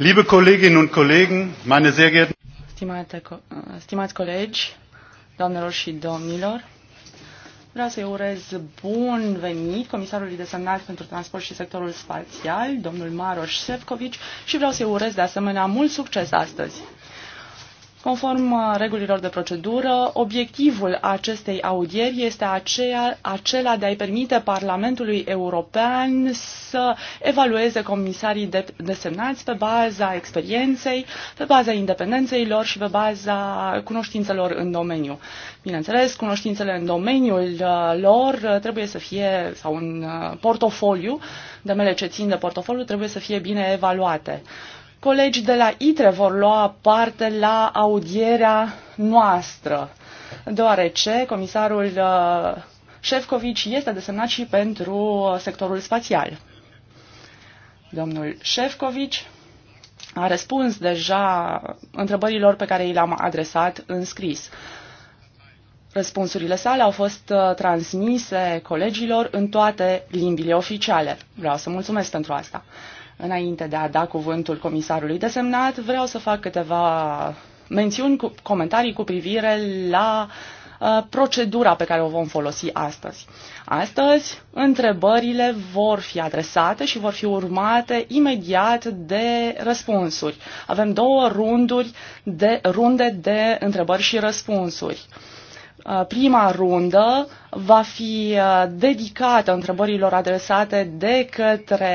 Liebe Kolleginnen und Kollegen, meine sehr geehrten Stimate, stimați colegi, doamnelor și domnilor, vreau să-i urez bun venit comisarului desemnat pentru transport și sectorul spațial, domnul Maroș Sefcovici, și vreau să-i urez de asemenea mult succes astăzi. Conform uh, regulilor de procedură, obiectivul acestei audieri este aceea, acela de a-i permite Parlamentului European să evalueze comisarii de, desemnați pe baza experienței, pe baza independenței lor și pe baza cunoștințelor în domeniu. Bineînțeles, cunoștințele în domeniul uh, lor trebuie să fie, sau în uh, portofoliu, de mele ce țin de portofoliu, trebuie să fie bine evaluate. Colegi de la ITRE vor lua parte la audierea noastră, deoarece comisarul uh, Șefcovici este desemnat și pentru sectorul spațial. Domnul Șefcovici a răspuns deja întrebărilor pe care i le-am adresat în scris. Răspunsurile sale au fost uh, transmise colegilor în toate limbile oficiale. Vreau să mulțumesc pentru asta. Înainte de a da cuvântul comisarului desemnat, vreau să fac câteva mențiuni, cu, comentarii cu privire la uh, procedura pe care o vom folosi astăzi. Astăzi, întrebările vor fi adresate și vor fi urmate imediat de răspunsuri. Avem două runduri de, runde de întrebări și răspunsuri. Uh, Uh, prima rundă va fi uh, dedicată întrebărilor adresate de către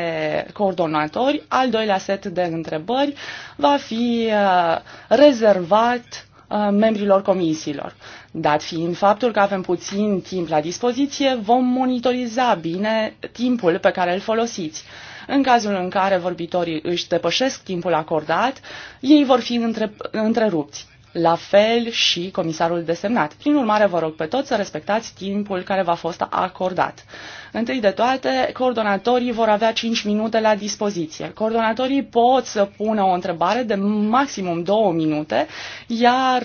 coordonatori. Al doilea set de întrebări va fi uh, rezervat membrilor comisiilor. Dat fiind faptul că avem puțin timp la dispoziție, vom monitoriza bine timpul pe care îl folosiți. În cazul în care vorbitorii își depășesc timpul acordat, ei vor fi între, întrerupți la fel și comisarul desemnat. Prin urmare, vă rog pe toți să respectați timpul care v-a fost acordat. Întâi de toate, coordonatorii vor avea 5 minute la dispoziție. Coordonatorii pot să pună o întrebare de maximum 2 minute, iar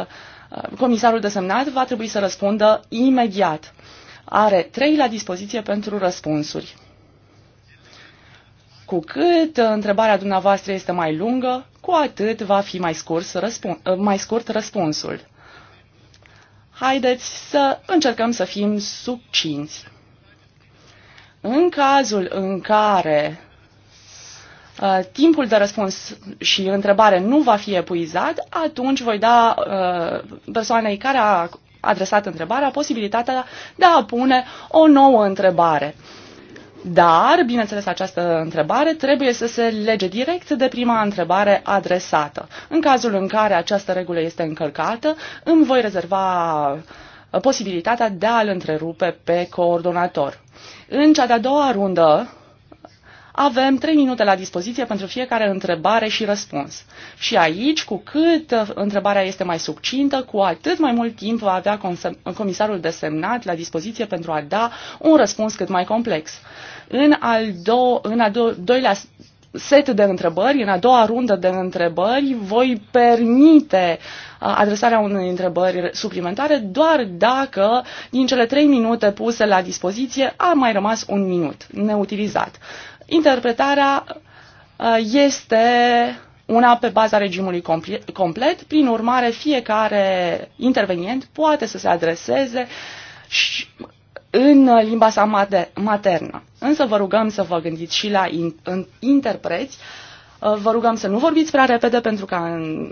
uh, comisarul desemnat va trebui să răspundă imediat. Are 3 la dispoziție pentru răspunsuri. Cu cât uh, întrebarea dumneavoastră este mai lungă, cu atât va fi mai scurt, răspun, uh, mai scurt răspunsul. Haideți să încercăm să fim subcinți. În cazul în care uh, timpul de răspuns și întrebare nu va fi epuizat, atunci voi da uh, persoanei care a adresat întrebarea posibilitatea de a pune o nouă întrebare. Uh, dar, bineînțeles, această întrebare trebuie să se lege direct de prima întrebare adresată. În cazul în care această regulă este încălcată, îmi voi rezerva uh, posibilitatea de a-l întrerupe pe coordonator. În cea de-a doua rundă, avem trei minute la dispoziție pentru fiecare întrebare și răspuns. Și aici, cu cât uh, întrebarea este mai succintă, cu atât mai mult timp va avea comisarul desemnat la dispoziție pentru a da un răspuns cât mai complex. În al, do- în al do- doilea set de întrebări, în a doua rundă de întrebări, voi permite uh, adresarea unei întrebări suplimentare doar dacă din cele trei minute puse la dispoziție a mai rămas un minut neutilizat. Interpretarea uh, este una pe baza regimului complet, prin urmare fiecare intervenient poate să se adreseze și în limba sa maternă. Însă vă rugăm să vă gândiți și la in, în interpreți, uh, vă rugăm să nu vorbiți prea repede pentru ca în,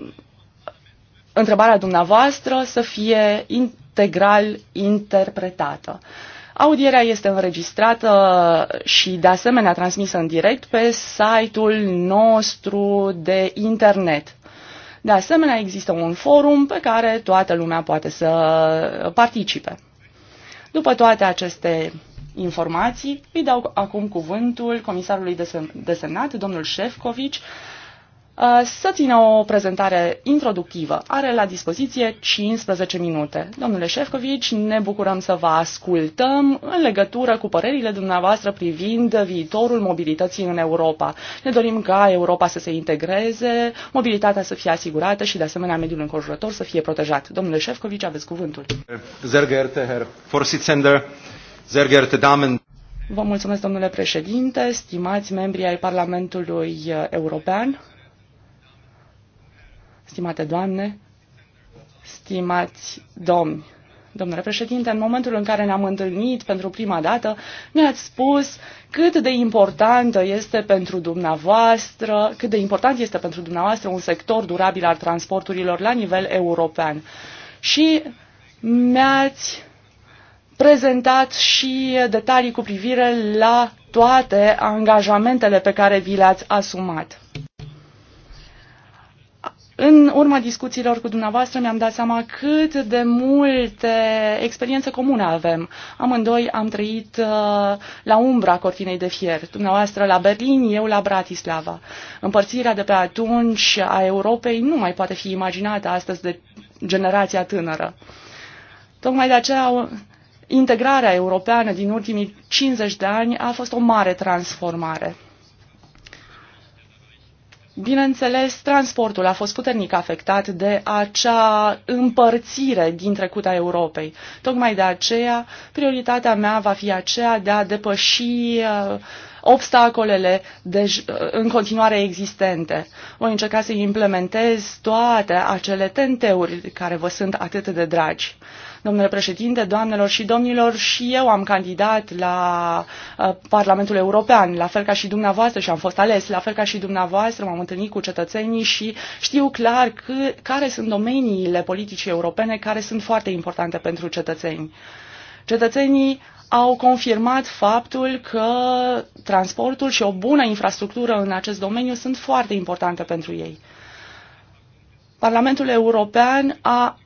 întrebarea dumneavoastră să fie integral interpretată. Audierea este înregistrată și de asemenea transmisă în direct pe site-ul nostru de internet. De asemenea, există un forum pe care toată lumea poate să participe. După toate aceste informații, îi dau acum cuvântul comisarului desemnat, domnul Șefcovici, Uh, să țină o prezentare introductivă. Are la dispoziție 15 minute. Domnule Șefcovici, ne bucurăm să vă ascultăm în legătură cu părerile dumneavoastră privind viitorul mobilității în Europa. Ne dorim ca Europa să se integreze, mobilitatea să fie asigurată și, de asemenea, mediul înconjurător să fie protejat. Domnule Șefcovici, aveți cuvântul. Vă mulțumesc, domnule președinte, stimați membri ai Parlamentului European, stimate doamne, stimați domni. Domnule președinte, în momentul în care ne-am întâlnit pentru prima dată, mi-ați spus cât de importantă este pentru dumneavoastră, cât de important este pentru dumneavoastră un sector durabil al transporturilor la nivel european. Și mi-ați prezentat și detalii cu privire la toate angajamentele pe care vi le-ați asumat în urma discuțiilor cu dumneavoastră mi-am dat seama cât de multe experiențe comune avem. Amândoi am trăit uh, la umbra cortinei de fier, dumneavoastră la Berlin, eu la Bratislava. Împărțirea de pe atunci a Europei nu mai poate fi imaginată astăzi de generația tânără. Tocmai de aceea integrarea europeană din ultimii 50 de ani a fost o mare transformare. Bineînțeles, transportul a fost puternic afectat de acea împărțire din trecuta Europei. Tocmai de aceea, prioritatea mea va fi aceea de a depăși uh, obstacolele de, uh, în continuare existente. Voi încerca să implementez toate acele tenteuri care vă sunt atât de dragi. Domnule președinte, doamnelor și domnilor, și eu am candidat la uh, Parlamentul European, la fel ca și dumneavoastră și am fost ales, la fel ca și dumneavoastră, m-am întâlnit cu cetățenii și știu clar că, care sunt domeniile politicii europene care sunt foarte importante pentru cetățeni. Cetățenii au confirmat faptul că transportul și o bună infrastructură în acest domeniu sunt foarte importante pentru ei. Parlamentul European a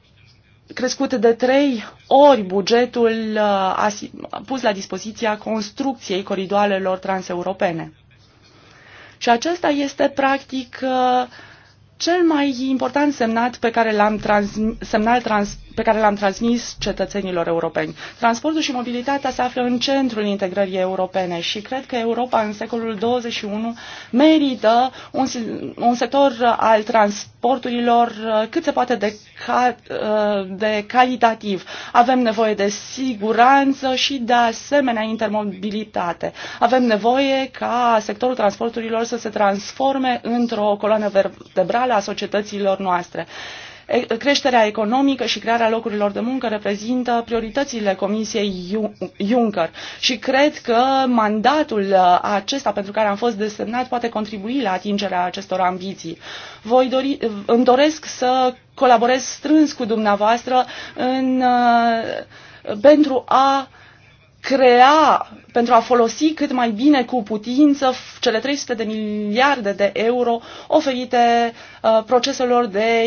crescut de trei ori bugetul uh, pus la dispoziția construcției coridoarelor transeuropene. Și acesta este practic uh, cel mai important semnat pe care l-am trans- semnal trans- pe care l-am transmis cetățenilor europeni. Transportul și mobilitatea se află în centrul integrării europene și cred că Europa în secolul 21 merită un, un sector al transporturilor uh, cât se poate de, ca, uh, de calitativ. Avem nevoie de siguranță și de asemenea intermobilitate. Avem nevoie ca sectorul transporturilor să se transforme într-o coloană vertebrală a societăților noastre creșterea economică și crearea locurilor de muncă reprezintă prioritățile Comisiei Juncker și cred că mandatul uh, acesta pentru care am fost desemnat poate contribui la atingerea acestor ambiții. Voi dori, uh, îmi doresc să colaborez strâns cu dumneavoastră în, uh, pentru a crea pentru a folosi cât mai bine cu putință cele 300 de miliarde de euro oferite uh, proceselor de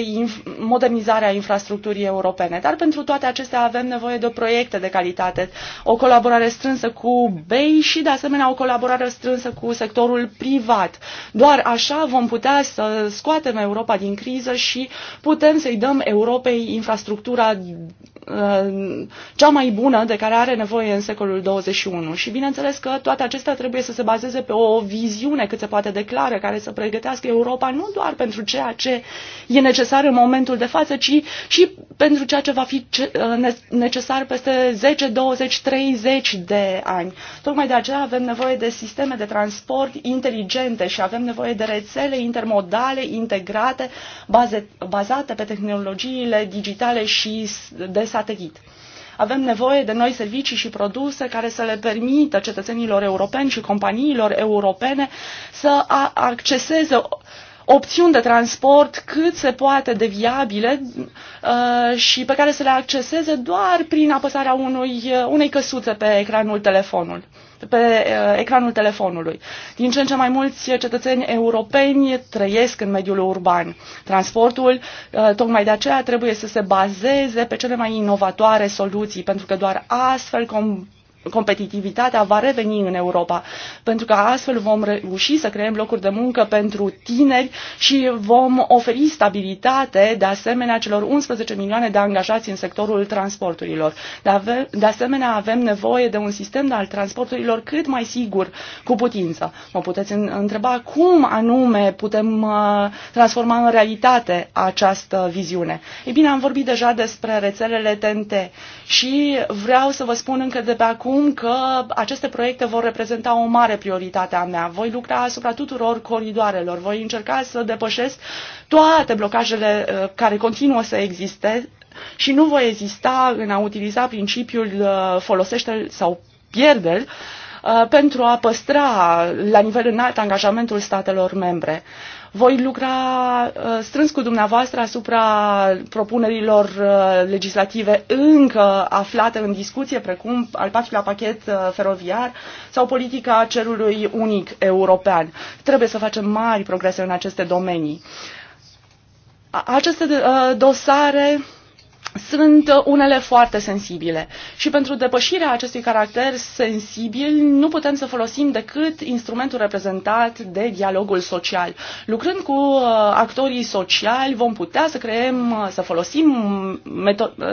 modernizare a infrastructurii europene. Dar pentru toate acestea avem nevoie de proiecte de calitate, o colaborare strânsă cu BEI și de asemenea o colaborare strânsă cu sectorul privat. Doar așa vom putea să scoatem Europa din criză și putem să-i dăm Europei infrastructura uh, cea mai bună de care are nevoie în secolul 21. Și bineînțeles că toate acestea trebuie să se bazeze pe o viziune cât se poate de clară, care să pregătească Europa nu doar pentru ceea ce e necesar în momentul de față, ci și pentru ceea ce va fi uh, necesar peste 10, 20, 30 de ani. Tocmai de aceea avem nevoie de sisteme de transport inteligente și avem nevoie de rețele intermodale integrate baze, bazate pe tehnologiile digitale și de satelit. Avem nevoie de noi servicii și produse care să le permită cetățenilor europeni și companiilor europene să acceseze opțiuni de transport cât se poate de viabile uh, și pe care să le acceseze doar prin apăsarea unui, uh, unei căsuțe pe ecranul telefonului pe eh, ecranul telefonului. Din ce în ce mai mulți cetățeni europeni trăiesc în mediul urban. Transportul, eh, tocmai de aceea, trebuie să se bazeze pe cele mai inovatoare soluții, pentru că doar astfel competitivitatea va reveni în Europa, pentru că astfel vom reuși să creăm locuri de muncă pentru tineri și vom oferi stabilitate de asemenea celor 11 milioane de angajați în sectorul transporturilor. De, asemenea, avem nevoie de un sistem al transporturilor cât mai sigur cu putință. Mă puteți întreba cum anume putem uh, transforma în realitate această viziune. Ei bine, am vorbit deja despre rețelele TNT și vreau să vă spun încă de pe acum acum că aceste proiecte vor reprezenta o mare prioritate a mea. Voi lucra asupra tuturor coridoarelor, voi încerca să depășesc toate blocajele uh, care continuă să existe și nu voi ezista în a utiliza principiul uh, folosește sau pierde uh, pentru a păstra la nivel înalt angajamentul statelor membre. Voi lucra uh, strâns cu dumneavoastră asupra propunerilor uh, legislative încă aflate în discuție, precum al patrulea pachet uh, feroviar sau politica cerului unic european. Trebuie să facem mari progrese în aceste domenii. Aceste dosare sunt uh, unele foarte sensibile și pentru depășirea acestui caracter sensibil nu putem să folosim decât instrumentul reprezentat de dialogul social. Lucrând cu uh, actorii sociali vom putea să creăm, uh, să folosim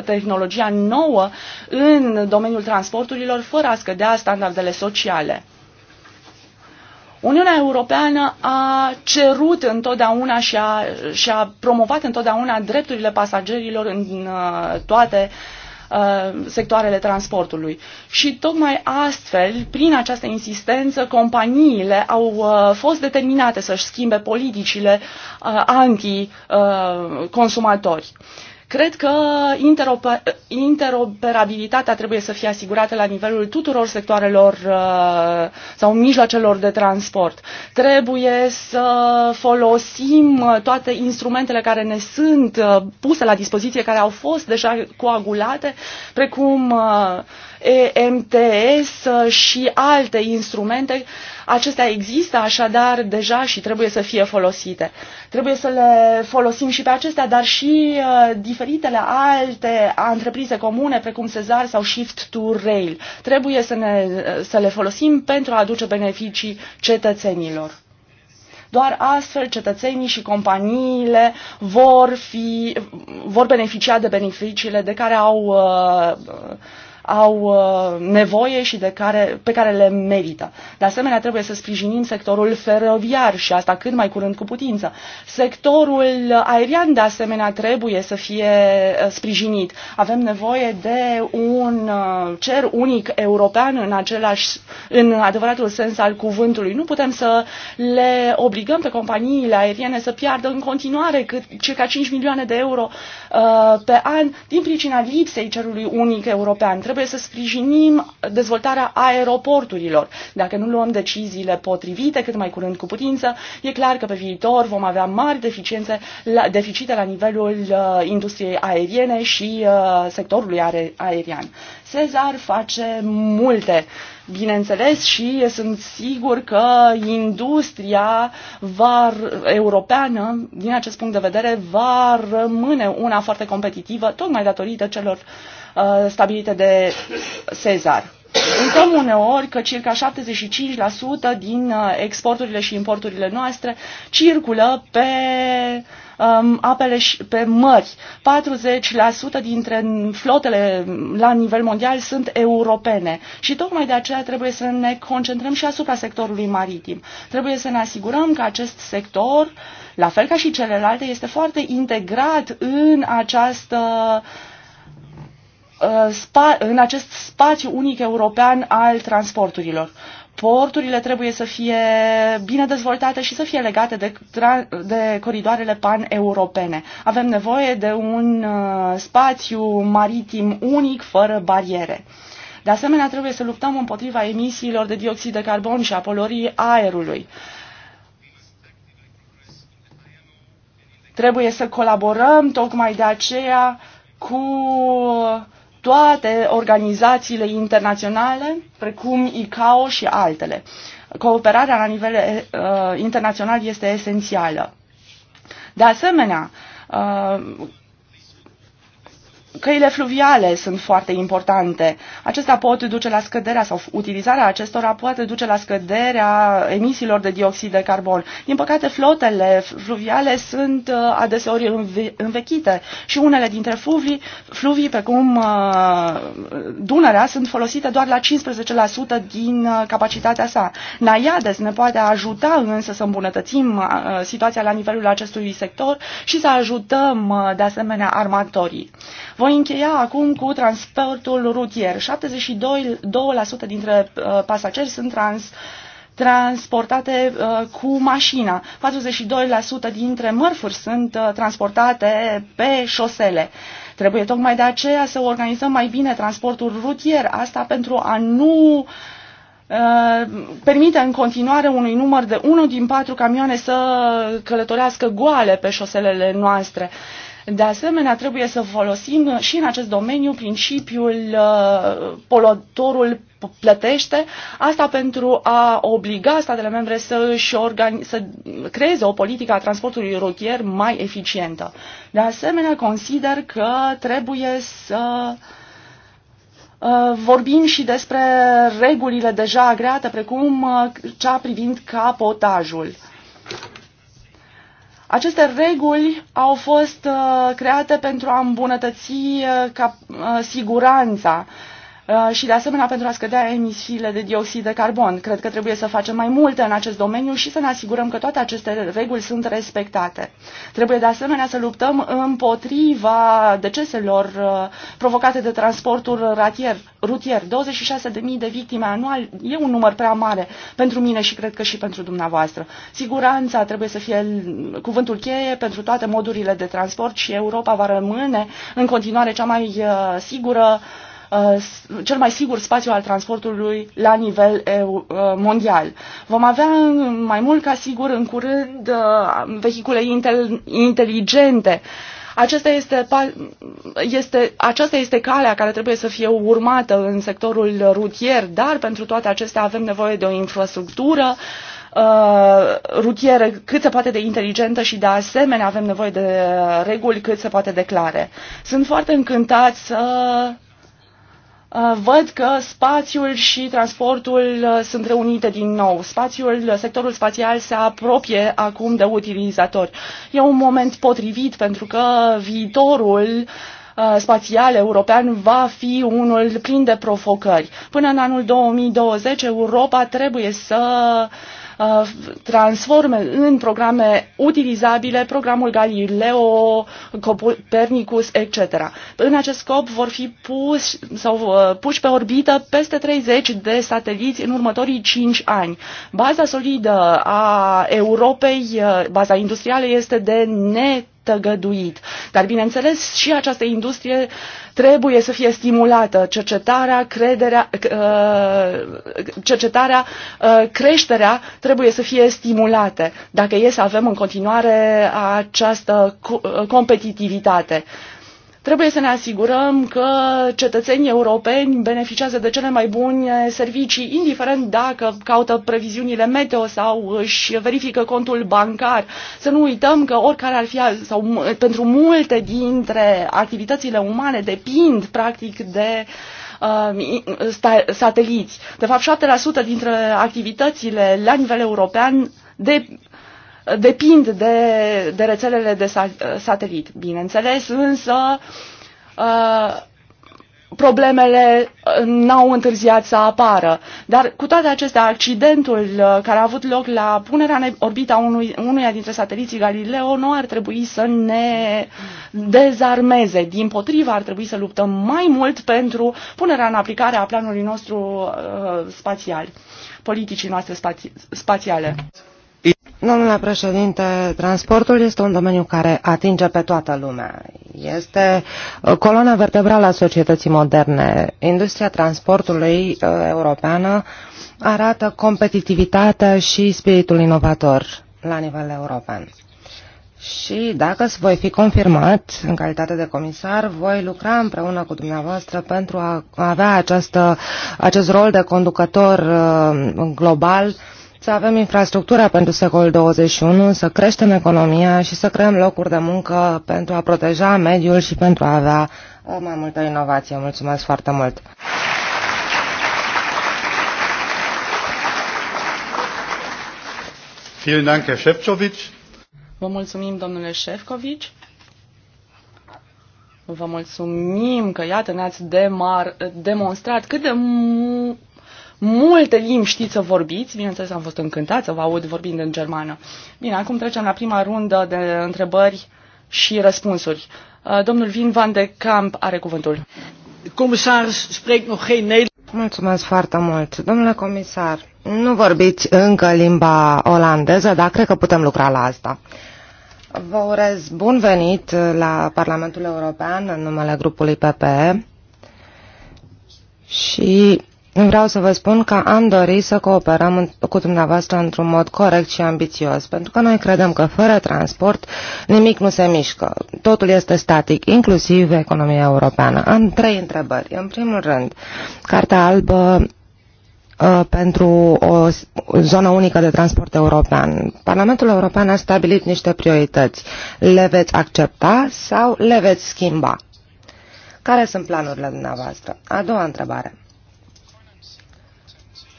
tehnologia nouă în domeniul transporturilor fără a scădea standardele sociale. Uniunea Europeană a cerut întotdeauna și a, și a promovat întotdeauna drepturile pasagerilor în uh, toate uh, sectoarele transportului. Și tocmai astfel, prin această insistență, companiile au uh, fost determinate să-și schimbe politicile uh, anti-consumatori. Uh, Cred că interoper- interoperabilitatea trebuie să fie asigurată la nivelul tuturor sectoarelor uh, sau mijloacelor de transport. Trebuie să folosim toate instrumentele care ne sunt uh, puse la dispoziție, care au fost deja coagulate, precum uh, EMTS și alte instrumente Acestea există așadar deja și trebuie să fie folosite. Trebuie să le folosim și pe acestea, dar și uh, diferitele alte întreprinse comune, precum Cezar sau Shift to Rail. Trebuie să, ne, uh, să le folosim pentru a aduce beneficii cetățenilor. Doar astfel cetățenii și companiile vor, fi, vor beneficia de beneficiile de care au uh, au uh, nevoie și de care, pe care le merită. De asemenea, trebuie să sprijinim sectorul feroviar și asta cât mai curând cu putință. Sectorul aerian, de asemenea, trebuie să fie uh, sprijinit. Avem nevoie de un uh, cer unic european în, același, în adevăratul sens al cuvântului. Nu putem să le obligăm pe companiile aeriene să piardă în continuare cât, circa 5 milioane de euro uh, pe an din pricina lipsei cerului unic european. Trebuie trebuie să sprijinim dezvoltarea aeroporturilor. Dacă nu luăm deciziile potrivite cât mai curând cu putință, e clar că pe viitor vom avea mari deficiențe, la, deficite la nivelul uh, industriei aeriene și uh, sectorului are, aerian. Cezar face multe, bineînțeles, și sunt sigur că industria va, europeană, din acest punct de vedere, va rămâne una foarte competitivă, tocmai datorită celor uh, Uh, stabilite de Cezar. Uităm uneori că circa 75% din uh, exporturile și importurile noastre circulă pe um, apele și pe mări. 40% dintre flotele la nivel mondial sunt europene și tocmai de aceea trebuie să ne concentrăm și asupra sectorului maritim. Trebuie să ne asigurăm că acest sector, la fel ca și celelalte, este foarte integrat în această uh, Uh, în acest spațiu unic european al transporturilor. Porturile trebuie să fie bine dezvoltate și să fie legate de, de coridoarele pan-europene. Avem nevoie de un uh, spațiu maritim unic, fără bariere. De asemenea, trebuie să luptăm împotriva emisiilor de dioxid de carbon și a polorii aerului. Trebuie să colaborăm tocmai de aceea cu uh, toate organizațiile internaționale, precum ICAO și altele. Cooperarea la nivel uh, internațional este esențială. De asemenea, uh, Căile fluviale sunt foarte importante. Acestea pot duce la scăderea sau utilizarea acestora poate duce la scăderea emisiilor de dioxid de carbon. Din păcate, flotele fluviale sunt uh, adeseori învechite și unele dintre fluvii, fluvii precum uh, Dunărea, sunt folosite doar la 15% din uh, capacitatea sa. Naiades ne poate ajuta însă să îmbunătățim situația la nivelul acestui sector și să ajutăm de asemenea armatorii. Vom voi încheia acum cu transportul rutier. 72% dintre uh, pasageri sunt trans, transportate uh, cu mașina. 42% dintre mărfuri sunt uh, transportate pe șosele. Trebuie tocmai de aceea să organizăm mai bine transportul rutier, asta pentru a nu permite în continuare unui număr de 1 din 4 camioane să călătorească goale pe șoselele noastre. Uh, de asemenea, trebuie să folosim și în acest domeniu principiul uh, polotorul plătește, asta pentru a obliga statele membre să, -și organi- să creeze o politică a transportului rutier mai eficientă. De asemenea, consider că trebuie să uh, Vorbim și despre regulile deja agreate, precum uh, cea privind capotajul. Aceste reguli au fost uh, create pentru a îmbunătăți uh, uh, siguranța Uh, și de asemenea pentru a scădea emisiile de dioxid de carbon. Cred că trebuie să facem mai multe în acest domeniu și să ne asigurăm că toate aceste reguli sunt respectate. Trebuie de asemenea să luptăm împotriva deceselor uh, provocate de transportul ratier, rutier. 26.000 de victime anual e un număr prea mare pentru mine și cred că și pentru dumneavoastră. Siguranța trebuie să fie cuvântul cheie pentru toate modurile de transport și Europa va rămâne în continuare cea mai uh, sigură uh, Uh, cel mai sigur spațiu al transportului la nivel uh, mondial. Vom avea mai mult ca sigur în curând uh, vehicule intel inteligente acesta este, este, aceasta este calea care trebuie să fie urmată în sectorul rutier, dar pentru toate acestea avem nevoie de o infrastructură uh, rutieră cât se poate de inteligentă și de asemenea avem nevoie de reguli cât se poate de clare. Sunt foarte încântat să Uh, văd că spațiul și transportul uh, sunt reunite din nou. Spațiul, uh, sectorul spațial se apropie acum de utilizatori. E un moment potrivit pentru că viitorul spațial european va fi unul plin de provocări. Până în anul 2020, Europa trebuie să uh, Uh, transforme în programe utilizabile programul Galileo, Copernicus, etc. În acest scop vor fi puși sau uh, puși pe orbită peste 30 de sateliți în următorii 5 ani. Baza solidă a Europei, uh, baza industrială, este de net Dar, bineînțeles, și această industrie trebuie să fie stimulată cercetarea, crederea, uh, cercetarea, uh, creșterea trebuie să fie stimulate dacă e să avem în continuare această uh, competitivitate. Trebuie să ne asigurăm că cetățenii europeni beneficiază de cele mai bune servicii, indiferent dacă caută previziunile meteo sau își verifică contul bancar. Să nu uităm că oricare ar fi, sau pentru multe dintre activitățile umane depind practic de uh, sateliți. De fapt, 7% dintre activitățile la nivel european de, depind de, de rețelele de satelit, bineînțeles, însă uh, problemele uh, n-au întârziat să apară. Dar cu toate acestea, accidentul uh, care a avut loc la punerea în orbita unui, unuia dintre sateliții Galileo nu ar trebui să ne dezarmeze. Din potrivă, ar trebui să luptăm mai mult pentru punerea în aplicare a planului nostru uh, spațial, politicii noastre spați- spațiale. Domnule președinte, transportul este un domeniu care atinge pe toată lumea. Este uh, coloana vertebrală a societății moderne. Industria transportului uh, europeană arată competitivitatea și spiritul inovator la nivel european. Și dacă voi fi confirmat în calitate de comisar, voi lucra împreună cu dumneavoastră pentru a avea această, acest rol de conducător uh, global uh, să avem infrastructura pentru secolul 21, să creștem economia și să creăm locuri de muncă pentru a proteja mediul și pentru a avea uh, mai multă inovație. Mulțumesc foarte mult! Vă mulțumim, domnule Șefcovici. Vă mulțumim că, iată, ne-ați demar, demonstrat cât de multe limbi știți să vorbiți. Bineînțeles, am fost încântat să vă aud vorbind în germană. Bine, acum trecem la prima rundă de întrebări și răspunsuri. Uh, domnul Vin van de Camp are cuvântul. Comisaris, spreek nog geen Nederlands. Mulțumesc foarte mult. Domnule comisar, nu vorbiți încă limba olandeză, dar cred că putem lucra la asta. Vă urez bun venit la Parlamentul European în numele grupului PPE și Vreau să vă spun că am dorit să cooperăm cu dumneavoastră într-un mod corect și ambițios, pentru că noi credem că fără transport nimic nu se mișcă. Totul este static, inclusiv economia europeană. Am trei întrebări. În primul rând, Cartea Albă ă, pentru o zonă unică de transport european. Parlamentul European a stabilit niște priorități. Le veți accepta sau le veți schimba? Care sunt planurile dumneavoastră? A doua întrebare.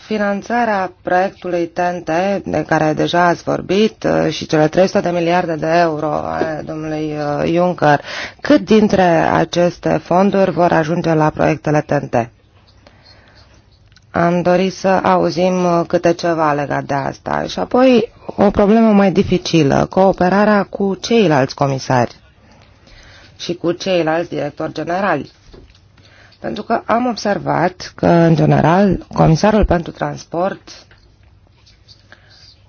Finanțarea proiectului TNT, de care deja ați vorbit, uh, și cele 300 de miliarde de euro ale domnului uh, Juncker, cât dintre aceste fonduri vor ajunge la proiectele TNT? Am dorit să auzim uh, câte ceva legat de asta. Și apoi o problemă mai dificilă, cooperarea cu ceilalți comisari și cu ceilalți directori generali. Pentru că am observat că, în general, Comisarul pentru Transport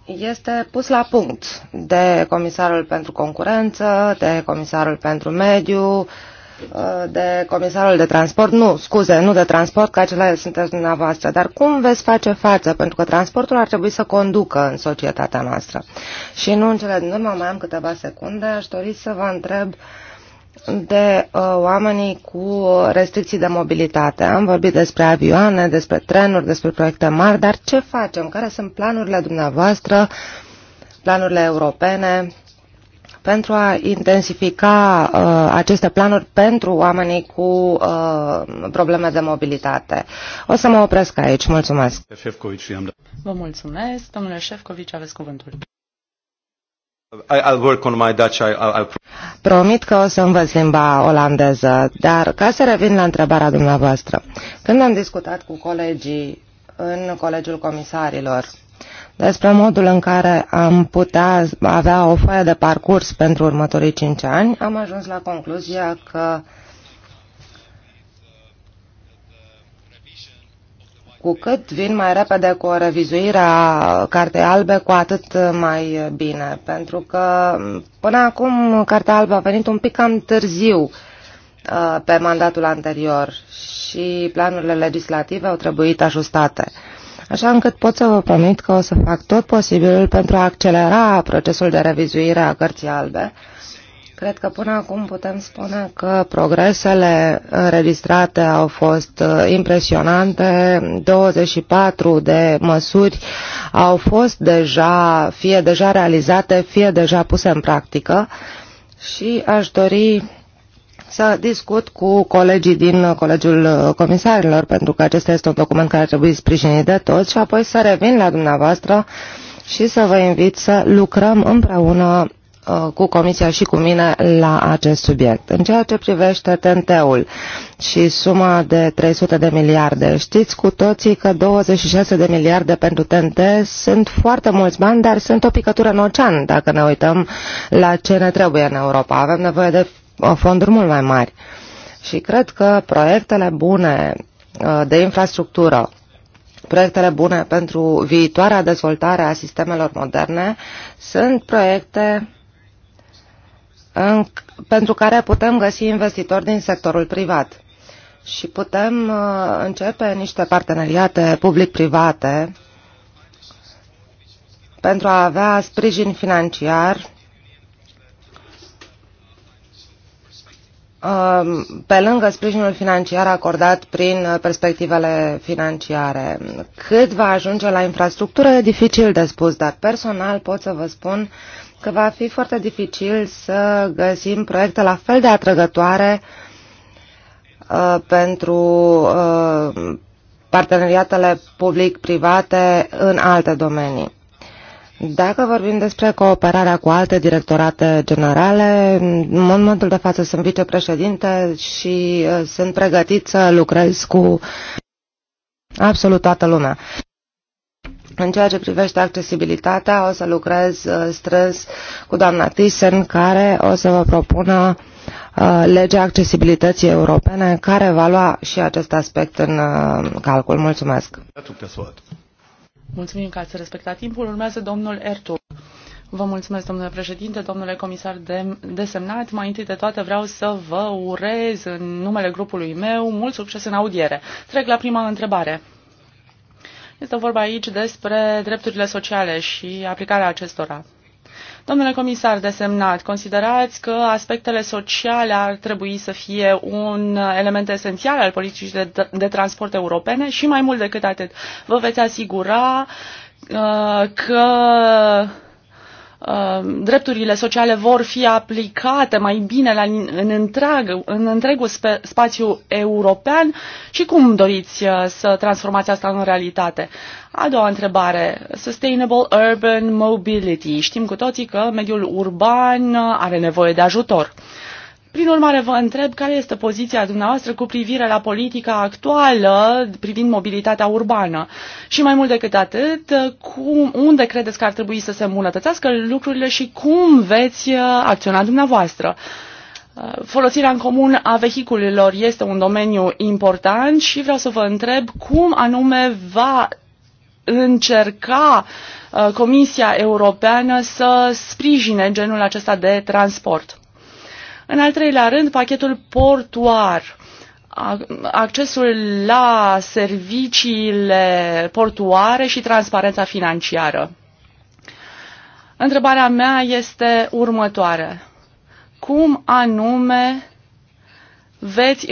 este pus la punct de Comisarul pentru Concurență, de Comisarul pentru Mediu, uh, de Comisarul de Transport, nu, scuze, nu de transport, că acela sunteți dumneavoastră, dar cum veți face față? Pentru că transportul ar trebui să conducă în societatea noastră. Și nu în cele din urmă, mai am câteva secunde, aș dori să vă întreb uh, de uh, oamenii cu uh, restricții de mobilitate. Am vorbit despre avioane, despre trenuri, despre proiecte mari, dar ce facem? Care sunt planurile dumneavoastră, planurile europene pentru a intensifica uh, aceste planuri pentru oamenii cu uh, probleme de mobilitate. O să mă opresc aici. Mulțumesc. Vă mulțumesc. Domnule Șefcovici, aveți cuvântul. I'll work on my Dutch. I'll, I'll... Promit că o să învăț limba olandeză, dar ca să revin la întrebarea dumneavoastră. Când am discutat cu colegii în Colegiul Comisarilor despre modul în care am putea avea o foaie de parcurs pentru următorii cinci ani, am ajuns la concluzia că Cu cât vin mai repede cu o revizuire a Cartei Albe, cu atât mai bine. Pentru că până acum Cartea Albă a venit un pic cam târziu uh, pe mandatul anterior și planurile legislative au trebuit ajustate. Așa încât pot să vă promit că o să fac tot posibilul pentru a accelera procesul de revizuire a cărții albe, Cred că până acum putem spune că progresele înregistrate au fost uh, impresionante. 24 de măsuri au fost deja, fie deja realizate, fie deja puse în practică și aș dori să discut cu colegii din Colegiul Comisarilor, pentru că acesta este un document care trebuie sprijinit de toți și apoi să revin la dumneavoastră și să vă invit să lucrăm împreună Uh, cu Comisia și cu mine la acest subiect. În ceea ce privește TNT-ul și suma de 300 de miliarde, știți cu toții că 26 de miliarde pentru TNT sunt foarte mulți bani, dar sunt o picătură în ocean dacă ne uităm la ce ne trebuie în Europa. Avem nevoie de uh, fonduri mult mai mari. Și cred că proiectele bune uh, de infrastructură, proiectele bune pentru viitoarea dezvoltare a sistemelor moderne sunt proiecte în, pentru care putem găsi investitori din sectorul privat. Și putem uh, începe niște parteneriate public-private pentru a avea sprijin financiar uh, pe lângă sprijinul financiar acordat prin perspectivele financiare. Cât va ajunge la infrastructură e dificil de spus, dar personal pot să vă spun uh, că va fi foarte dificil să găsim proiecte la fel de atrăgătoare uh, pentru uh, parteneriatele public-private în alte domenii. Dacă vorbim despre cooperarea cu alte directorate generale, în momentul de față sunt vicepreședinte și uh, sunt pregătit să lucrez cu absolut toată lumea. În ceea ce privește accesibilitatea, o să lucrez uh, strâns cu doamna Thyssen, care o să vă propună uh, legea accesibilității europene, care va lua și acest aspect în uh, calcul. Mulțumesc! Mulțumim că ați respectat timpul. Urmează domnul Ertu. Vă mulțumesc, domnule președinte, domnule comisar de, desemnat. Mai întâi de toate vreau să vă urez în numele grupului meu mult succes în audiere. Trec la prima întrebare. Este vorba aici despre drepturile sociale și aplicarea acestora. Domnule comisar desemnat, considerați că aspectele sociale ar trebui să fie un element esențial al politicii de, de transport europene și mai mult decât atât, vă veți asigura uh, că Uh, drepturile sociale vor fi aplicate mai bine la, în, întreg, în întregul spe, spațiu european și cum doriți uh, să transformați asta în realitate. A doua întrebare, Sustainable Urban Mobility. Știm cu toții că mediul urban uh, are nevoie de ajutor. Uh, prin urmare, vă întreb care este poziția dumneavoastră cu privire la politica actuală privind mobilitatea urbană. Și mai mult decât atât, cum, unde credeți că ar trebui să se îmbunătățească lucrurile și cum veți uh, acționa dumneavoastră? Uh, folosirea în comun a vehiculelor este un domeniu important și vreau să vă întreb cum anume va încerca uh, Comisia Europeană să sprijine genul acesta de transport. În al treilea rând, pachetul portuar accesul la serviciile portuare și transparența financiară. Întrebarea mea este următoare. Cum anume veți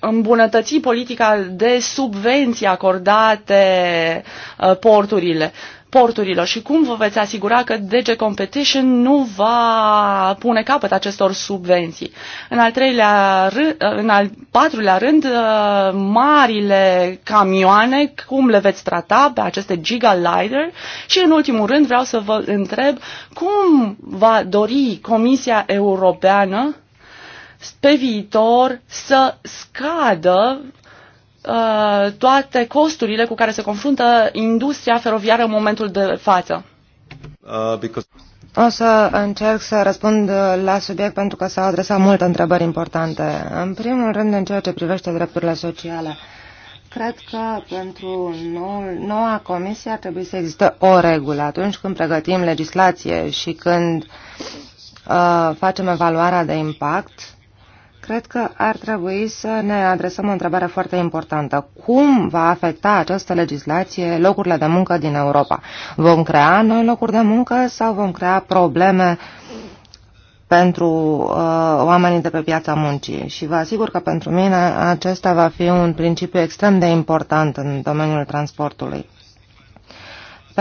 îmbunătăți politica de subvenții acordate uh, porturile? porturilor și cum vă veți asigura că DG Competition nu va pune capăt acestor subvenții. În al, treilea, rând, în al patrulea rând, uh, marile camioane, cum le veți trata pe aceste gigalider și în ultimul rând vreau să vă întreb cum va dori Comisia Europeană pe viitor să scadă Uh, toate costurile cu care se confruntă industria feroviară în momentul de față. Uh, o să încerc să răspund uh, la subiect pentru că s-au adresat multe întrebări importante. În primul rând, în ceea ce privește drepturile sociale, cred că pentru noua comisie ar trebui să existe o regulă. Atunci când pregătim legislație și când uh, facem evaluarea de impact, Cred că ar trebui să ne adresăm o întrebare foarte importantă. Cum va afecta această legislație locurile de muncă din Europa? Vom crea noi locuri de muncă sau vom crea probleme pentru uh, oamenii de pe piața muncii? Și vă asigur că pentru mine acesta va fi un principiu extrem de important în domeniul transportului.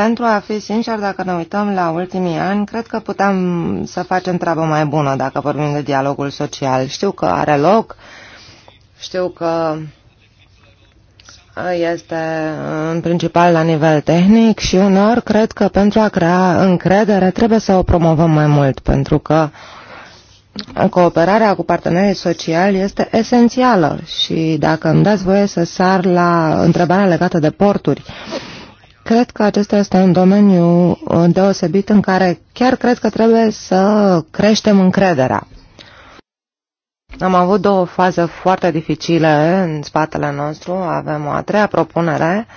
Pentru a fi sincer, dacă ne uităm la ultimii ani, cred că putem să facem treabă mai bună dacă vorbim de dialogul social. Știu că are loc, știu că este în principal la nivel tehnic și unor cred că pentru a crea încredere trebuie să o promovăm mai mult, pentru că cooperarea cu partenerii sociali este esențială și dacă îmi dați voie să sar la întrebarea legată de porturi, uh, Cred că acesta este un domeniu uh, deosebit în care chiar cred că trebuie să creștem încrederea. Am avut două faze foarte dificile în spatele nostru. Avem o a treia propunere.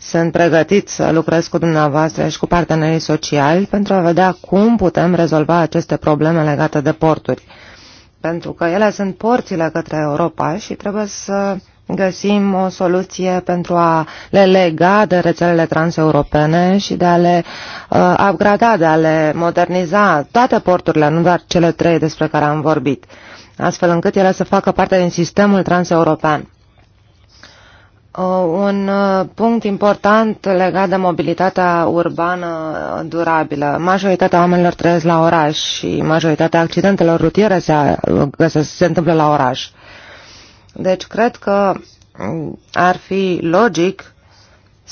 Sunt pregătit să lucrez cu dumneavoastră și cu partenerii sociali pentru a vedea cum putem rezolva aceste probleme legate de porturi. Pentru că ele sunt porțile către Europa și trebuie să găsim o soluție pentru a le lega de rețelele transeuropene și de a le uh, upgrada, de a le moderniza toate porturile, nu doar cele trei despre care am vorbit, astfel încât ele să facă parte din sistemul transeuropean. Uh, un uh, punct important legat de mobilitatea urbană durabilă. Majoritatea oamenilor trăiesc la oraș și majoritatea accidentelor rutiere se, uh, se întâmplă la oraș. Deci cred că ar fi logic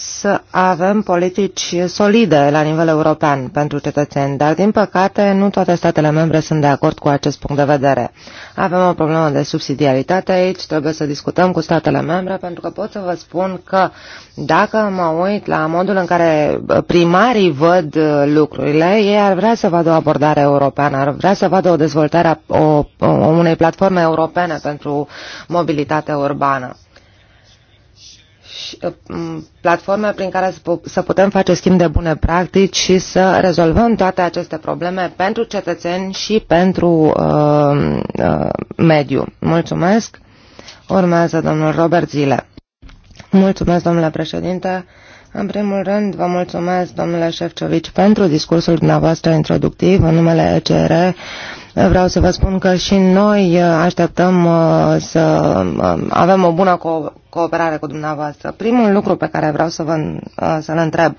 să avem politici solide la nivel european pentru cetățeni, dar din păcate nu toate statele membre sunt de acord cu acest punct de vedere. Avem o problemă de subsidiaritate aici, trebuie să discutăm cu statele membre pentru că pot să vă spun că dacă mă uit la modul în care primarii văd lucrurile, ei ar vrea să vadă o abordare europeană, ar vrea să vadă o dezvoltare a o, o, unei platforme europene pentru mobilitatea urbană deci uh, platforme prin care să putem face schimb de bune practici și să rezolvăm toate aceste probleme pentru cetățeni și pentru uh, uh, mediu. Mulțumesc. Urmează domnul Robert Zile. Mulțumesc, domnule președinte. În primul rând, vă mulțumesc, domnule Șefcovici, pentru discursul dumneavoastră introductiv în numele ECR. Vreau să vă spun că și noi așteptăm uh, să uh, avem o bună cooperare cu dumneavoastră. Primul lucru pe care vreau să vă uh, să întreb.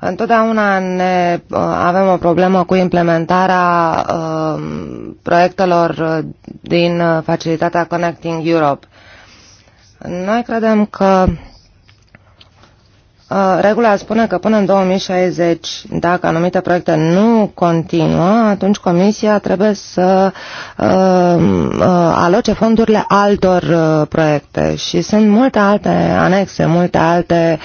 Întotdeauna ne, avem o problemă cu implementarea uh, proiectelor din facilitatea Connecting Europe. Noi credem că Uh, regula spune că până în 2060, dacă anumite proiecte nu continuă, atunci Comisia trebuie să uh, uh, aloce fondurile altor proiecte și sunt multe alte anexe, multe alte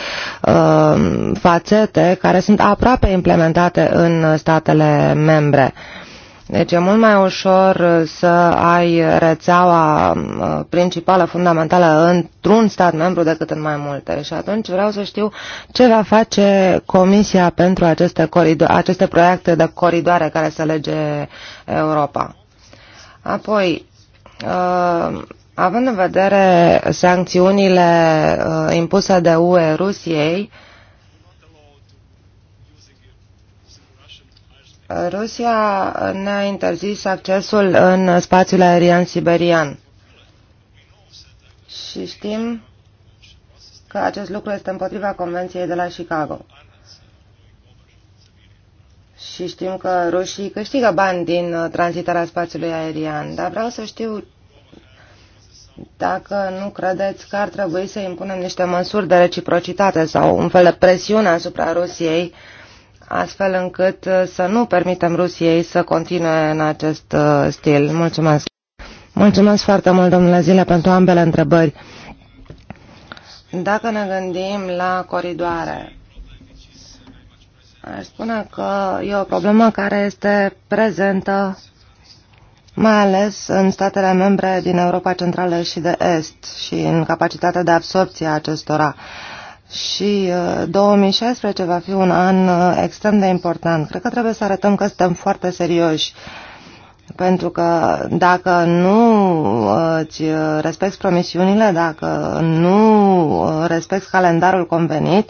fațete care sunt aproape implementate în statele membre. Uh, deci e mult mai ușor uh, să ai rețeaua uh, principală, fundamentală, într-un stat membru decât în mai multe. Și atunci vreau să știu ce va face Comisia pentru aceste, corido- aceste proiecte de coridoare care să lege Europa. Apoi, uh, având în vedere sancțiunile impuse de UE Rusiei, Rusia ne-a interzis accesul în spațiul aerian siberian. Și știm că acest lucru este împotriva Convenției de la Chicago. Și știm că rușii câștigă bani din tranzitarea spațiului aerian, dar vreau să știu dacă nu credeți că ar trebui să impunem niște măsuri de reciprocitate sau un fel de presiune asupra Rusiei uh, astfel încât uh, să nu permitem Rusiei să continue în acest uh, stil. Mulțumesc! Mulțumesc foarte mult, domnule Zile, pentru ambele întrebări. Dacă ne gândim la coridoare, aș spune că e o problemă care este prezentă mai ales în statele membre din Europa Centrală și de Est și în capacitatea de absorpție a acestora și 2016 uh, va fi un an uh, extrem de important. Cred că trebuie să arătăm că suntem foarte serioși pentru că dacă nu uh, îți respecti promisiunile, dacă nu respecti calendarul convenit,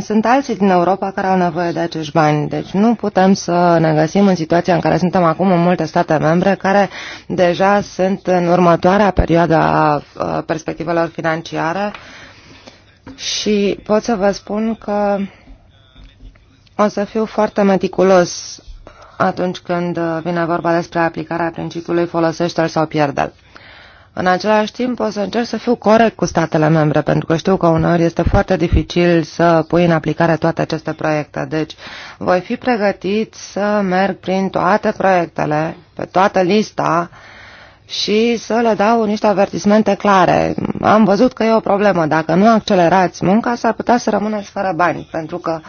sunt alții din Europa care au nevoie de acești bani. Deci nu putem să ne găsim în situația în care suntem acum în multe state membre care deja sunt în următoarea perioadă a perspectivelor financiare și pot să vă spun că o să fiu foarte meticulos atunci când vine vorba despre aplicarea principiului folosește-l sau pierde-l. În același timp o să încerc să fiu corect cu statele membre, pentru că știu că uneori este foarte dificil să pui în aplicare toate aceste proiecte. Deci voi fi pregătit să merg prin toate proiectele, pe toată lista, uh, și să le dau niște avertismente clare. Am văzut că e o problemă. Dacă nu accelerați munca, s-ar putea să rămâneți fără bani, pentru că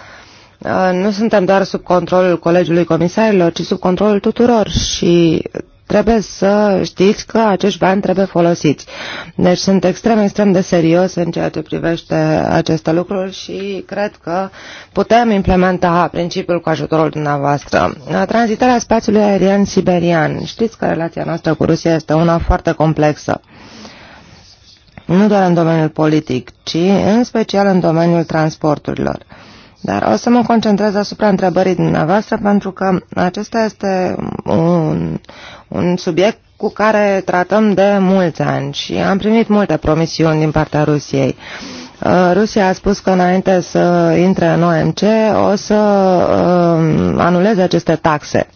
uh, nu suntem doar sub controlul Colegiului Comisarilor, ci sub controlul tuturor și trebuie să știți că acești bani trebuie folosiți. Deci sunt extrem, extrem de serios în ceea ce privește aceste lucruri și cred că putem implementa principiul cu ajutorul dumneavoastră. Tranzitarea spațiului aerian siberian. Știți că relația noastră cu Rusia este una foarte complexă nu doar în domeniul politic, ci în special în domeniul transporturilor. Dar o să mă concentrez asupra întrebării dumneavoastră pentru că acesta este un, un subiect cu care tratăm de mulți ani și am primit multe promisiuni din partea Rusiei. Uh, Rusia a spus că înainte să intre în OMC o să uh, anuleze aceste taxe.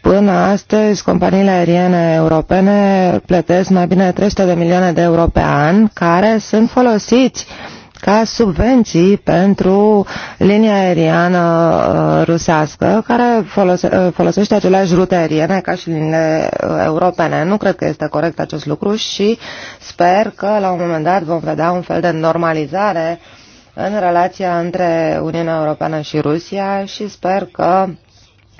Până astăzi, companiile aeriene europene plătesc mai bine 300 de milioane de euro pe an, care sunt folosiți uh, ca subvenții pentru linia aeriană uh, rusească care folose, uh, folosește aceleași rute aeriene ca și linile uh, europene. Nu cred că este corect acest lucru și sper că la un moment dat vom vedea un fel de normalizare în relația între Uniunea Europeană și Rusia și sper că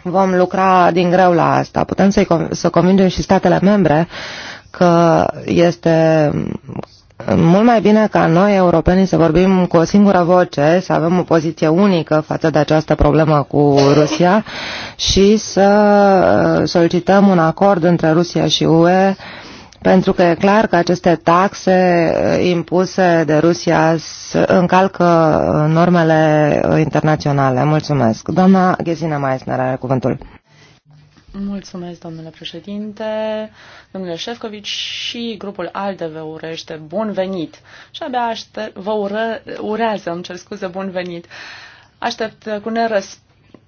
vom lucra din greu la asta. Putem să, să convingem și statele membre că este mult mai bine ca noi, europenii, să vorbim cu o singură voce, să avem o poziție unică față de această problemă cu Rusia și să uh, solicităm un acord între Rusia și UE pentru că e clar că aceste taxe uh, impuse de Rusia încalcă uh, normele internaționale. Mulțumesc. Doamna Ghezina Meissner are cuvântul. Mulțumesc, domnule președinte, domnule Șefcovici și grupul ALDE vă urește bun venit și abia aștept, vă ură, urează, îmi cer scuze, bun venit. Aștept cu nerăsp-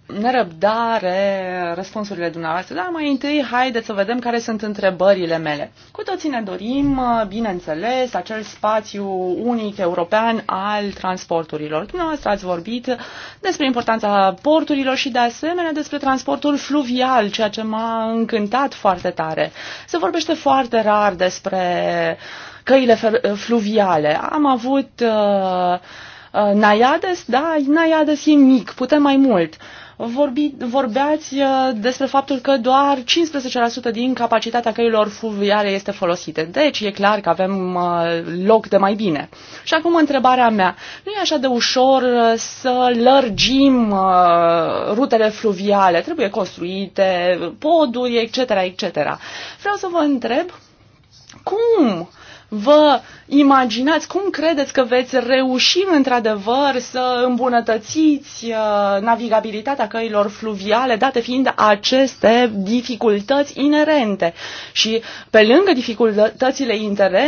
nerăbdare răspunsurile dumneavoastră, dar mai întâi haideți să vedem care sunt întrebările mele. Cu toții ne dorim, bineînțeles, acel spațiu unic european al transporturilor. Dumneavoastră ați vorbit despre importanța porturilor și de asemenea despre transportul fluvial, ceea ce m-a încântat foarte tare. Se vorbește foarte rar despre căile fluviale. Am avut uh, uh, Naiades, da, Naiades e mic, putem mai mult. Uh, Vorbi, vorbeați uh, despre faptul că doar 15% din capacitatea căilor fluviale este folosită. Deci e clar că avem uh, loc de mai bine. Și acum întrebarea mea. Nu e așa de ușor uh, să lărgim rutele fluviale? Trebuie construite poduri, etc., etc. Vreau să vă întreb cum uh, vă imaginați, cum credeți că veți reuși într-adevăr să îmbunătățiți uh, navigabilitatea căilor fluviale, date fiind aceste dificultăți inerente. Și pe lângă dificultățile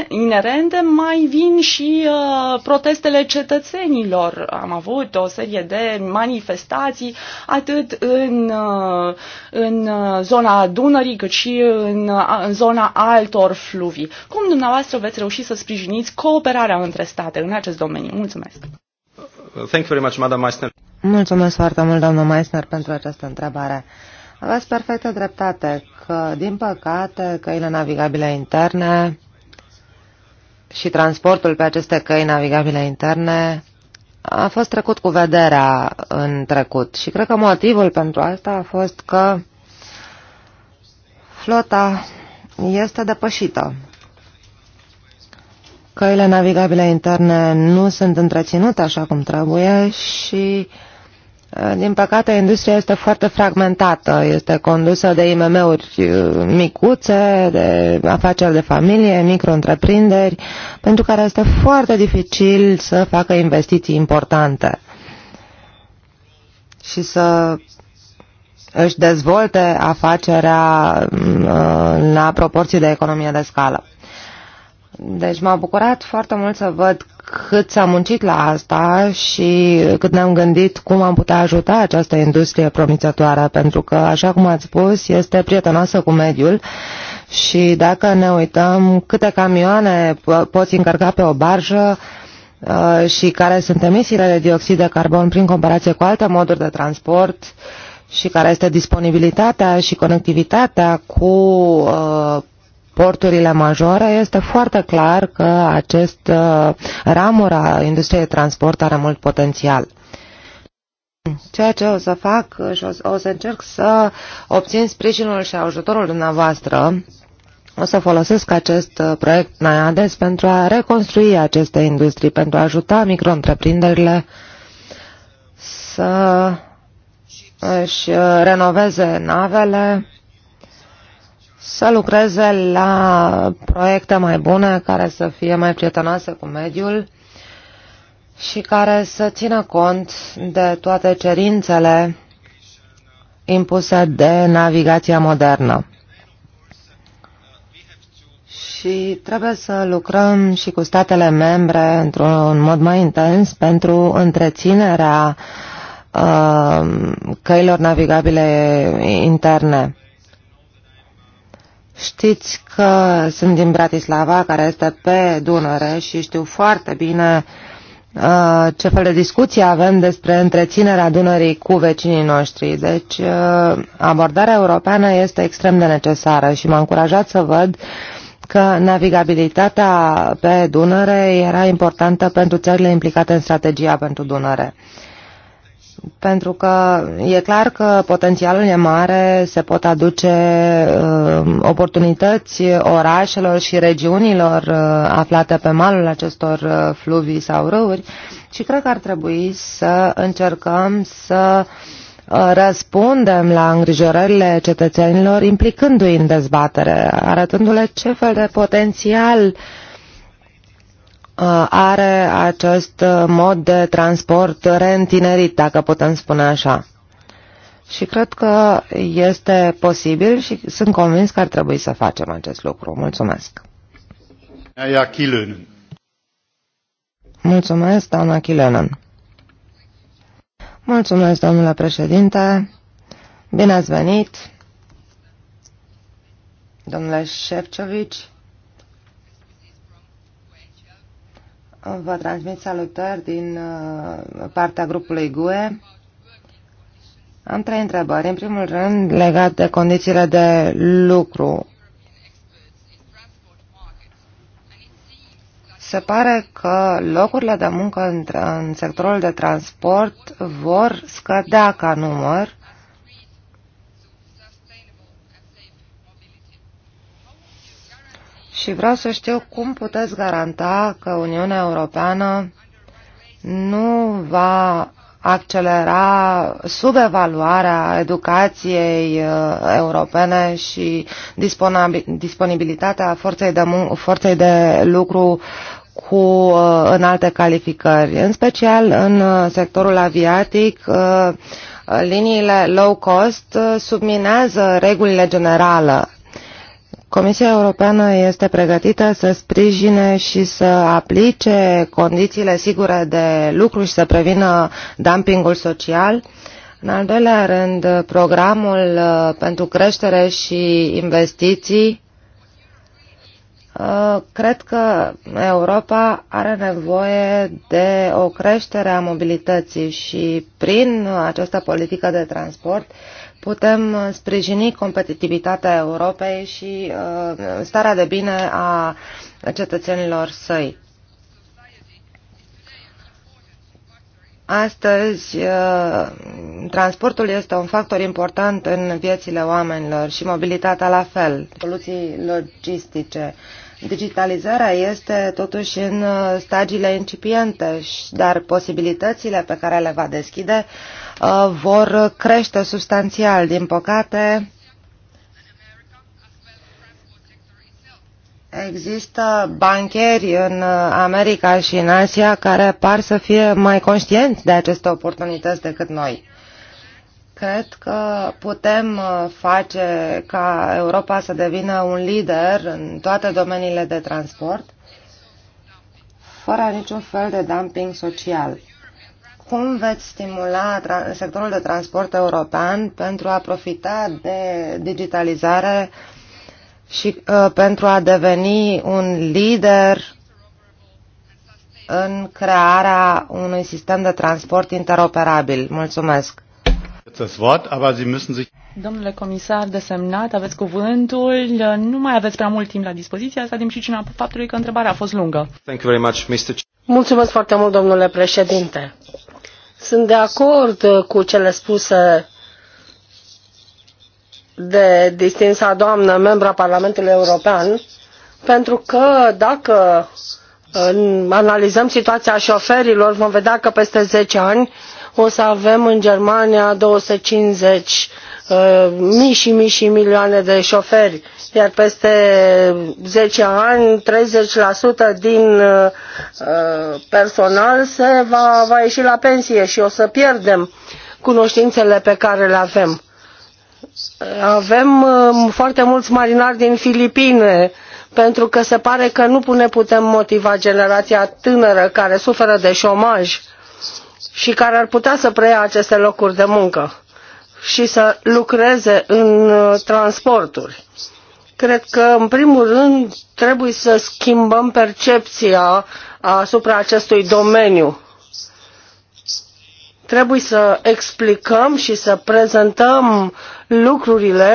inerente mai vin și uh, protestele cetățenilor. Am avut o serie de manifestații atât în, uh, în zona Dunării cât și în, în zona altor fluvii. Cum dumneavoastră veți reuși să sprijiniți cooperarea între state în acest domeniu. Mulțumesc! Thank you very much, Madam Meissner. Mulțumesc foarte mult, doamnă Meissner, pentru această întrebare. Aveți perfectă dreptate că, din păcate, căile navigabile interne și transportul pe aceste căi navigabile interne a fost trecut cu vederea în trecut și cred că motivul pentru asta a fost că flota este depășită. Căile navigabile interne nu sunt întreținute așa cum trebuie și, din păcate, industria este foarte fragmentată. Este condusă de IMM-uri micuțe, de afaceri de familie, micro-întreprinderi, pentru care este foarte dificil să facă investiții importante și să își dezvolte afacerea la proporții de economie de scală. Deci m-a bucurat foarte mult să văd cât s-a muncit la asta și cât ne-am gândit cum am putea ajuta această industrie promițătoare, pentru că, așa cum ați spus, este prietenoasă cu mediul și dacă ne uităm câte camioane poți încărca pe o barjă, uh, și care sunt emisiile de dioxid de carbon prin comparație cu alte moduri de transport și care este disponibilitatea și conectivitatea cu uh, porturile majore, este foarte clar că acest uh, ramură a industriei transport are mult potențial. Ceea ce o să fac și o să, o să încerc să obțin sprijinul și ajutorul dumneavoastră o să folosesc acest uh, proiect NAIADES pentru a reconstrui aceste industrii, pentru a ajuta micro-întreprinderile să își uh, renoveze navele să lucreze la proiecte mai bune care să fie mai prietenoase cu mediul și care să țină cont de toate cerințele impuse de navigația modernă. Și trebuie să lucrăm și cu statele membre într-un mod mai intens pentru întreținerea uh, căilor navigabile interne Știți că sunt din Bratislava, care este pe Dunăre și știu foarte bine uh, ce fel de discuții avem despre întreținerea Dunării cu vecinii noștri. Deci uh, abordarea europeană este extrem de necesară și m-a încurajat să văd că navigabilitatea pe Dunăre era importantă pentru țările implicate în strategia pentru Dunăre. Uh, pentru că e clar că potențialul e mare, se pot aduce uh, oportunități orașelor și regiunilor uh, aflate pe malul acestor uh, fluvii sau râuri și cred că ar trebui să încercăm să uh, răspundem la îngrijorările cetățenilor implicându-i în dezbatere, arătându-le ce fel de potențial uh, Uh, are acest uh, mod de transport reîntinerit, dacă putem spune așa. Și cred că este posibil și sunt convins că ar trebui să facem acest lucru. Mulțumesc. Mulțumesc, doamna Kilönen. Mulțumesc, domnule președinte. Bine ați venit, domnule Șefcevici. Vă transmit salutări din uh, partea grupului GUE. Am trei întrebări. În primul rând, legat de condițiile de lucru. Se pare că locurile de muncă în, sectorul de transport vor scădea ca număr și vreau să știu cum puteți garanta că Uniunea Europeană nu va accelera subevaluarea educației uh, europene și disponibilitatea forței de, forței de lucru cu uh, înalte calificări, în special în uh, sectorul aviatic liniile low cost subminează regulile generale, Comisia Europeană este pregătită să sprijine și să aplice condițiile sigure de lucru și să prevină dumpingul social. În al doilea rând, programul uh, pentru creștere și investiții. Uh, cred că Europa are nevoie de o creștere a mobilității și prin această politică de transport putem uh, sprijini competitivitatea Europei și uh, starea de bine a cetățenilor săi. Astăzi, uh, transportul este un factor important în viețile oamenilor și mobilitatea la fel, soluții logistice. Digitalizarea este totuși în stagiile incipiente, dar posibilitățile pe care le va deschide uh, Uh, vor crește substanțial. Din păcate, Există bancheri în uh, America și în Asia care par să fie mai conștienți de aceste oportunități decât noi. Cred că putem uh, face ca Europa să devină un lider în toate domeniile de transport, fără niciun fel de dumping social cum veți stimula sectorul de transport european pentru a profita de digitalizare și uh, pentru a deveni un lider în crearea unui sistem de transport interoperabil. Mulțumesc! Domnule comisar desemnat, aveți cuvântul. Nu mai aveți prea mult timp la dispoziție, asta din pricina faptului că întrebarea a fost lungă. Thank you very much, Mr. Mulțumesc foarte mult, domnule președinte. Sunt de acord uh, cu cele spuse de distinsa doamnă membra Parlamentului European, pentru că dacă analizăm situația șoferilor, vom vedea că peste 10 ani o să avem în Germania 250 uh, mii și mii și milioane de șoferi iar peste 10 ani 30% din uh, personal se va, va ieși la pensie și o să pierdem cunoștințele pe care le avem. Avem uh, foarte mulți marinari din Filipine, pentru că se pare că nu ne putem motiva generația tânără care suferă de șomaj și care ar putea să preia aceste locuri de muncă și să lucreze în uh, transporturi. Cred că, în primul rând, trebuie să schimbăm percepția asupra acestui domeniu. Trebuie să explicăm și să prezentăm lucrurile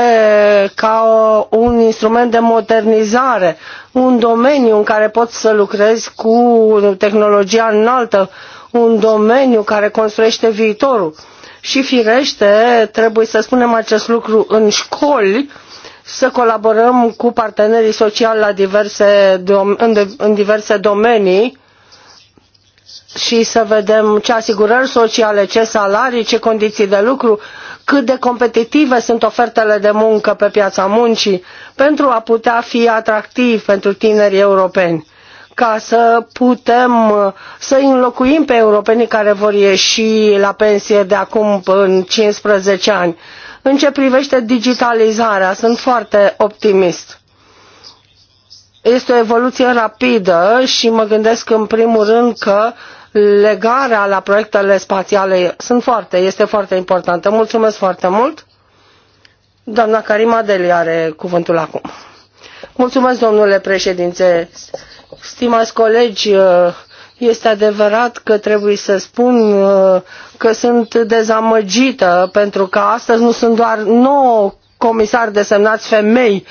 ca un instrument de modernizare, un domeniu în care poți să lucrezi cu tehnologia înaltă, un domeniu care construiește viitorul. Și firește, trebuie să spunem acest lucru în școli, să colaborăm cu partenerii sociali în, diverse domenii și să vedem ce asigurări sociale, ce salarii, ce condiții de lucru, cât de competitive sunt ofertele de muncă pe piața muncii pentru a putea fi atractiv pentru tinerii europeni ca să putem să înlocuim pe europenii care vor ieși la pensie de acum în 15 ani în ce privește digitalizarea, sunt foarte optimist. Este o evoluție rapidă și mă gândesc în primul rând că legarea la proiectele spațiale sunt foarte, este foarte importantă. Mulțumesc foarte mult. Doamna Karima Deli are cuvântul acum. Mulțumesc, domnule președinte. Stimați colegi, este adevărat că trebuie să spun uh, că sunt dezamăgită pentru că astăzi nu sunt doar 9 comisari desemnați femei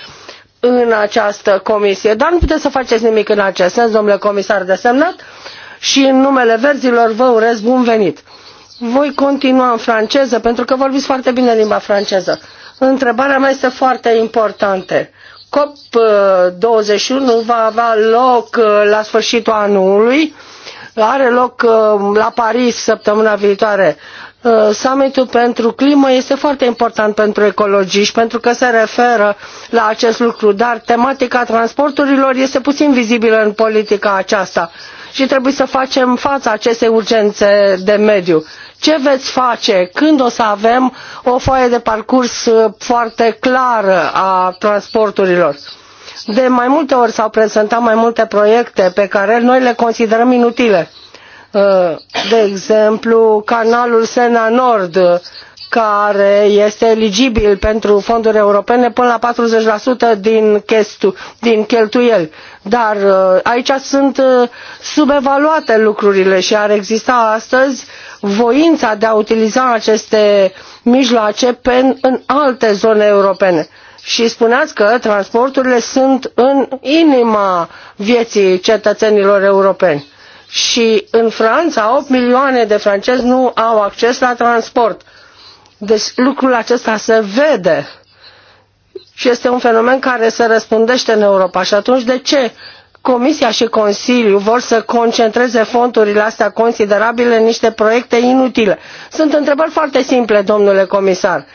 în această comisie, dar nu puteți să faceți nimic în acest sens, domnule comisar desemnat, și în numele verzilor vă urez bun venit. Voi continua în franceză, pentru că vorbiți foarte bine limba franceză. Întrebarea mea este foarte importantă. COP21 uh, va avea loc uh, la sfârșitul anului are loc uh, la Paris săptămâna viitoare. Uh, summitul pentru climă este foarte important pentru ecologiști pentru că se referă la acest lucru, dar tematica transporturilor este puțin vizibilă în politica aceasta și trebuie să facem față acestei urgențe de mediu. Ce veți face când o să avem o foaie de parcurs uh, foarte clară a transporturilor? De mai multe ori s-au prezentat mai multe proiecte pe care noi le considerăm inutile. Uh, de exemplu, canalul Sena Nord, uh, care este eligibil pentru fonduri europene până la 40% din, chestu, din cheltuieli. Dar uh, aici sunt subevaluate lucrurile și ar exista astăzi voința de a utiliza aceste mijloace în alte zone europene și spuneați că transporturile sunt în inima vieții cetățenilor europeni. Și în Franța, 8 milioane de francezi nu au acces la transport. Deci lucrul acesta se vede și este un fenomen care se răspundește în Europa. Și atunci de ce Comisia și Consiliul vor să concentreze fondurile astea considerabile în niște proiecte inutile? Sunt întrebări foarte simple, domnule comisar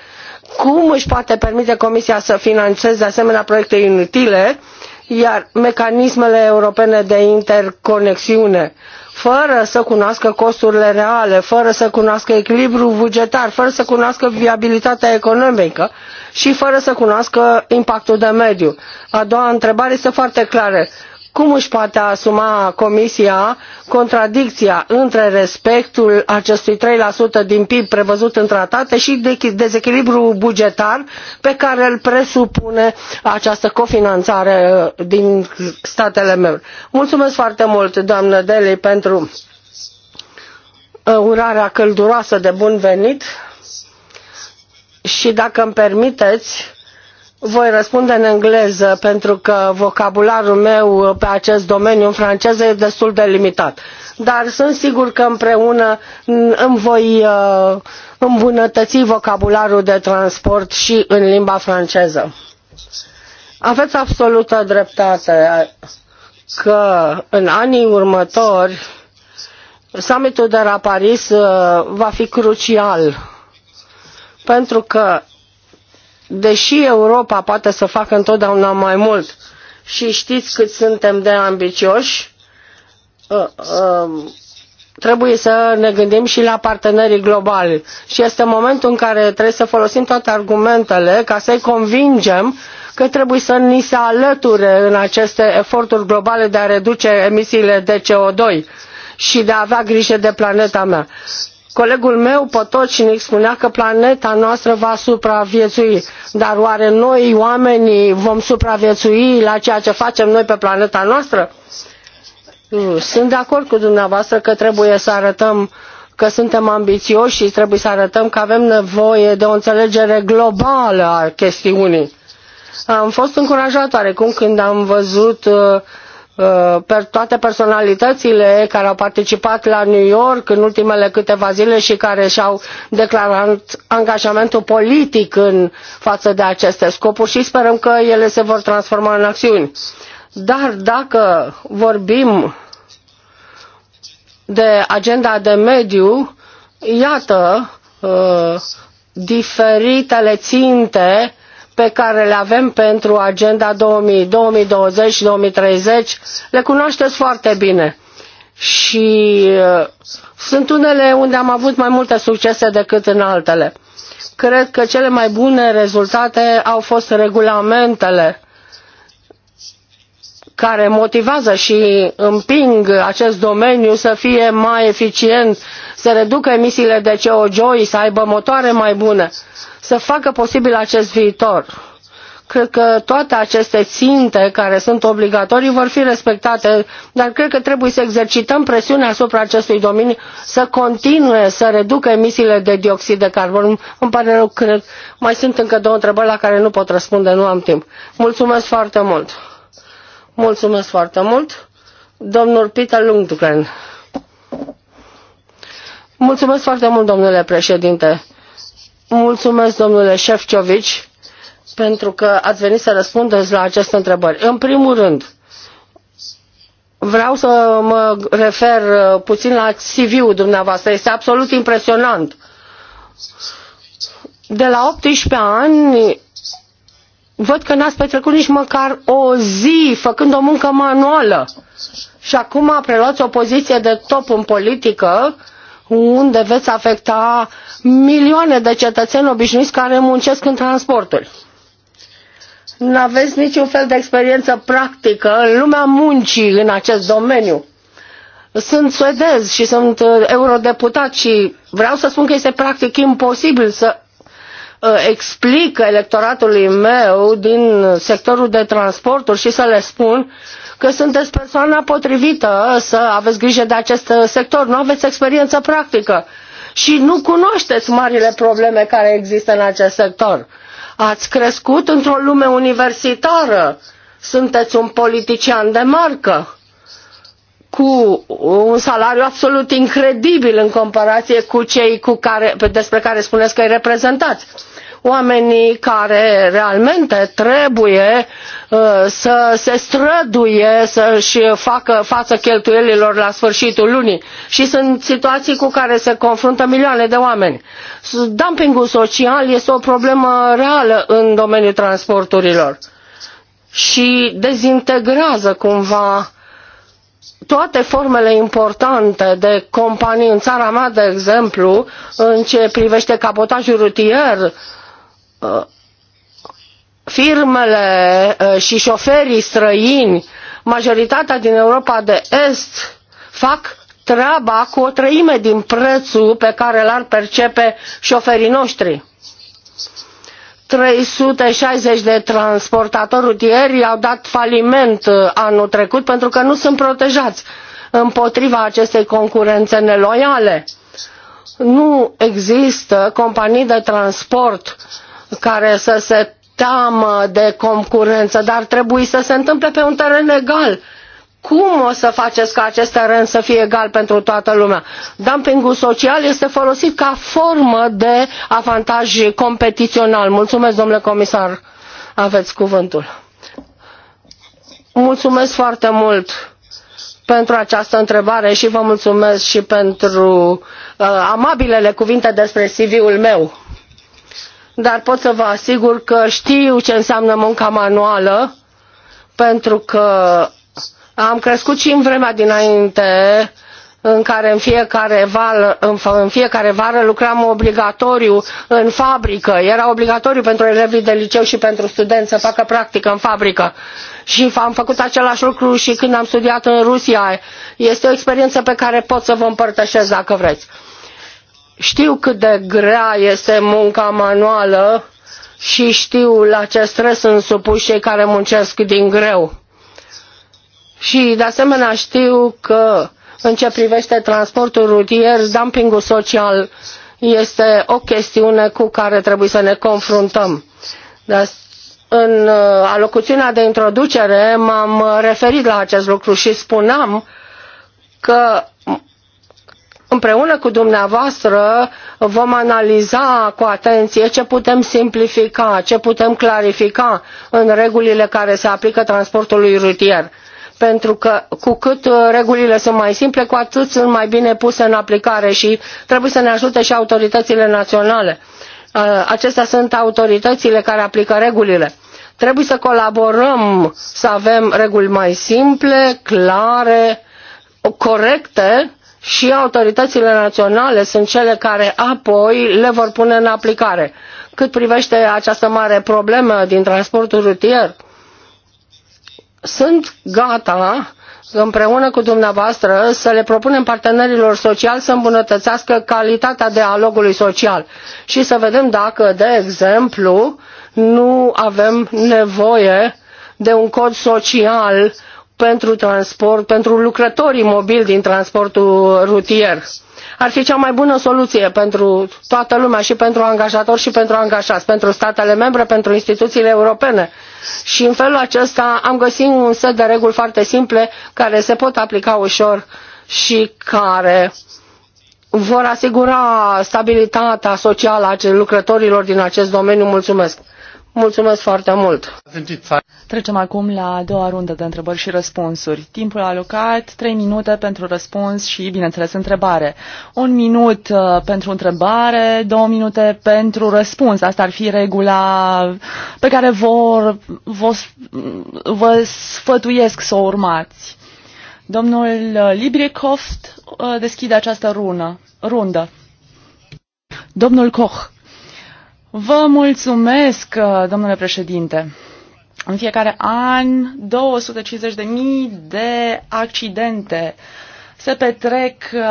cum își poate permite Comisia să finanțeze asemenea proiecte inutile, iar mecanismele europene de interconexiune, fără să cunoască costurile reale, fără să cunoască echilibrul bugetar, fără să cunoască viabilitatea economică și fără să cunoască impactul de mediu. A doua întrebare este foarte clară cum își poate asuma Comisia contradicția între respectul acestui 3% din PIB prevăzut în tratate și dezechilibrul bugetar pe care îl presupune această cofinanțare uh, din statele membre? Mulțumesc foarte mult, doamnă Deli, pentru uh, urarea călduroasă de bun venit și dacă îmi permiteți, voi răspunde în engleză pentru că vocabularul meu pe acest domeniu în franceză e destul de limitat. Dar sunt sigur că împreună îmi voi uh, îmbunătăți vocabularul de transport și în limba franceză. Aveți absolută dreptate că în anii următori summitul de la Paris uh, va fi crucial pentru că deși Europa poate să facă întotdeauna mai mult și știți cât suntem de ambițioși, uh, uh, trebuie să ne gândim și la partenerii globali. Și este momentul în care trebuie să folosim toate argumentele ca să-i convingem că trebuie să ni se alăture în aceste eforturi globale de a reduce emisiile de CO2 și de a avea grijă de planeta mea. Colegul meu, Potocinic, spunea că planeta noastră va supraviețui, dar oare noi, oamenii, vom supraviețui la ceea ce facem noi pe planeta noastră? Sunt de acord cu dumneavoastră că trebuie să arătăm că suntem ambițioși și trebuie să arătăm că avem nevoie de o înțelegere globală a chestiunii. Am fost încurajat oarecum când am văzut uh, Uh, toate personalitățile care au participat la New York în ultimele câteva zile și care și-au declarat angajamentul politic în față de aceste scopuri și sperăm că ele se vor transforma în acțiuni. Dar dacă vorbim de agenda de mediu, iată uh, diferitele ținte pe care le avem pentru Agenda 2000, 2020 și 2030 le cunoașteți foarte bine. Și uh, sunt unele unde am avut mai multe succese decât în altele. Cred că cele mai bune rezultate au fost regulamentele care motivează și împing acest domeniu să fie mai eficient, să reducă emisiile de co doi să aibă motoare mai bune, să facă posibil acest viitor. Cred că toate aceste ținte care sunt obligatorii vor fi respectate, dar cred că trebuie să exercităm presiunea asupra acestui domeniu să continue să reducă emisiile de dioxid de carbon. Îmi pare rău, cred. Mai sunt încă două întrebări la care nu pot răspunde, nu am timp. Mulțumesc foarte mult! Mulțumesc foarte mult! Domnul Peter Lundgren. Mulțumesc foarte mult, domnule președinte. Mulțumesc, domnule Șefciovici, pentru că ați venit să răspundeți la aceste întrebări. În primul rând, vreau să mă refer uh, puțin la CV-ul dumneavoastră. Este absolut impresionant. De la 18 ani văd că n-ați petrecut nici măcar o zi făcând o muncă manuală. Și acum preluați o poziție de top în politică unde veți afecta milioane de cetățeni obișnuiți care muncesc în transporturi. Nu aveți niciun fel de experiență practică în lumea muncii în acest domeniu. Sunt suedez și sunt uh, eurodeputat și vreau să spun că este practic imposibil să uh, explic electoratului meu din sectorul de transporturi și să le spun că sunteți persoana potrivită să aveți grijă de acest uh, sector. Nu aveți experiență practică și nu cunoașteți marile probleme care există în acest sector. Ați crescut într-o lume universitară. Sunteți un politician de marcă cu un salariu absolut incredibil în comparație cu cei cu care, despre care spuneți că îi reprezentați oamenii care realmente trebuie uh, să se străduie să-și facă față cheltuielilor la sfârșitul lunii. Și sunt situații cu care se confruntă milioane de oameni. Dumpingul social este o problemă reală în domeniul transporturilor și dezintegrează cumva toate formele importante de companii în țara mea, de exemplu, în ce privește cabotajul rutier, Uh, firmele uh, și șoferii străini, majoritatea din Europa de Est, fac treaba cu o treime din prețul pe care l-ar percepe șoferii noștri. 360 de transportatori rutieri au dat faliment uh, anul trecut pentru că nu sunt protejați împotriva acestei concurențe neloiale. Nu există companii de transport uh, care să se teamă de concurență, dar trebuie să se întâmple pe un teren egal. Cum o să faceți ca acest teren să fie egal pentru toată lumea? Dumpingul social este folosit ca formă de avantaj competițional. Mulțumesc, domnule comisar. Aveți cuvântul. Mulțumesc foarte mult pentru această întrebare și vă mulțumesc și pentru uh, amabilele cuvinte despre CV-ul meu dar pot să vă asigur că știu ce înseamnă munca manuală, pentru că am crescut și în vremea dinainte în care în fiecare, val, în fiecare vară lucram obligatoriu în fabrică. Era obligatoriu pentru elevii de liceu și pentru studenți să facă practică în fabrică. Și am făcut același lucru și când am studiat în Rusia. Este o experiență pe care pot să vă împărtășesc dacă vreți. Știu cât de grea este munca manuală și știu la ce stres sunt supuși cei care muncesc din greu. Și de asemenea știu că în ce privește transportul rutier, dumpingul social este o chestiune cu care trebuie să ne confruntăm. Dar în uh, alocuțiunea de introducere m-am referit la acest lucru și spuneam că împreună cu dumneavoastră vom analiza cu atenție ce putem simplifica, ce putem clarifica în regulile care se aplică transportului rutier. Pentru că cu cât uh, regulile sunt mai simple, cu atât sunt mai bine puse în aplicare și trebuie să ne ajute și autoritățile naționale. Uh, acestea sunt autoritățile care aplică regulile. Trebuie să colaborăm, să avem reguli mai simple, clare, corecte, și autoritățile naționale sunt cele care apoi le vor pune în aplicare. Cât privește această mare problemă din transportul rutier, sunt gata împreună cu dumneavoastră să le propunem partenerilor sociali să îmbunătățească calitatea dialogului social și să vedem dacă, de exemplu, nu avem nevoie de un cod social pentru transport, pentru lucrătorii mobili din transportul rutier. Ar fi cea mai bună soluție pentru toată lumea și pentru angajatori și pentru angajați, pentru statele membre, pentru instituțiile europene. Și în felul acesta am găsit un set de reguli foarte simple care se pot aplica ușor și care vor asigura stabilitatea socială a lucrătorilor din acest domeniu. Mulțumesc! Mulțumesc foarte mult! Trecem acum la a doua rundă de întrebări și răspunsuri. Timpul alocat, 3 minute pentru răspuns și, bineînțeles, întrebare. Un minut uh, pentru întrebare, două minute pentru răspuns. Asta ar fi regula pe care vor, vă, vă sfătuiesc să o urmați. Domnul uh, Librikoft uh, deschide această rună, rundă. Domnul Koch. Vă mulțumesc, domnule președinte. În fiecare an, 250.000 de accidente se petrec uh,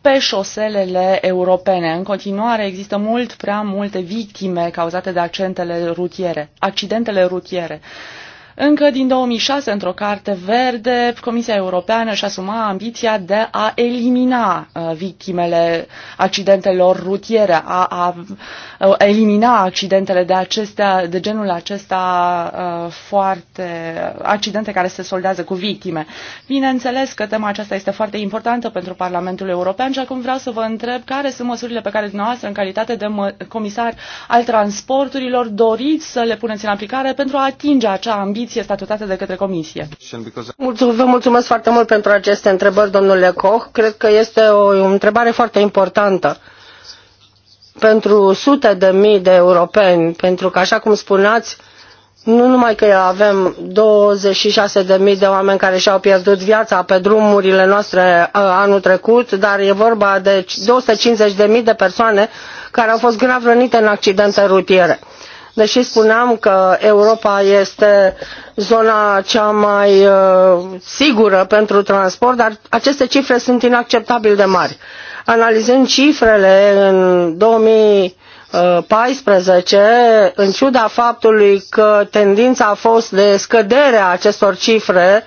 pe șoselele europene. În continuare există mult prea multe victime cauzate de accidentele rutiere, accidentele rutiere. Încă din 2006, într-o carte verde, Comisia Europeană și-a asumat ambiția de a elimina uh, victimele accidentelor rutiere, a, a, uh, a elimina accidentele de, acestea, de genul acesta uh, foarte accidente care se soldează cu victime. Bineînțeles că tema aceasta este foarte importantă pentru Parlamentul European și acum vreau să vă întreb care sunt măsurile pe care dumneavoastră, în calitate de comisar al transporturilor, doriți să le puneți în aplicare pentru a atinge acea ambiție poziție statutată de către Comisie. Mulțumesc, vă mulțumesc foarte mult pentru aceste întrebări, domnule Koch. Cred că este o întrebare foarte importantă pentru sute de mii de europeni, pentru că, așa cum spuneați, nu numai că avem 26.000 de oameni care și-au pierdut viața pe drumurile noastre anul trecut, dar e vorba de 250.000 de persoane care au fost grav rănite în accidente rutiere. Deși spuneam că Europa este zona cea mai uh, sigură pentru transport, dar aceste cifre sunt inacceptabil de mari. Analizând cifrele în 2000 14, în ciuda faptului că tendința a fost de scădere a acestor cifre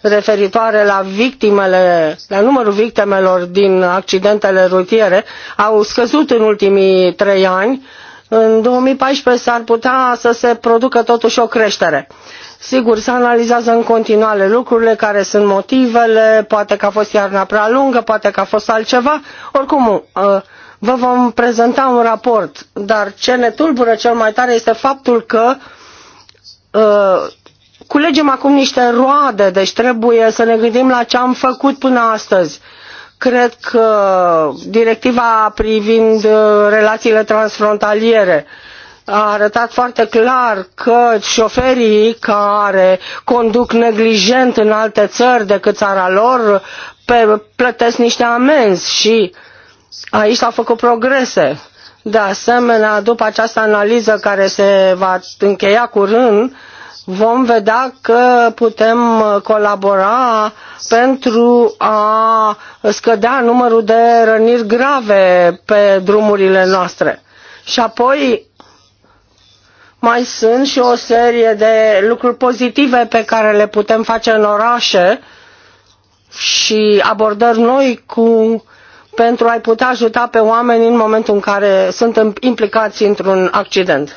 referitoare la victimele, la numărul victimelor din accidentele rutiere, au scăzut în ultimii trei ani, în paisprezece s-ar putea să se producă totuși o creștere. Sigur, se analizează în continuare lucrurile, care sunt motivele, poate că a fost iarna prea lungă, poate că a fost altceva. Oricum, uh, vă vom prezenta un raport, dar ce ne tulbură cel mai tare este faptul că uh, culegem acum niște roade, deci trebuie să ne gândim la ce am făcut până astăzi Cred că directiva privind uh, relațiile transfrontaliere a arătat foarte clar că șoferii care conduc neglijent în alte țări decât țara lor pe, plătesc niște amenzi și aici s-au făcut progrese. De asemenea, după această analiză care se va încheia curând, vom vedea că putem uh, colabora pentru a scădea numărul de răniri grave pe drumurile noastre. Și apoi mai sunt și o serie de lucruri pozitive pe care le putem face în orașe și abordări noi cu, pentru a-i putea ajuta pe oameni în momentul în care sunt implicați într-un accident.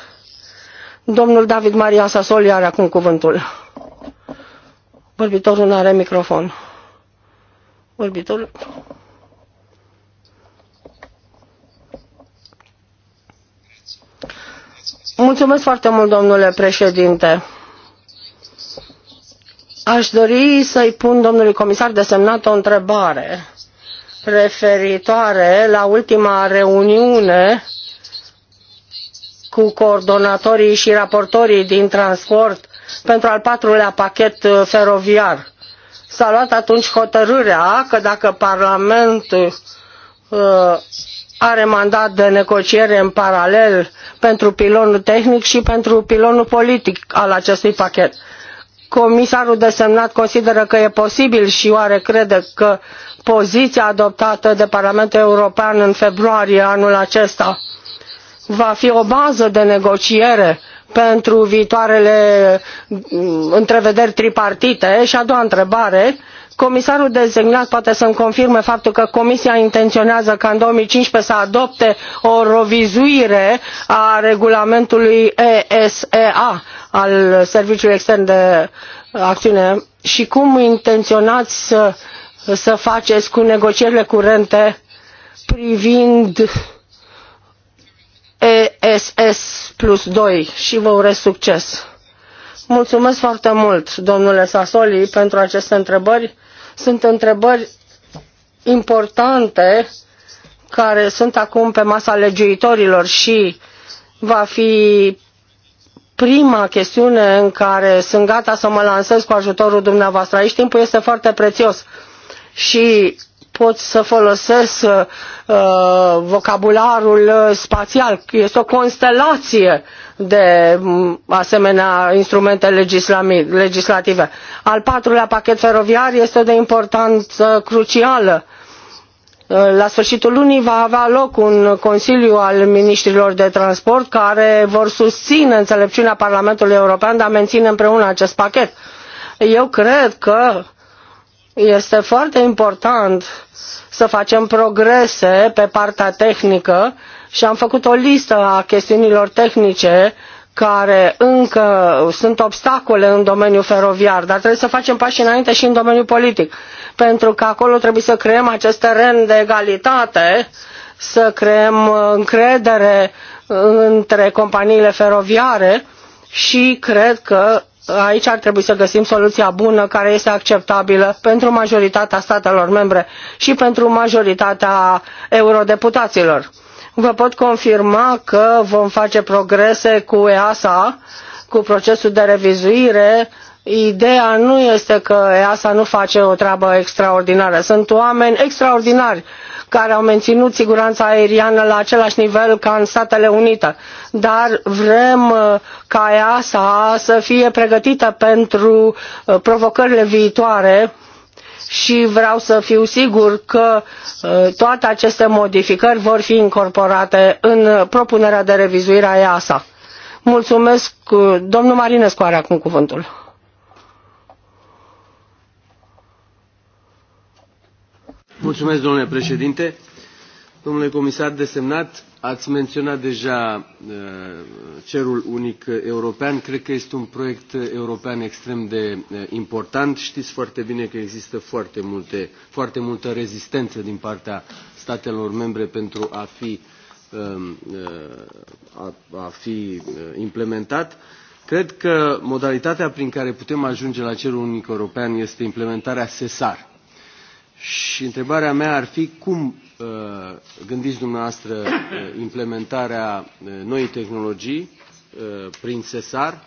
Domnul David Maria Sasoli are acum cuvântul. Vorbitorul nu are microfon. Vorbitorul... Mulțumesc foarte mult, domnule președinte. Aș dori să-i pun domnului comisar desemnat o întrebare referitoare la ultima reuniune cu coordonatorii și raportorii din transport pentru al patrulea pachet uh, feroviar. S-a luat atunci hotărârea că dacă Parlamentul uh, are mandat de negociere în paralel pentru pilonul tehnic și pentru pilonul politic al acestui pachet. Comisarul desemnat consideră că e posibil și oare crede că poziția adoptată de Parlamentul European în februarie anul acesta va fi o bază de negociere pentru viitoarele mm, întrevederi tripartite? Și a doua întrebare, comisarul designat poate să mi confirme faptul că comisia intenționează ca în două mii cincisprezece să adopte o revizuire a regulamentului ESEA al serviciului extern de acțiune și cum intenționați să, să faceți cu negocierile curente privind uh, ESS plus 2 și vă urez succes. Mulțumesc foarte mult, domnule Sasoli, pentru aceste întrebări. Sunt întrebări importante care sunt acum pe masa legiuitorilor și va fi prima chestiune în care sunt gata să mă lansez cu ajutorul dumneavoastră. Aici timpul este foarte prețios și pot să folosesc uh, vocabularul uh, spațial. Este o constelație de mm, asemenea instrumente legislative. Al patrulea pachet feroviar este de importanță crucială. Uh, la sfârșitul lunii va avea loc un Consiliu al Ministrilor de Transport care vor susține înțelepciunea Parlamentului European de a menține împreună acest pachet. Eu cred că este foarte important să facem progrese pe partea tehnică și am făcut o listă a chestiunilor tehnice care încă sunt obstacole în domeniul feroviar, dar trebuie să facem pași înainte și în domeniul politic, pentru că acolo trebuie să creăm acest teren de egalitate, să creăm încredere între companiile feroviare și cred că aici ar trebui să găsim soluția bună care este acceptabilă pentru majoritatea statelor membre și pentru majoritatea eurodeputaților. Vă pot confirma că vom face progrese cu EASA, cu procesul de revizuire. Ideea nu este că EASA nu face o treabă extraordinară. Sunt oameni extraordinari care au menținut siguranța aeriană la același nivel ca în Statele Unite. Dar vrem uh, ca EASA să fie pregătită pentru uh, provocările viitoare și vreau să fiu sigur că uh, toate aceste modificări vor fi incorporate în propunerea de revizuire a EASA. Mulțumesc. Domnul Marinescu are acum cuvântul. Mulțumesc, domnule președinte. Domnule comisar desemnat, ați menționat deja uh, cerul unic european. Cred că este un proiect european extrem de uh, important. Știți foarte bine că există foarte, multe, foarte multă rezistență din partea statelor membre pentru a fi, um, uh, a, a fi implementat. Cred că modalitatea prin care putem ajunge la cerul unic european este implementarea SESAR și întrebarea mea ar fi cum uh, gândiți dumneavoastră uh, implementarea uh, noii tehnologii prin SESAR,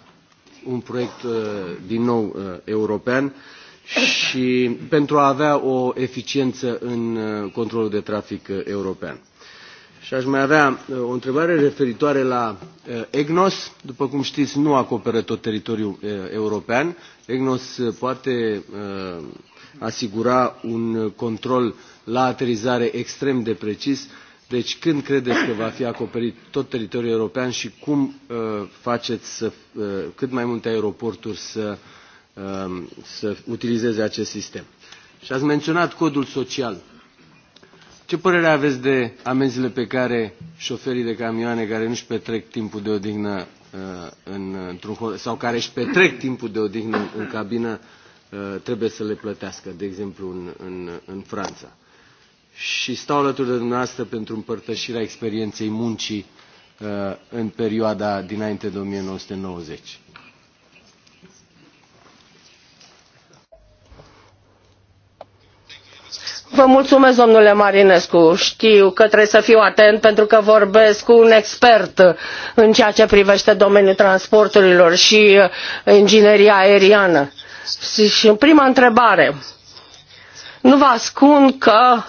un proiect din nou european, și pentru a avea o eficiență în controlul de trafic european. Și aș mai avea o întrebare referitoare la EGNOS. După cum știți, nu acoperă tot teritoriul european. EGNOS poate asigura un control la aterizare extrem de precis. Deci când credeți că va fi acoperit tot teritoriul european și cum uh, faceți să, uh, cât mai multe aeroporturi să, uh, să utilizeze acest sistem? Și ați menționat codul social. Ce părere aveți de amenziile pe care șoferii de camioane care nu-și petrec timpul de odihnă uh, în, într-un, sau care își petrec timpul de odihnă în cabină Uh, trebuie să le plătească, de exemplu în, în, în Franța. Și stau alături de dumneavoastră pentru împărtășirea experienței muncii uh, în perioada dinainte de 1990. Vă mulțumesc, domnule Marinescu. Știu că trebuie să fiu atent pentru că vorbesc cu un expert în ceea ce privește domeniul transporturilor și uh, ingineria aeriană și prima întrebare. Nu vă ascund că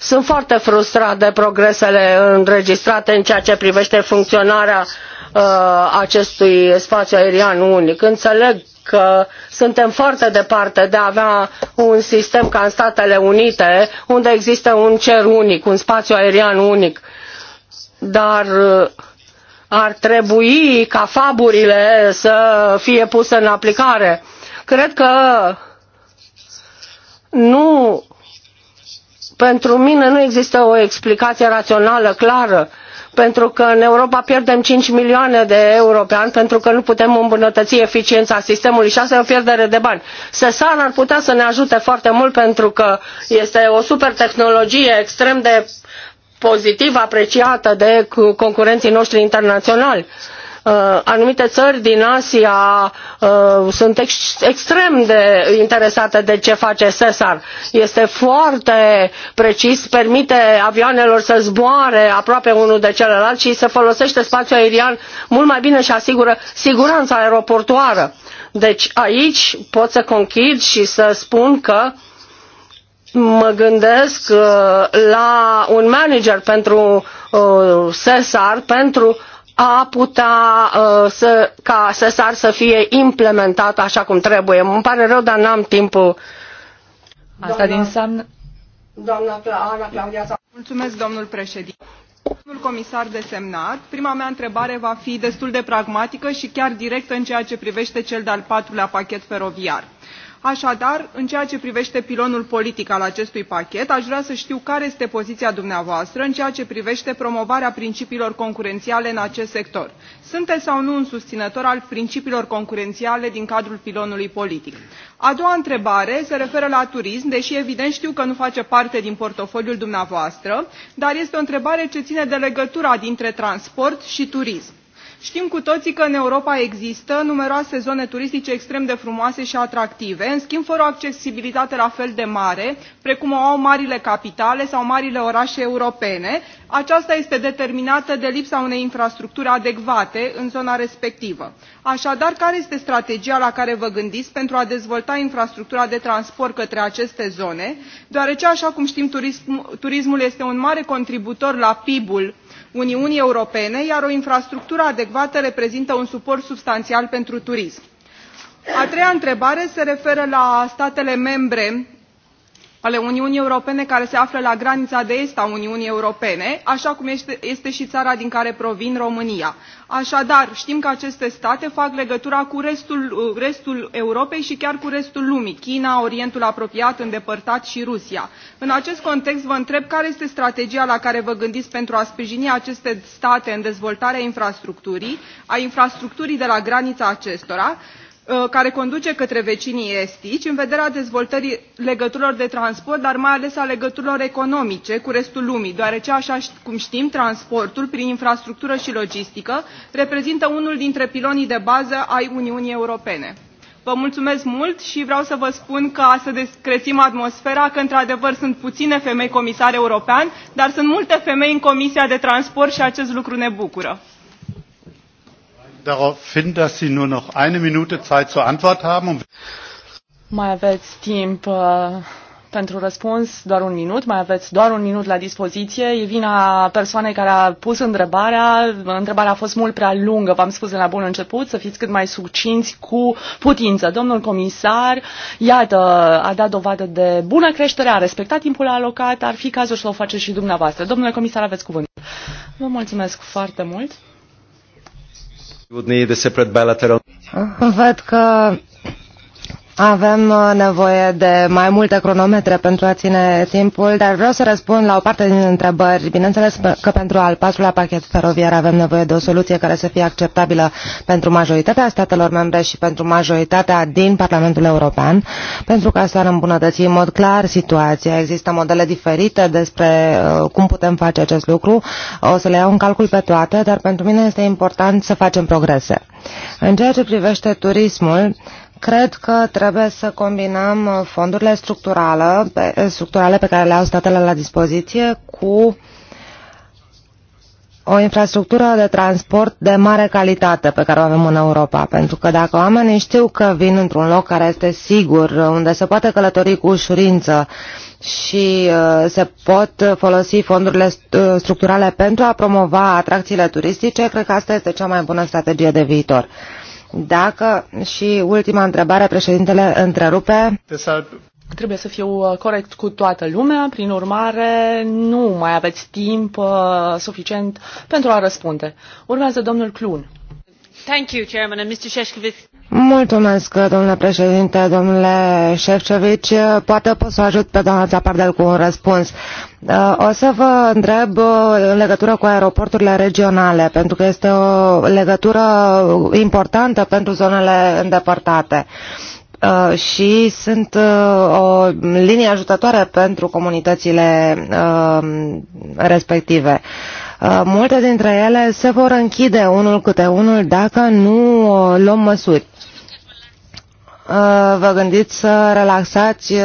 sunt foarte frustrat de progresele înregistrate în ceea ce privește funcționarea uh, acestui spațiu aerian unic. Înțeleg că suntem foarte departe de a avea un sistem ca în Statele Unite, unde există un cer unic, un spațiu aerian unic. Dar uh, ar trebui ca faburile să fie puse în aplicare. Uh, Cred că nu, pentru mine nu există o explicație rațională clară pentru că în Europa pierdem 5 milioane de euro pe an pentru că nu putem îmbunătăți eficiența sistemului și asta e o pierdere de bani. SESAR ar putea să ne ajute foarte mult pentru că este o super tehnologie extrem de pozitiv apreciată de concurenții noștri internaționali. Uh, Uh, anumite țări din Asia uh, sunt ex extrem de interesate de ce face SESAR. Este foarte precis, permite avioanelor să zboare aproape unul de celălalt și se folosește spațiul aerian mult mai bine și asigură siguranța aeroportuară. Deci aici pot să conchid și să spun că mă gândesc uh, la un manager pentru SESAR, pentru a putea uh, să, ca SESAR să fie implementat așa cum trebuie. Îmi pare rău, dar n-am timpul. Asta din înseamnă... Doamna Ana Claudia Mulțumesc, domnul președinte. Domnul comisar desemnat, prima mea întrebare va fi destul de pragmatică și chiar directă în ceea ce privește cel de-al patrulea pachet feroviar Așadar, în ceea ce privește pilonul politic al acestui pachet, aș vrea să știu care este poziția dumneavoastră în ceea ce privește promovarea principiilor concurențiale în acest sector. Sunteți sau nu un susținător al principiilor concurențiale din cadrul pilonului politic? A doua întrebare se referă la turism, deși evident știu că nu face parte din portofoliul dumneavoastră, dar este o întrebare ce ține de legătura dintre transport și turism știm cu toții că în europa există numeroase zone turistice extrem de frumoase și atractive în schimb fără o accesibilitate la fel de mare precum o au marile capitale sau marile orașe europene aceasta este determinată de lipsa unei infrastructuri adecvate în zona respectivă. așadar care este strategia la care vă gândiți pentru a dezvolta infrastructura de transport către aceste zone deoarece așa cum știm turismul este un mare contribuitor la pib ul uniunii europene iar o infrastructură adecvată reprezintă un suport substanțial pentru turism. a treia întrebare se referă la statele membre ale uniunii europene care se află la granița de est a uniunii europene așa cum este și țara din care provin românia. Așadar, știm că aceste state fac legătura cu uh, restul, Europei și chiar cu restul lumii, China, Orientul apropiat, îndepărtat și Rusia. În acest context, vă întreb care este strategia la care vă gândiți pentru a sprijini aceste state în dezvoltarea infrastructurii, a infrastructurii de la granița acestora, Uh, care conduce către vecinii estici în vederea dezvoltării legăturilor de transport dar mai ales a legăturilor economice cu restul lumii deoarece așa cum știm transportul prin infrastructură și logistică reprezintă unul dintre pilonii de bază ai uniunii europene. vă mulțumesc mult și vreau să vă spun că să crețim atmosfera că într adevăr sunt puține femei comisar european dar sunt multe femei în comisia de transport și acest lucru ne bucură darauf hin, dass Sie nur noch eine Minute Zeit zur Antwort haben. Mai aveți timp uh, pentru răspuns, doar un minut, mai aveți doar un minut la dispoziție. E vina persoanei care a pus întrebarea. Întrebarea a fost mult prea lungă, v-am spus de la bun început, să fiți cât mai succinți cu putință. Domnul comisar, iată, a dat dovadă de bună creștere, a respectat timpul alocat, ar fi cazul să o faceți și dumneavoastră. Domnule comisar, aveți cuvânt. Vă mulțumesc foarte mult. Văd că avem uh, nevoie de mai multe cronometre pentru a ține timpul, dar vreau să răspund la o parte din întrebări. Bineînțeles că pentru al patrulea pachet feroviar avem nevoie de o soluție care să fie acceptabilă pentru majoritatea statelor membre și pentru majoritatea din Parlamentul European, pentru ca să ar îmbunătăți în mod clar situația. Există modele diferite despre uh, cum putem face acest lucru. O să le iau în calcul pe toate, dar pentru mine este important să facem progrese. În ceea ce privește turismul, Cred că trebuie să combinăm fondurile structurale pe, structurale pe care le au statele la dispoziție cu o infrastructură de transport de mare calitate pe care o avem în Europa. Pentru că dacă oamenii știu că vin într-un loc care este sigur, unde se poate călători cu ușurință și uh, se pot folosi fondurile uh, structurale pentru a promova atracțiile turistice, cred că asta este cea mai bună strategie de viitor. Dacă și ultima întrebare, președintele întrerupe. Trebuie să fiu uh, corect cu toată lumea, prin urmare nu mai aveți timp uh, suficient pentru a răspunde. Urmează domnul Clun. Thank you, Chairman, and Mr. Sheshkovic. Mulțumesc, domnule președinte, domnule Șefcevici. Poate pot să ajut pe doamna Zapardel cu un răspuns. Uh, o să vă întreb uh, în legătură cu aeroporturile regionale, pentru că este o legătură importantă pentru zonele îndepărtate uh, și sunt o linie ajutătoare pentru comunitățile respective. Multe dintre ele se vor închide unul câte unul dacă nu luăm măsuri. Uh, vă gândiți să relaxați uh,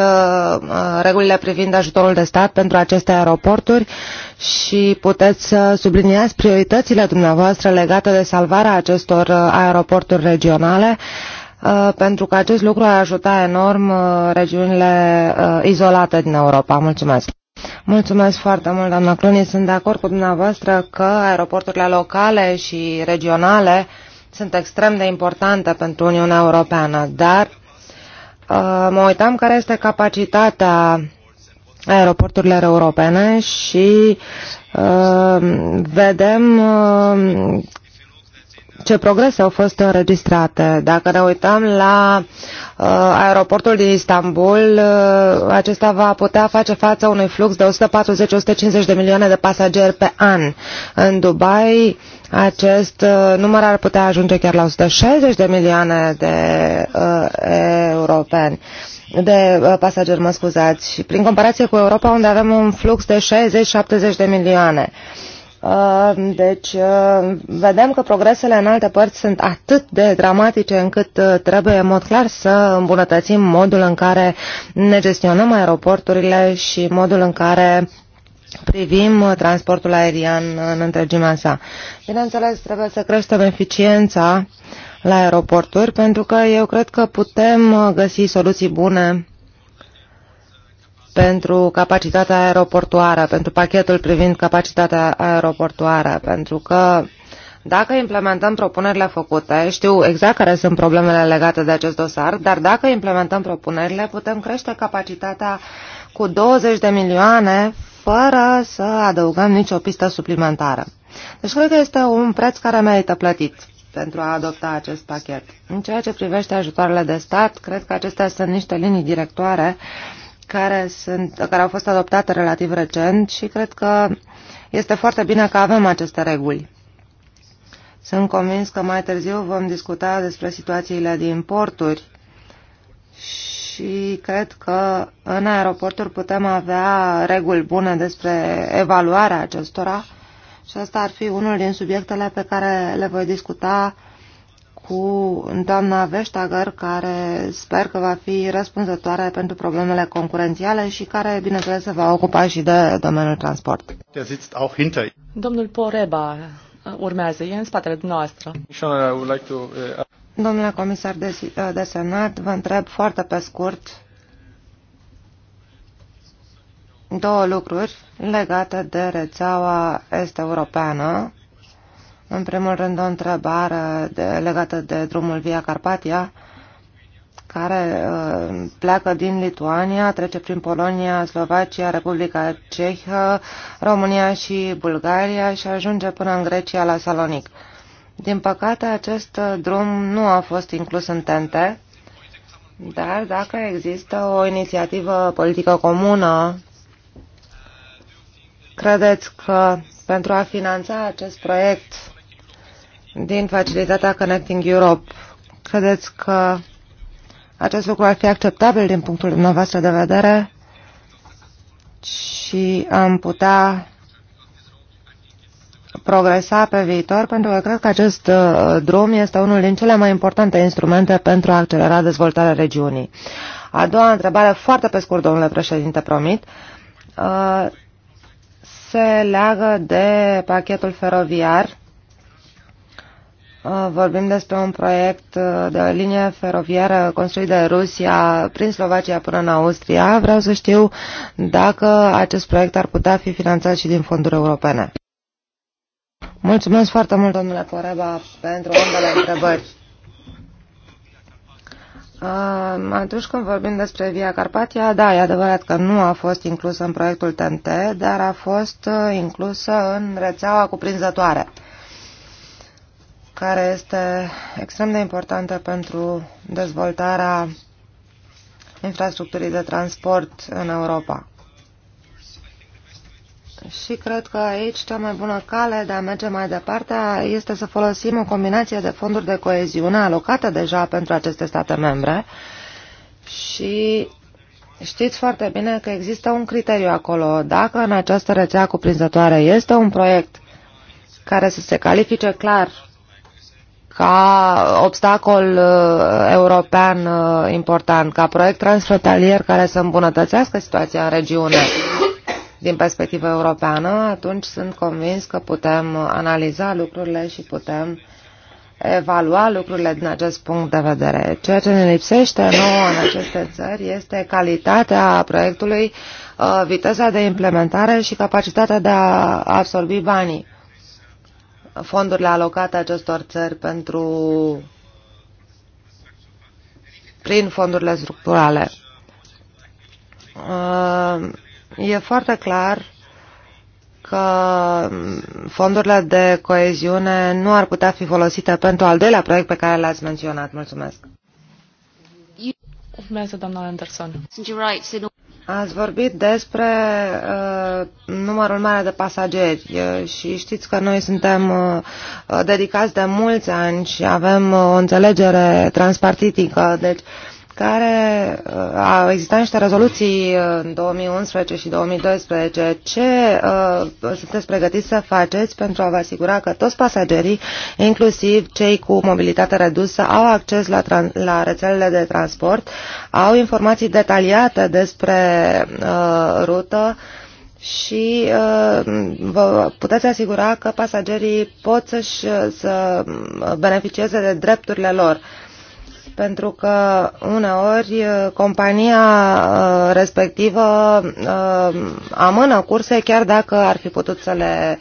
uh, regulile privind ajutorul de stat pentru aceste aeroporturi și puteți să subliniați prioritățile dumneavoastră legate de salvarea acestor aeroporturi regionale, pentru că acest lucru ar ajuta enorm regiunile izolate din Europa. Mulțumesc! Mulțumesc foarte mult, doamna Cluny. Sunt de acord cu dumneavoastră că aeroporturile locale și regionale uh, sunt extrem de importante pentru Uniunea Europeană, dar uh, mă uitam care este capacitatea aeroporturilor europene și uh, vedem uh, ce progrese au fost înregistrate. Dacă ne uităm la uh, aeroportul din Istanbul, uh, acesta va putea face față unui flux de 140-150 de milioane de pasageri pe an. În Dubai, acest uh, număr ar putea ajunge chiar la 160 de milioane de uh, europeni de uh, pasageri, mă scuzați, prin comparație cu Europa, unde avem un flux de 60-70 de milioane. Uh, Uh, deci, uh, vedem că progresele în alte părți sunt atât de dramatice încât uh, trebuie, în mod clar, să îmbunătățim modul în care ne gestionăm aeroporturile și modul în care privim transportul aerian în întregimea sa. Bineînțeles, trebuie să creștem eficiența la aeroporturi, pentru că eu cred că putem găsi soluții bune pentru capacitatea aeroportuară, pentru pachetul privind capacitatea aeroportuară, pentru că dacă implementăm propunerile făcute, știu exact care sunt problemele legate de acest dosar, dar dacă implementăm propunerile, putem crește capacitatea cu 20 de milioane fără să adăugăm nicio pistă suplimentară. Deci cred că este un preț care merită plătit pentru a adopta acest pachet. În ceea ce privește ajutoarele de stat, cred că acestea sunt niște linii directoare uh, care, sunt, care au fost adoptate relativ recent și cred că este foarte bine că avem aceste reguli. Sunt convins că mai târziu vom discuta despre situațiile din porturi și cred că în aeroporturi putem avea reguli bune despre evaluarea acestora și asta ar fi unul din subiectele pe care le voi discuta cu doamna Veștagăr, care sper că va fi răspunzătoare pentru problemele concurențiale și care, bineînțeles, se va ocupa și de domeniul transport. Domnul Poreba uh, urmează, e în spatele dumneavoastră. Uh, Domnule comisar de Senat, vă întreb foarte pe scurt două lucruri legate de rețeaua este europeană în primul rând, o întrebare de, legată de drumul Via Carpatia, care uh, pleacă din Lituania, trece prin Polonia, Slovacia, Republica Cehă, România și Bulgaria și ajunge până în Grecia la Salonic. Din păcate, acest uh, drum nu a fost inclus în tente, dar dacă există o inițiativă politică comună, credeți că pentru a finanța acest proiect din facilitatea Connecting Europe. Credeți că acest lucru ar fi acceptabil din punctul dumneavoastră de vedere și am putea progresa pe viitor, pentru că cred că acest uh, drum este unul din cele mai importante instrumente pentru a accelera dezvoltarea regiunii. A doua întrebare, foarte pe scurt, domnule președinte, promit, uh, se leagă de pachetul feroviar Uh, vorbim despre un proiect uh, de o linie feroviară construit de Rusia prin Slovacia până în Austria. Vreau să știu dacă acest proiect ar putea fi finanțat și din fonduri europene. Mulțumesc foarte mult, domnule Coreba, pentru ambele întrebări. Uh, atunci când vorbim despre Via Carpatia, da, e adevărat că nu a fost inclusă în proiectul TNT, dar a fost inclusă în rețeaua cuprinzătoare care este extrem de importantă pentru dezvoltarea infrastructurii de transport în Europa. Și cred că aici cea mai bună cale de a merge mai departe este să folosim o combinație de fonduri de coeziune alocate deja pentru aceste state membre și știți foarte bine că există un criteriu acolo. Dacă în această rețea cuprinzătoare este un proiect care să se califice clar ca obstacol uh, european uh, important, ca proiect transfrontalier care să îmbunătățească situația în regiune din perspectivă europeană, atunci sunt convins că putem analiza lucrurile și putem evalua lucrurile din acest punct de vedere. Ceea ce ne lipsește nouă în aceste țări este calitatea proiectului, uh, viteza de implementare și capacitatea de a absorbi banii fondurile alocate acestor țări pentru prin fondurile structurale. Uh, e foarte clar că fondurile de coeziune nu ar putea fi folosite pentru al doilea proiect pe care l-ați menționat. Mulțumesc. Mulțumesc, doamna Anderson. Ați vorbit despre uh, numărul mare de pasageri uh, și știți că noi suntem uh, dedicați de mulți ani și avem uh, o înțelegere transpartitică, deci uh, care uh, au existat niște rezoluții în 2011 și 2012. Ce uh, sunteți pregătiți să faceți pentru a vă asigura că toți pasagerii, inclusiv cei cu mobilitate redusă, au acces la, la rețelele de transport, au informații detaliate despre uh, rută, și uh, vă puteți asigura că pasagerii pot să-și, să beneficieze de drepturile lor. Uh, pentru că uneori uh, compania uh, respectivă uh, amână curse chiar dacă ar fi putut să le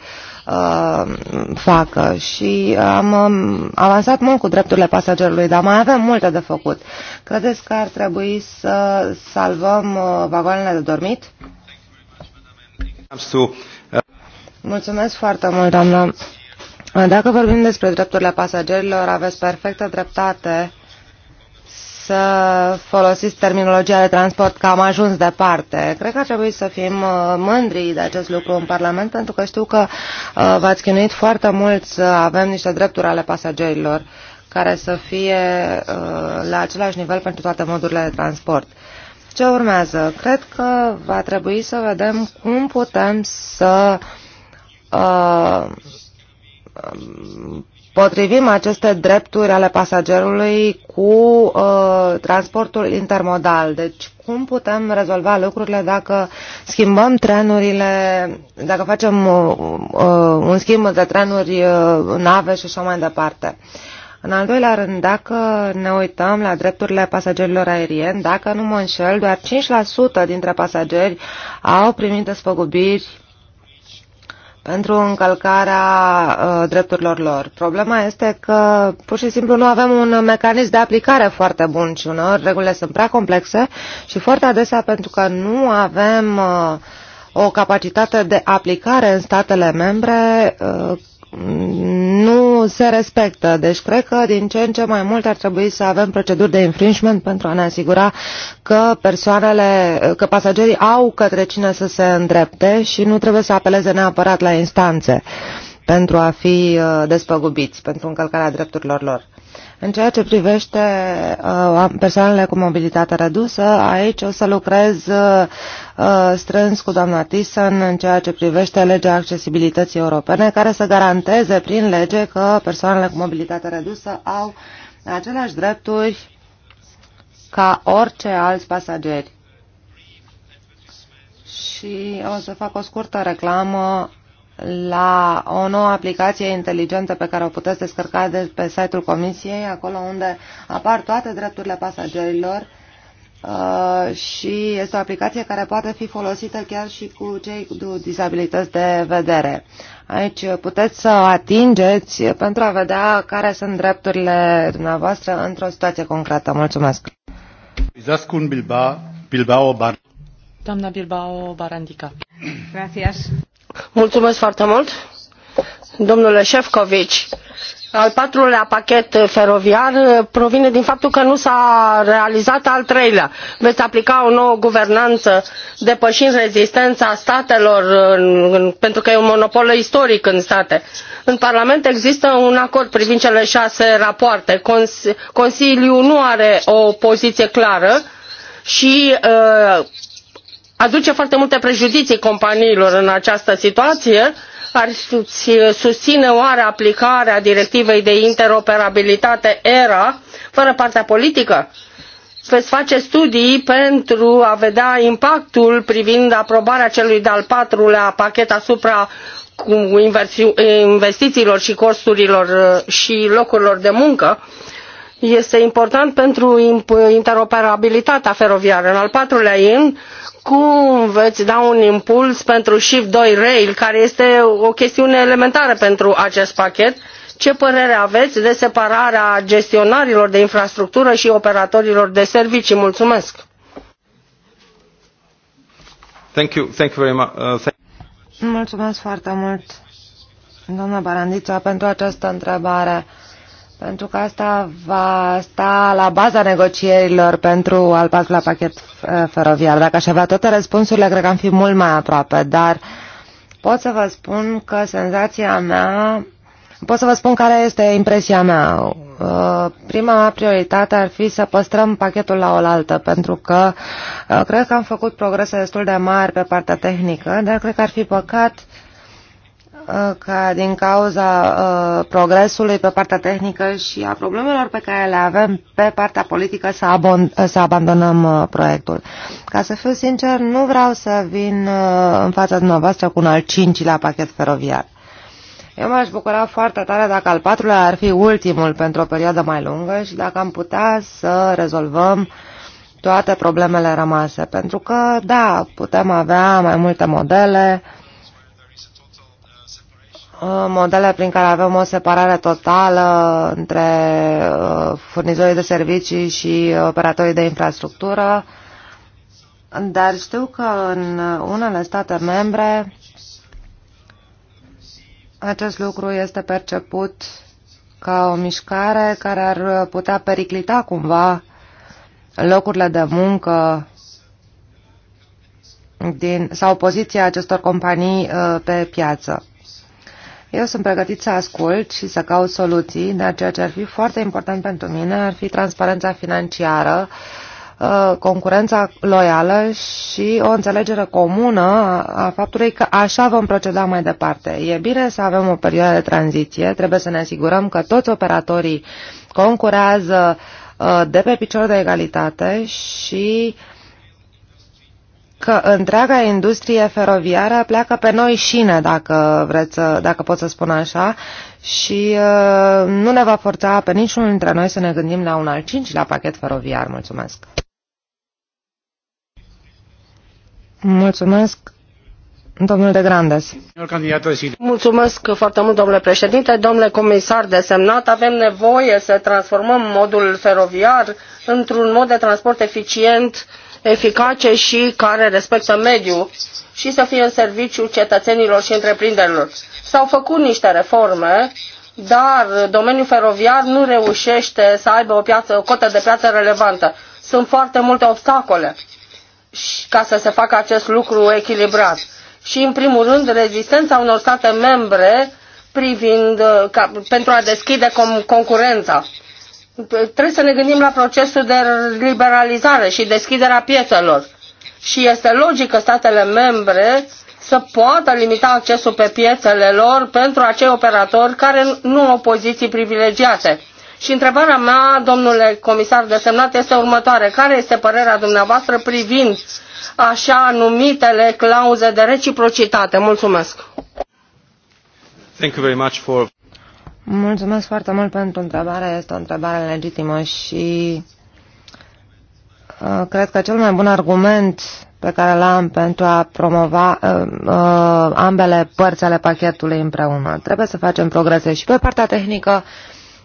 facă și am um, avansat mult cu drepturile pasagerului, dar mai avem multe de făcut. Credeți că ar trebui să salvăm vagoanele de dormit? Mulțumesc foarte mult, doamnă. Dacă vorbim despre drepturile pasagerilor, aveți perfectă dreptate să folosiți terminologia de transport că am ajuns departe. Cred că ar trebui să fim uh, mândri de acest lucru în Parlament, pentru că știu că uh, v-ați chinuit foarte mult să avem niște drepturi ale pasagerilor care să fie uh, la același nivel pentru toate modurile de transport. Ce urmează? Cred că va trebui să vedem cum putem să uh, potrivim aceste drepturi ale pasagerului cu uh, transportul intermodal. Deci cum putem rezolva lucrurile dacă schimbăm trenurile, dacă facem uh, uh un schimb de trenuri, uh, nave și așa mai departe. În al doilea rând, dacă ne uităm la drepturile pasagerilor aerieni, dacă nu mă înșel, doar 5% dintre pasageri au primit despăgubiri într-o încălcare a uh, drepturilor lor. Problema este că pur și simplu nu avem un mecanism de aplicare foarte bun și unor regulile sunt prea complexe și foarte adesea pentru că nu avem uh, o capacitate de aplicare în statele membre, uh, nu se respectă. Deci cred că din ce în ce mai mult ar trebui să avem proceduri de infringement pentru a ne asigura că persoanele, că pasagerii au către cine să se îndrepte și nu trebuie să apeleze neapărat la instanțe pentru a fi uh, despăgubiți pentru încălcarea drepturilor lor. În ceea ce privește uh, persoanele cu mobilitate redusă, aici o să lucrez uh, uh, strâns cu doamna Thyssen în ceea ce privește legea accesibilității europene, care să garanteze prin lege că persoanele cu mobilitate redusă au aceleași drepturi ca orice alți pasageri. Și o să fac o scurtă reclamă la o nouă aplicație inteligentă pe care o puteți descărca de pe site-ul Comisiei, acolo unde apar toate drepturile pasagerilor uh, și este o aplicație care poate fi folosită chiar și cu cei cu dizabilități de vedere. Aici puteți să atingeți pentru a vedea care sunt drepturile dumneavoastră într-o situație concretă. Mulțumesc! Bilbao, Bilbao Bar. Doamna Bilbao Barandica. Gracias. Mulțumesc foarte mult. Domnule efovi al patrulea pachet feroviar uh, provine din faptul că nu s-a realizat al treilea. Veți aplica o nouă guvernanță depășind rezistența statelor pentru că e un monopol istoric în state. În Parlament există un acord privind cele șase rapoarte. Consiliul nu are o poziție clară și uh, aduce foarte multe prejudicii companiilor în această situație, ar susține oare aplicarea directivei de interoperabilitate ERA fără partea politică? veți face studii pentru a vedea impactul privind aprobarea celui de-al patrulea pachet asupra investițiilor și costurilor uh, și locurilor de muncă. Este important pentru interoperabilitatea feroviară. În al patrulea in, cum veți da un impuls pentru Shift 2 Rail, care este o chestiune elementară pentru acest pachet? Ce părere aveți de separarea gestionarilor de infrastructură și operatorilor de servicii? Mulțumesc! Thank you. Thank you very much. Uh, thank Mulțumesc foarte mult, doamna Barandița, pentru această întrebare pentru că asta va sta la baza negocierilor pentru al patrulea pachet eh, feroviar. Dacă aș avea toate răspunsurile, cred că am fi mult mai aproape, dar pot să vă spun că senzația mea, pot să vă spun care este impresia mea. Eh, prima mea prioritate ar fi să păstrăm pachetul la oaltă, pentru că eh, cred că am făcut progrese destul de mari pe partea tehnică, dar cred că ar fi păcat uh, Uh, ca din cauza uh, progresului pe partea tehnică și a problemelor pe care le avem pe partea politică să, abon uh, să abandonăm uh, proiectul. Ca să fiu sincer, nu vreau să vin uh, în fața dumneavoastră cu un al cincilea pachet feroviar. Eu m-aș bucura foarte tare dacă al patrulea ar fi ultimul pentru o perioadă mai lungă și dacă am putea să rezolvăm toate problemele rămase. Pentru că, da, putem avea mai multe modele, uh, Uh, modele prin care avem o separare totală între uh, furnizorii de servicii și uh, operatorii de infrastructură, dar știu că în unele state membre acest lucru este perceput ca o mișcare care ar putea periclita cumva locurile de muncă din, sau poziția acestor companii pe piață. Eu sunt pregătit să ascult și să caut soluții, dar ceea ce ar fi foarte important pentru mine ar fi transparența financiară, uh, concurența loială și o înțelegere comună a faptului că așa vom proceda mai departe. E bine să avem o perioadă de tranziție, trebuie să ne asigurăm că toți operatorii concurează uh, de pe picior de egalitate și uh, că întreaga industrie feroviară pleacă pe noi șine, dacă, vreți dacă pot să spun așa, și uh, nu ne va forța pe niciunul dintre noi să ne gândim la un al cincilea pachet feroviar. Mulțumesc! Mulțumesc! Domnul de Grandes. Mulțumesc foarte mult, domnule președinte. Domnule comisar desemnat, avem nevoie să transformăm modul feroviar într-un mod de transport eficient uh, eficace și care respectă mediul și să fie în serviciul cetățenilor și întreprinderilor. S-au făcut niște reforme, dar domeniul feroviar nu reușește să aibă o, piață, o cotă de piață relevantă. Sunt foarte multe obstacole ca să se facă acest lucru echilibrat. Și, în primul rând, rezistența unor state membre privind, ca, pentru a deschide com, concurența trebuie să ne gândim la procesul de liberalizare și deschiderea piețelor. Și este logic că statele membre să poată limita accesul pe piețele lor pentru acei operatori care nu au poziții privilegiate. Și întrebarea mea, domnule comisar de semnat, este următoare. Care este părerea dumneavoastră privind așa numitele clauze de reciprocitate? Mulțumesc! Thank you very much for... Mulțumesc foarte mult pentru întrebare. Este o întrebare legitimă și uh, cred că cel mai bun argument pe care l-am pentru a promova uh, uh, ambele părți ale pachetului împreună. Trebuie să facem progrese și pe partea tehnică,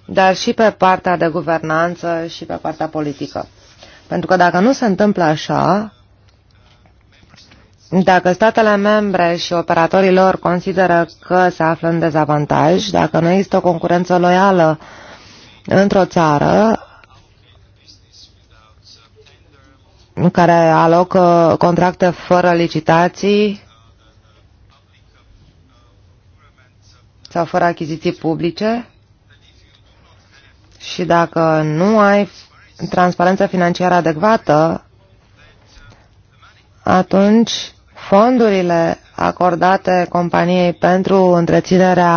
dar și pe partea de guvernanță și pe partea politică. Pentru că dacă nu se întâmplă așa, dacă statele membre și operatorii lor consideră că se află în dezavantaj, dacă nu există o concurență loială într-o țară care alocă contracte fără licitații sau fără achiziții publice, și dacă nu ai transparență financiară adecvată, atunci fondurile acordate companiei pentru întreținerea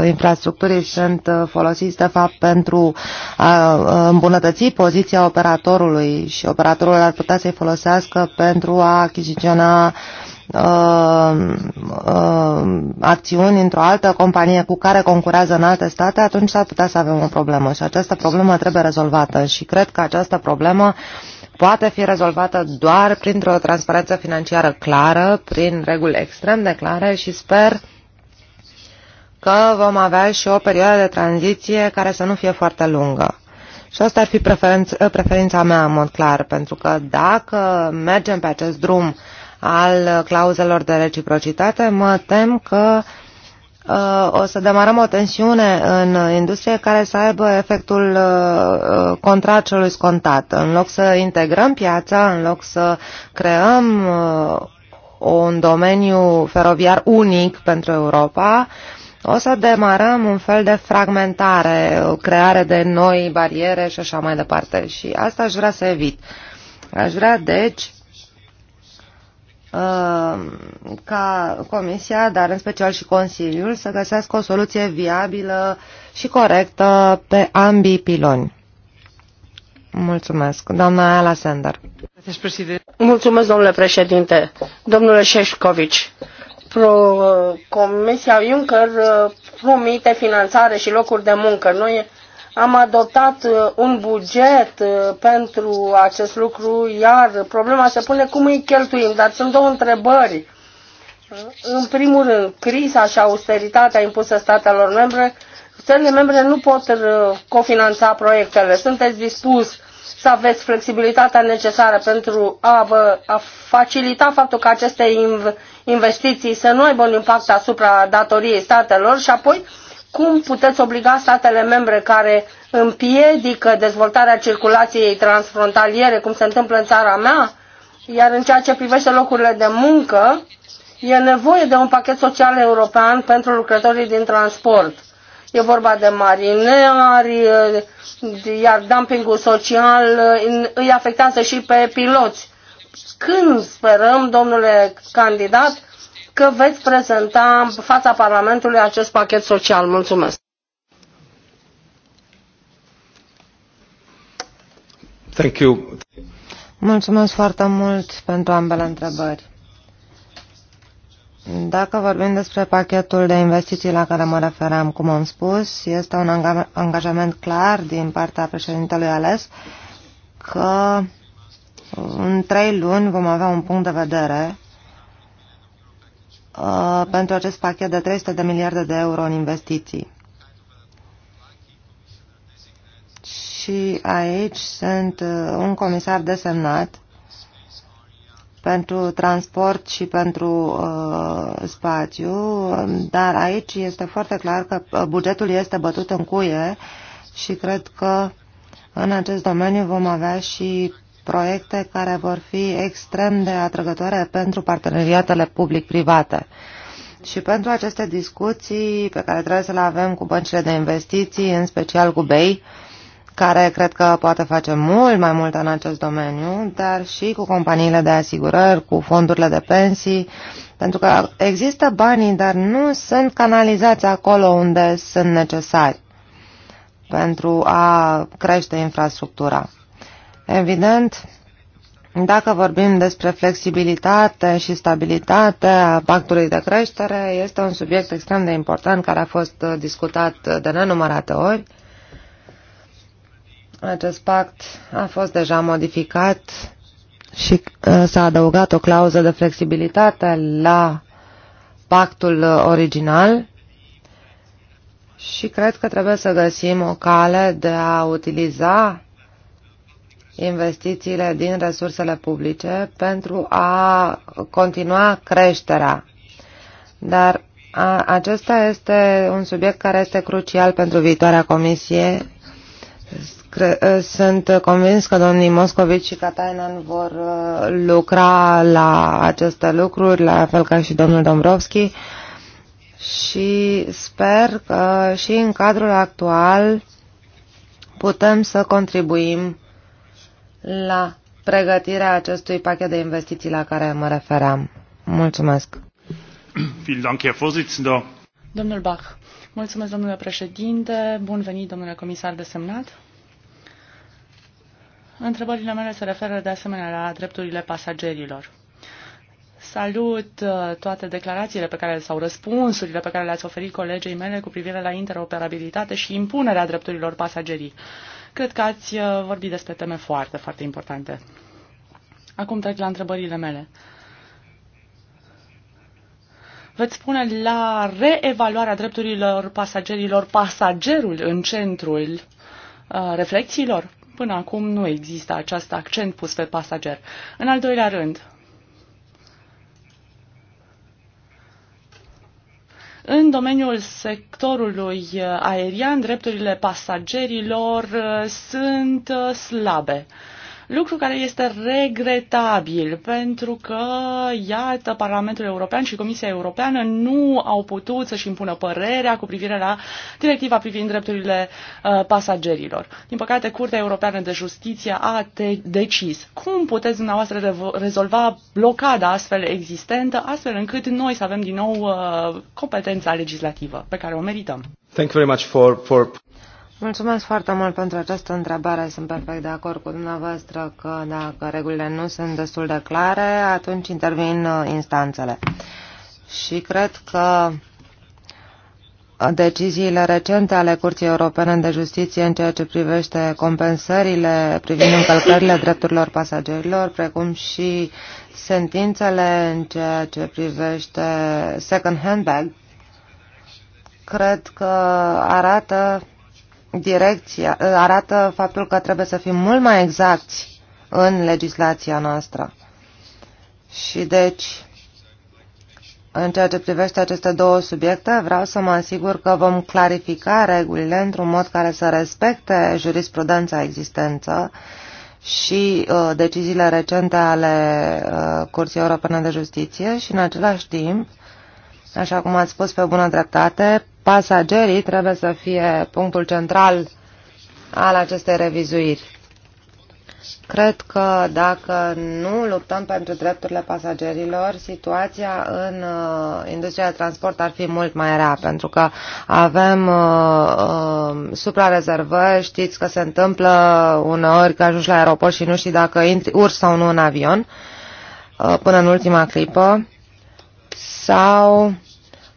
uh, infrastructurii sunt uh, folosiți de fapt pentru a uh, îmbunătăți poziția operatorului și operatorul ar putea să-i folosească pentru a achiziționa acțiuni într-o altă companie cu care concurează în alte state, atunci s-ar putea să avem o problemă și această problemă trebuie rezolvată și cred că această problemă uh, poate fi rezolvată doar printr-o transparență financiară clară, prin reguli extrem de clare și sper că vom avea și o perioadă de tranziție care să nu fie foarte lungă. Și asta ar fi preferința mea, în mod clar, pentru că dacă mergem pe acest drum al clauzelor de reciprocitate, mă tem că uh, Uh, o să demarăm o tensiune în industrie care să aibă efectul uh, uh, contrar celui scontat. În loc să integrăm piața, în loc să creăm un domeniu feroviar unic pentru Europa, o să demarăm un fel de fragmentare, o creare de noi bariere și așa mai departe. Și asta aș vrea să evit. Aș vrea, deci, Uh, ca Comisia, dar în special și Consiliul, să găsească o soluție viabilă și corectă pe ambii piloni. Mulțumesc. Doamna Ala Sender. Mulțumesc, domnule președinte. Domnule Pro uh, Comisia Juncker uh, promite finanțare și locuri de muncă. Noi am adoptat uh, un buget uh, pentru acest lucru, iar problema se pune cum îi cheltuim. Dar sunt două întrebări. Uh, în primul rând, criza și austeritatea impusă statelor membre, țările membre nu pot cofinanța proiectele. Sunteți dispus să aveți flexibilitatea necesară pentru a, vă, a facilita faptul că aceste investiții să nu aibă un impact asupra datoriei statelor și apoi cum puteți obliga statele membre care împiedică dezvoltarea circulației transfrontaliere, cum se întâmplă în țara mea, iar în ceea ce privește locurile de muncă, e nevoie de un pachet social european pentru lucrătorii din transport. E vorba de marinari, iar dumpingul social îi afectează și pe piloți. Când sperăm, domnule candidat, că veți prezenta în fața Parlamentului acest pachet social. Mulțumesc! Thank you. Mulțumesc foarte mult pentru ambele întrebări. Dacă vorbim despre pachetul de investiții la care mă referam, cum am spus, este un angajament clar din partea președintelui ales că în trei luni vom avea un punct de vedere Uh, pentru acest pachet de 300 de miliarde de euro în investiții. Și aici sunt uh, un comisar desemnat pentru transport și pentru uh, spațiu, dar aici este foarte clar că uh, bugetul este bătut în cuie și cred că în acest domeniu vom avea și proiecte care vor fi extrem de atrăgătoare pentru parteneriatele public-private. Și pentru aceste discuții pe care trebuie să le avem cu băncile de investiții, în special cu BEI, care cred că poate face mult mai mult în acest domeniu, dar și cu companiile de asigurări, cu fondurile de pensii, pentru că există banii, dar nu sunt canalizați acolo unde sunt necesari pentru a crește infrastructura. Evident, dacă vorbim despre flexibilitate și stabilitate a pactului de creștere, este un subiect extrem de important care a fost discutat de nenumărate ori. Acest pact a fost deja modificat și uh, s-a adăugat o clauză de flexibilitate la pactul original și cred că trebuie să găsim o cale de a utiliza investițiile din resursele publice pentru a continua creșterea. Dar a, acesta este un subiect care este crucial pentru viitoarea comisie. Ă, sunt convins că domnii Moscovici și Katainen vor ă, lucra la aceste lucruri, la fel ca și domnul Dombrovski, și sper că și în cadrul actual putem să contribuim la pregătirea acestui pachet de investiții la care mă refeream. Mulțumesc. Domnul Bach, mulțumesc domnule președinte, bun venit domnule comisar desemnat. Întrebările mele se referă de asemenea la drepturile pasagerilor. Salut uh, toate declarațiile pe care sau răspunsurile pe care le-ați oferit colegei mele cu privire la interoperabilitate și impunerea drepturilor pasagerii. Uh, Cred că ați uh, vorbit despre teme foarte, foarte importante. Acum trec la întrebările mele. Veți pune la reevaluarea drepturilor pasagerilor pasagerul în centrul uh, reflexiilor? Până acum nu există acest accent pus pe pasager. În al doilea rând, În domeniul sectorului uh, aerian, drepturile pasagerilor uh, sunt uh, slabe lucru care este regretabil pentru că, iată, Parlamentul European și Comisia Europeană nu au putut să-și impună părerea cu privire la directiva privind drepturile uh, pasagerilor. Din păcate, Curtea Europeană de Justiție a decis. Cum puteți dumneavoastră rezolva blocada astfel existentă, astfel încât noi să avem din nou uh, competența legislativă pe care o merităm? Thank you very much for, for... Mulțumesc foarte mult pentru această întrebare. Sunt perfect de acord cu dumneavoastră că dacă regulile nu sunt destul de clare, atunci intervin uh, instanțele. Și cred că deciziile recente ale Curții Europene de Justiție în ceea ce privește compensările privind încălcările drepturilor pasagerilor, precum și sentințele în ceea ce privește second handbag, cred că arată direcția, ă, arată faptul că trebuie să fim mult mai exacti în legislația noastră. Și deci, în ceea ce privește aceste două subiecte, vreau să mă asigur că vom clarifica regulile într-un mod care să respecte jurisprudența existență și uh, deciziile recente ale uh, Curții Europene de Justiție și, în același timp, așa cum ați spus pe bună dreptate, pasagerii trebuie să fie punctul central al acestei revizuiri. Cred că dacă nu luptăm pentru drepturile pasagerilor, situația în uh, industria de transport ar fi mult mai rea, pentru că avem uh, uh, suprarezervări, știți că se întâmplă uneori că ajungi la aeroport și nu știi dacă intri, urci sau nu în avion, uh, până în ultima clipă, sau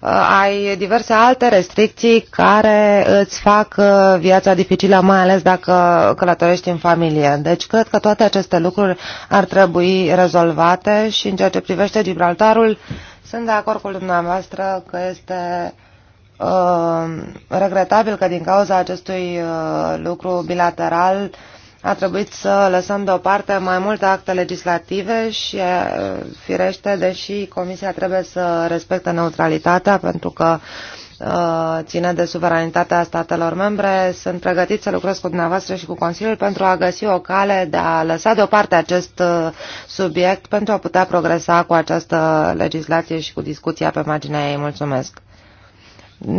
Uh, ai diverse alte restricții care îți fac uh, viața dificilă, mai ales dacă călătorești în familie. Deci cred că toate aceste lucruri ar trebui rezolvate și în ceea ce privește Gibraltarul, sunt de acord cu dumneavoastră că este uh, regretabil că din cauza acestui uh, lucru bilateral uh, a trebuit să lăsăm deoparte mai multe acte legislative și, firește, deși Comisia trebuie să respecte neutralitatea pentru că ține de suveranitatea statelor membre. Sunt pregătit să lucrez cu dumneavoastră și cu Consiliul pentru a găsi o cale de a lăsa deoparte acest subiect pentru a putea progresa cu această legislație și cu discuția pe marginea ei. Mulțumesc.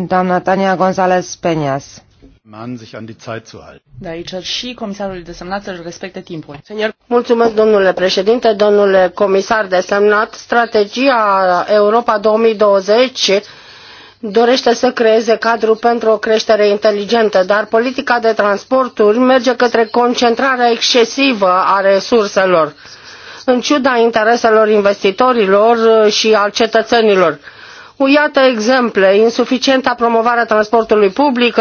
Doamna Tania González Peñas. Man sich an die Zeit zu halten. Da îi și comisarul desemnat să-și respecte timpul. Senior, mulțumesc domnule președinte, domnule comisar desemnat. Strategia Europa 2020 dorește să creeze cadrul pentru o creștere inteligentă, dar politica de transporturi merge către concentrarea excesivă a resurselor, în ciuda intereselor investitorilor și al cetățenilor. Uiată exemple, insuficienta promovare a transportului public,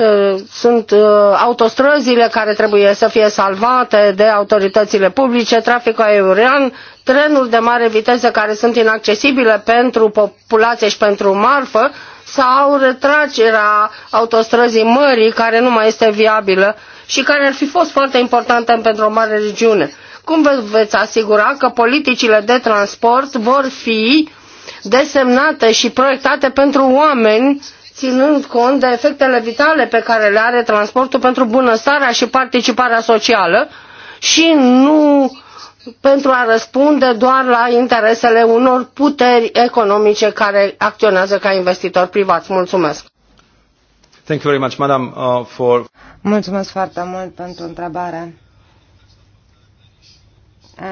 Ă, sunt ă, autostrăzile care trebuie să fie salvate de autoritățile publice, traficul aerian, trenuri de mare viteză care sunt inaccesibile pentru populație și pentru marfă sau retragerea autostrăzii mării care nu mai este viabilă și care ar fi fost foarte importantă pentru o mare regiune. Cum vă veți asigura că politicile de transport vor fi desemnate și proiectate pentru oameni ținând cont de efectele vitale pe care le are transportul pentru bunăstarea și participarea socială și nu pentru a răspunde doar la interesele unor puteri economice care acționează ca investitori privați. Mulțumesc! Thank you very much, madam, uh, for... Mulțumesc foarte mult pentru întrebare.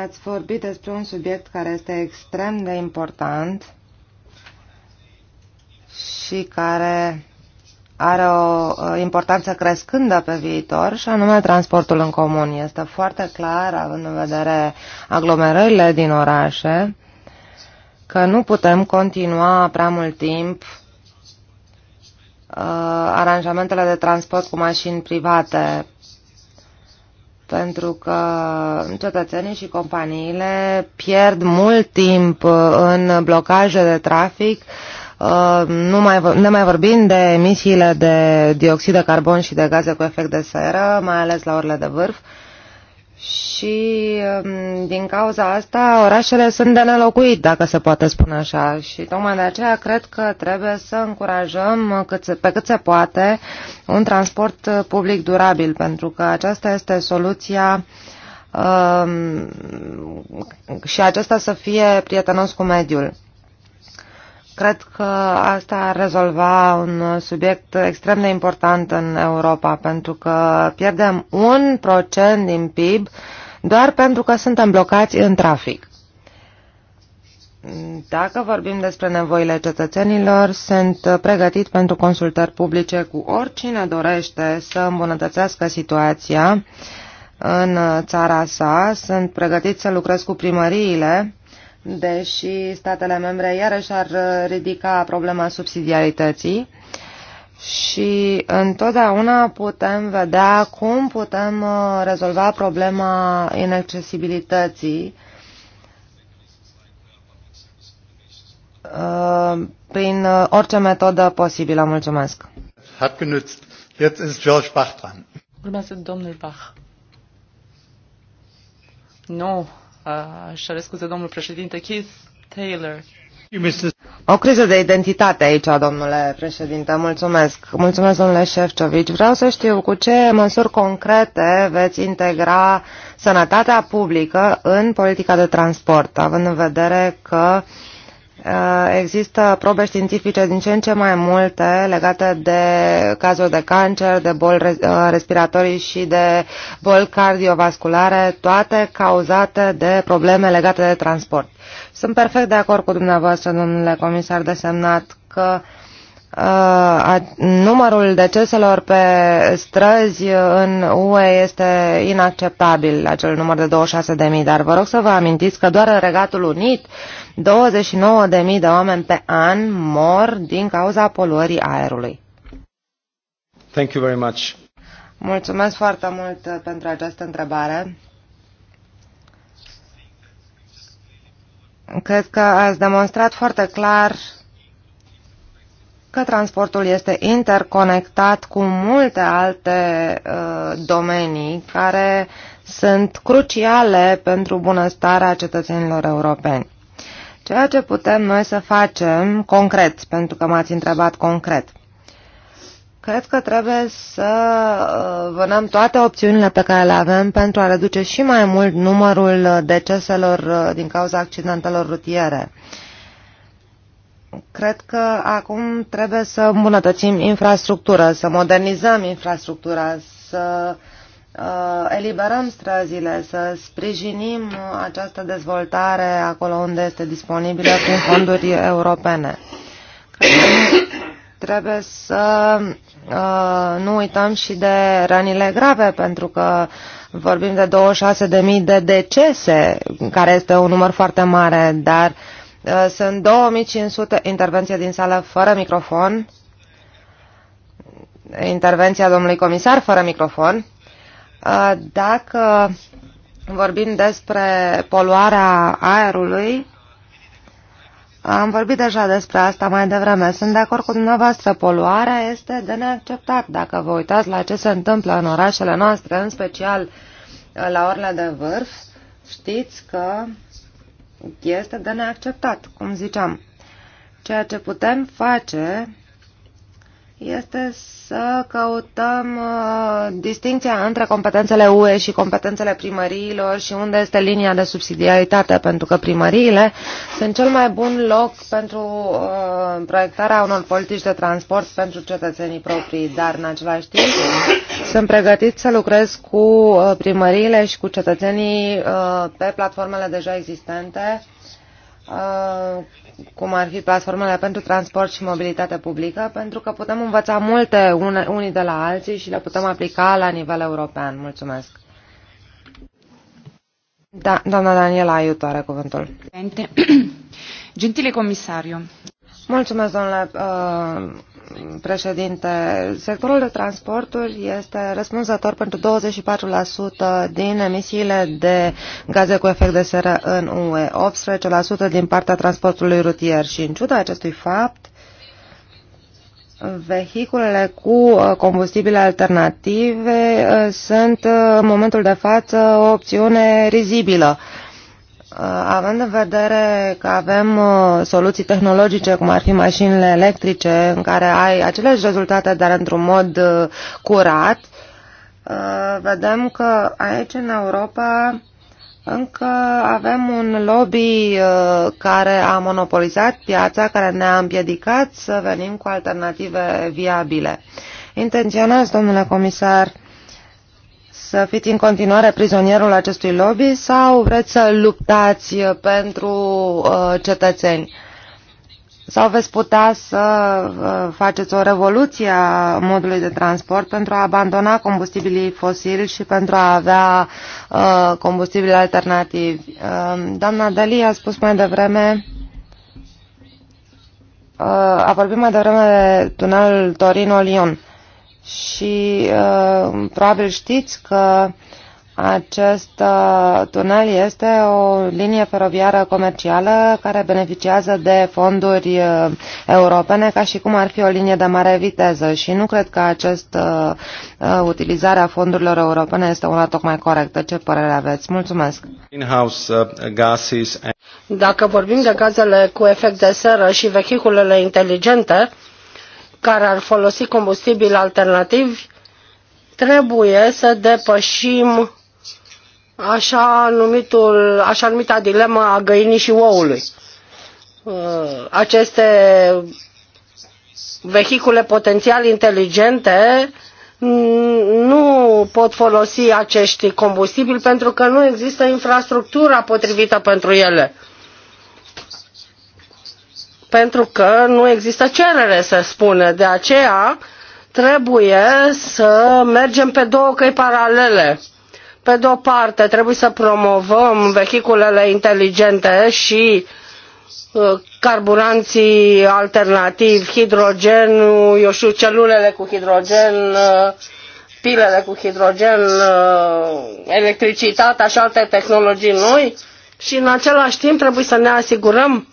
Ați vorbit despre un subiect care este extrem de important și care are o importanță crescândă pe viitor și anume transportul în comun. Este foarte clar, având în vedere aglomerările din orașe, că nu putem continua prea mult timp uh, aranjamentele de transport cu mașini private, pentru că cetățenii și companiile pierd mult timp uh, în blocaje de trafic uh, Uh, nu mai, ne mai vorbim de emisiile de dioxid de carbon și de gaze cu efect de seră, mai ales la orele de vârf. Și um, din cauza asta orașele sunt de nelocuit, dacă se poate spune așa. Și tocmai de aceea cred că trebuie să încurajăm cât se, pe cât se poate un transport public durabil, pentru că aceasta este soluția um, și acesta să fie prietenos cu mediul. Cred că asta ar rezolva un subiect extrem de important în Europa, pentru că pierdem un procent din PIB doar pentru că suntem blocați în trafic. Dacă vorbim despre nevoile cetățenilor, sunt pregătit pentru consultări publice cu oricine dorește să îmbunătățească situația în țara sa. Sunt pregătit să lucrez cu primăriile deși statele membre iarăși ar ridica problema subsidiarității și întotdeauna putem vedea cum putem uh, rezolva problema inaccesibilității uh, prin orice metodă posibilă. Mulțumesc. Hat genützt. Jetzt ist George Bach dran. Urmează domnul Bach. Nu, Uh, Și, scuze domnul președinte Keith Taylor. O criză de identitate aici, domnule președinte. Mulțumesc. Mulțumesc, domnule Șefcovici. Vreau să știu cu ce măsuri concrete veți integra sănătatea publică în politica de transport, având în vedere că uh, Uh, există probe științifice din ce în ce mai multe legate de cazuri de cancer, de boli uh, respiratorii și de boli cardiovasculare, toate cauzate de probleme legate de transport. Sunt perfect de acord cu dumneavoastră, domnule comisar desemnat, că uh, Uh, numărul deceselor pe străzi în UE este inacceptabil, acel număr de 26.000, dar vă rog să vă amintiți că doar în Regatul Unit 29.000 de oameni pe an mor din cauza poluării aerului. Thank you very much. Mulțumesc foarte mult uh, pentru această întrebare. Cred că ați demonstrat foarte clar uh, că transportul este interconectat cu multe alte uh, domenii care sunt cruciale pentru bunăstarea cetățenilor europeni. Ceea ce putem noi să facem concret, pentru că m-ați întrebat concret, cred că trebuie să uh, vânăm toate opțiunile pe care le avem pentru a reduce și mai mult numărul deceselor uh, din cauza accidentelor rutiere. Uh, cred că acum trebuie să îmbunătățim infrastructura, să modernizăm infrastructura, să uh, eliberăm străzile, să sprijinim această dezvoltare acolo unde este disponibilă prin fonduri europene. Cred că trebuie să uh, nu uităm și de rănile grave, pentru că vorbim de 26.000 de decese, care este un număr foarte mare, dar uh, Uh, sunt 2500 intervenții din sală fără microfon, intervenția domnului comisar fără microfon. Uh, dacă vorbim despre poluarea aerului, am vorbit deja despre asta mai devreme. Sunt de acord cu dumneavoastră, poluarea este de neacceptat. Dacă vă uitați la ce se întâmplă în orașele noastre, în special uh, la orele de vârf, știți că este de neacceptat, cum ziceam. Ceea ce putem face este să căutăm uh, distinția între competențele UE și competențele primăriilor și unde este linia de subsidiaritate, pentru că primăriile sunt cel mai bun loc pentru uh, proiectarea unor politici de transport pentru cetățenii proprii, dar în același timp sunt pregătit să lucrez cu uh, primăriile și cu cetățenii pe platformele deja existente cum ar fi platformele pentru transport și mobilitate publică, pentru că putem învăța multe unii de la alții și le putem aplica la nivel european. Mulțumesc. Da, doamna Daniela Aiuto are cuvântul. Gentile comisariu. Mulțumesc, domnule uh, președinte. Sectorul de transporturi este răspunzător pentru 24% din emisiile de gaze cu efect de seră în UE, 18% din partea transportului rutier și în ciuda acestui fapt, Vehiculele cu uh, combustibile alternative uh, sunt uh, în momentul de față o opțiune rizibilă Uh, având în vedere că avem uh, soluții tehnologice, cum ar fi mașinile electrice, în care ai aceleași rezultate, dar într-un mod uh, curat, vedem că aici, în Europa, încă avem un lobby care a monopolizat piața, care ne-a împiedicat să venim cu alternative viabile. Intenționați, domnule comisar, să fiți în continuare prizonierul acestui lobby sau vreți să luptați pentru uh, cetățeni? Sau veți putea să uh, faceți o revoluție a modului de transport pentru a abandona combustibilii fosili și pentru a avea uh, combustibili alternativi? Uh, doamna Dali a spus mai devreme uh, a vorbit mai devreme de tunelul Torino-Lyon și uh, probabil știți că acest uh, tunel este o linie feroviară comercială care beneficiază de fonduri uh, europene ca și cum ar fi o linie de mare viteză și nu cred că această uh, uh, utilizare a fondurilor europene este una tocmai corectă. Ce părere aveți? Mulțumesc! Uh, Dacă vorbim de gazele cu efect de seră și vehiculele inteligente, care ar folosi combustibil alternativ, trebuie să depășim așa, numitul, așa numita dilemă a găinii și oului. Uh, aceste vehicule potențial inteligente nu pot folosi acești combustibili pentru că nu există infrastructura potrivită pentru ele pentru că nu există cerere, se spune. De aceea trebuie să mergem pe două căi paralele. Pe de o parte, trebuie să promovăm vehiculele inteligente și uh, carburanții alternativi, hidrogenul, eu știu, celulele cu hidrogen, uh, pilele cu hidrogen, uh, electricitatea și alte tehnologii noi și în același timp trebuie să ne asigurăm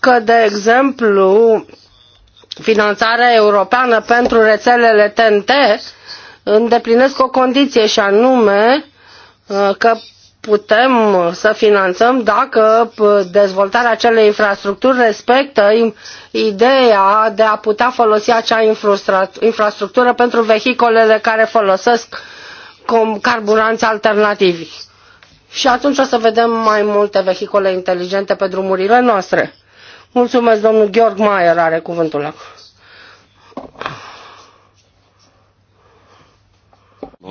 că, de exemplu, finanțarea europeană pentru rețelele TNT îndeplinesc o condiție și anume uh, că putem să finanțăm dacă uh, dezvoltarea acelei infrastructuri respectă ideea de a putea folosi acea infrastructură pentru vehicolele care folosesc carburanți alternativi. Și atunci o să vedem mai multe vehicole inteligente pe drumurile noastre. Mulțumesc, domnul Georg Maier are cuvântul acum.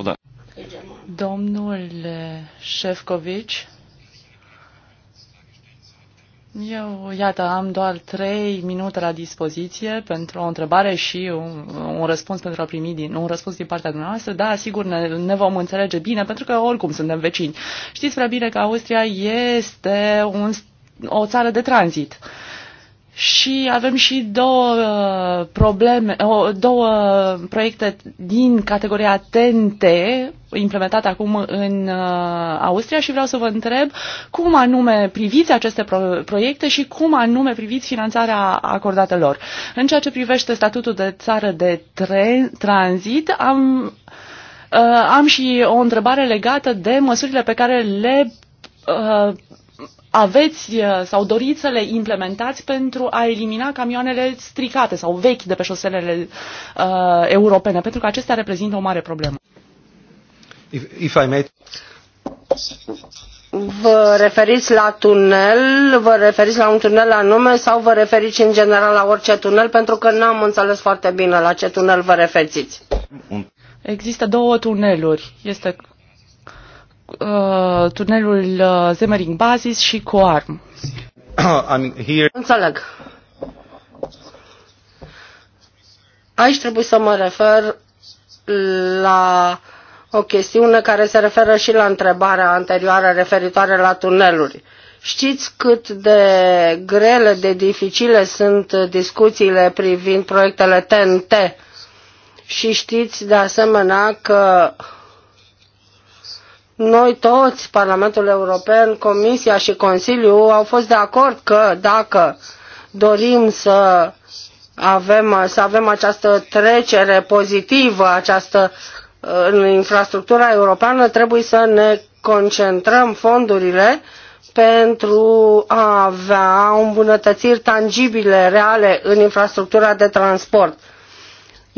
Da. Domnul Șefcovici, eu, iată, am doar trei minute la dispoziție pentru o întrebare și un, un răspuns pentru a primi din, un răspuns din partea dumneavoastră. Da, sigur, ne, ne vom înțelege bine, pentru că oricum suntem vecini. Știți prea bine că Austria este un, o țară de tranzit. Uh, și avem și două uh, probleme, două proiecte din categoria TNT implementate acum în uh, Austria și vreau să vă întreb cum anume priviți aceste proiecte și cum anume priviți finanțarea acordată lor. În ceea ce privește statutul de țară de tranzit, am, uh, am și o întrebare legată de măsurile pe care le aveți uh, sau doriți să le implementați pentru a elimina camioanele stricate sau vechi de pe șoselele uh, europene, pentru că acestea reprezintă o mare problemă. If, if I may... Vă referiți la tunel, vă referiți la un tunel anume sau vă referiți în general la orice tunel, pentru că n-am înțeles foarte bine la ce tunel vă referiți. Există două tuneluri. Este uh, tunelul uh, Zemering Basis și Coarm. Înțeleg. Aici trebuie să mă refer la o chestiune care se referă și la întrebarea anterioară referitoare la tuneluri. Știți cât de grele, de dificile sunt discuțiile privind proiectele TNT și știți de asemenea că noi toți, Parlamentul European, Comisia și Consiliul, au fost de acord că dacă dorim să avem, să avem această trecere pozitivă, această în infrastructura europeană, trebuie să ne concentrăm fondurile pentru a avea îmbunătățiri tangibile, reale, în infrastructura de transport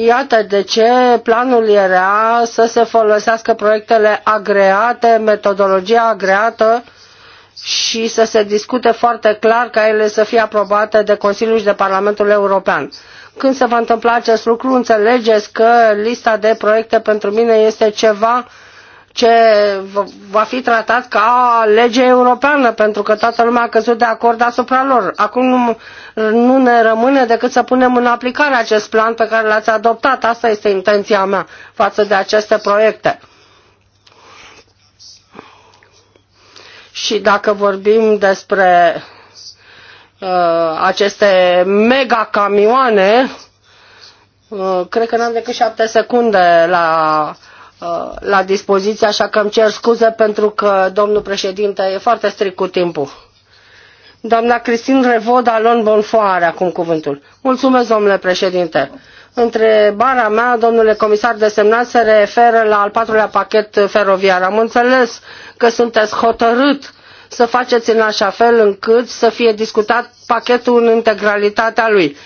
Iată de ce planul era să se folosească proiectele agreate, metodologia agreată și să se discute foarte clar ca ele să fie aprobate de Consiliul și de Parlamentul European. Când se va întâmpla acest lucru, înțelegeți că lista de proiecte pentru mine este ceva uh, ce va fi tratat ca lege europeană, pentru că toată lumea a căzut de acord asupra lor. Acum nu ne rămâne decât să punem în aplicare acest plan pe care l-ați adoptat. Asta este intenția mea față de aceste proiecte. Și dacă vorbim despre uh, aceste mega camioane, uh, cred că n-am decât șapte secunde la uh, Uh, la dispoziție, așa că îmi cer scuze pentru că domnul președinte e foarte strict cu timpul. Doamna Cristin Revod Alon Bonfoare, acum cuvântul. Mulțumesc, domnule președinte. Întrebarea mea, domnule comisar semnat, se referă la al patrulea pachet feroviar. Am înțeles că sunteți hotărât să faceți în așa fel încât să fie discutat pachetul în integralitatea lui.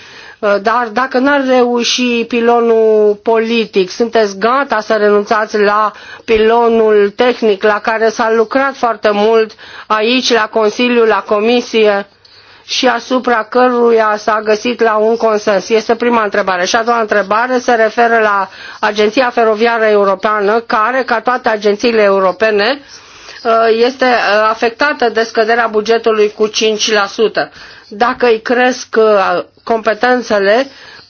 Uh, dar dacă n-ar reuși pilonul politic, sunteți gata să renunțați la pilonul tehnic la care s-a lucrat foarte mult aici, la Consiliu, la Comisie și asupra căruia s-a găsit la un consens? Este prima întrebare. Și a doua întrebare se referă la Agenția Feroviară Europeană, care, ca toate agențiile europene, uh, Uh, este uh, afectată de scăderea bugetului cu 5%. Dacă îi cresc uh, competențele,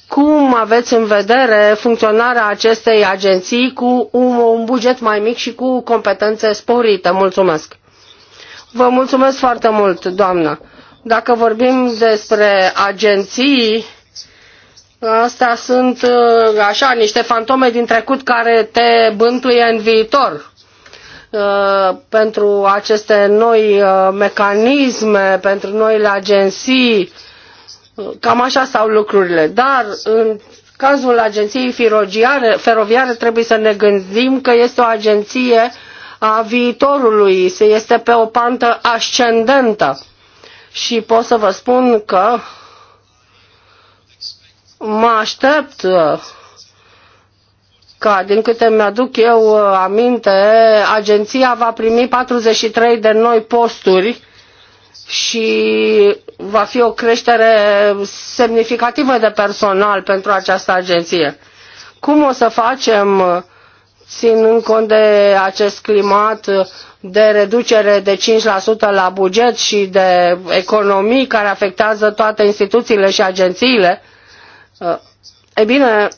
cum aveți în vedere funcționarea acestei agenții cu un buget mai mic și cu competențe sporite? Mulțumesc! Vă mulțumesc foarte mult, doamnă! Dacă vorbim despre agenții, astea sunt așa niște fantome din trecut care te bântuie în viitor Uh, pentru aceste noi uh, mecanisme, pentru noile agenții. Cam așa stau lucrurile. Dar în cazul agenției feroviare trebuie să ne gândim că este o agenție a viitorului, se este pe o pantă ascendentă. Și pot să vă spun că mă aștept uh, că, din câte mi-aduc eu uh, aminte, agenția va primi 43 de noi posturi și va fi o creștere semnificativă de personal pentru această agenție. Cum o să facem, uh, ținând cont de acest climat de reducere de 5% la buget și de economii care afectează toate instituțiile și agențiile? Uh, e bine,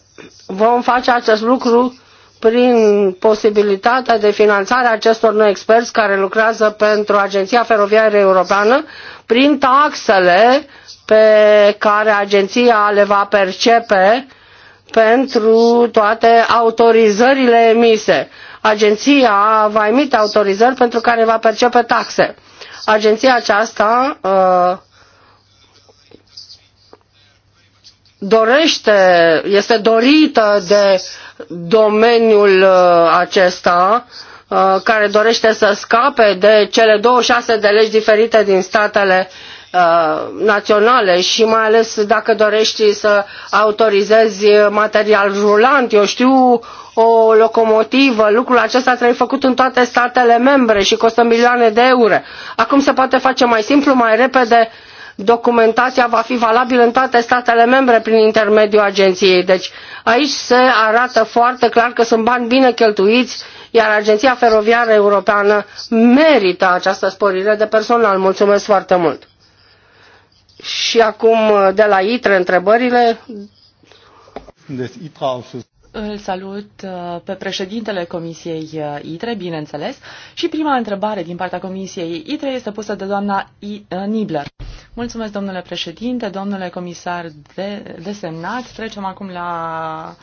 Vom face acest lucru prin posibilitatea de finanțare a acestor noi experți care lucrează pentru Agenția Feroviară Europeană, prin taxele pe care agenția le va percepe pentru toate autorizările emise. Agenția va emite autorizări pentru care va percepe taxe. Agenția aceasta uh, dorește, este dorită de domeniul uh, acesta uh, care dorește să scape de cele 26 de legi diferite din statele uh, naționale și mai ales dacă dorești să autorizezi material rulant, eu știu, o locomotivă, lucrul acesta trebuie făcut în toate statele membre și costă milioane de euro. Acum se poate face mai simplu, mai repede documentația va fi valabilă în toate statele membre prin intermediul agenției. Deci aici se arată foarte clar că sunt bani bine cheltuiți, iar Agenția Feroviară Europeană merită această sporire de personal. Mulțumesc foarte mult! Și acum de la ITRE întrebările. Îl salut uh, pe președintele Comisiei uh, ITRE, bineînțeles, și prima întrebare din partea Comisiei ITRE este pusă de doamna I uh, Nibler. Mulțumesc, domnule președinte, domnule comisar de, desemnat. Trecem acum la,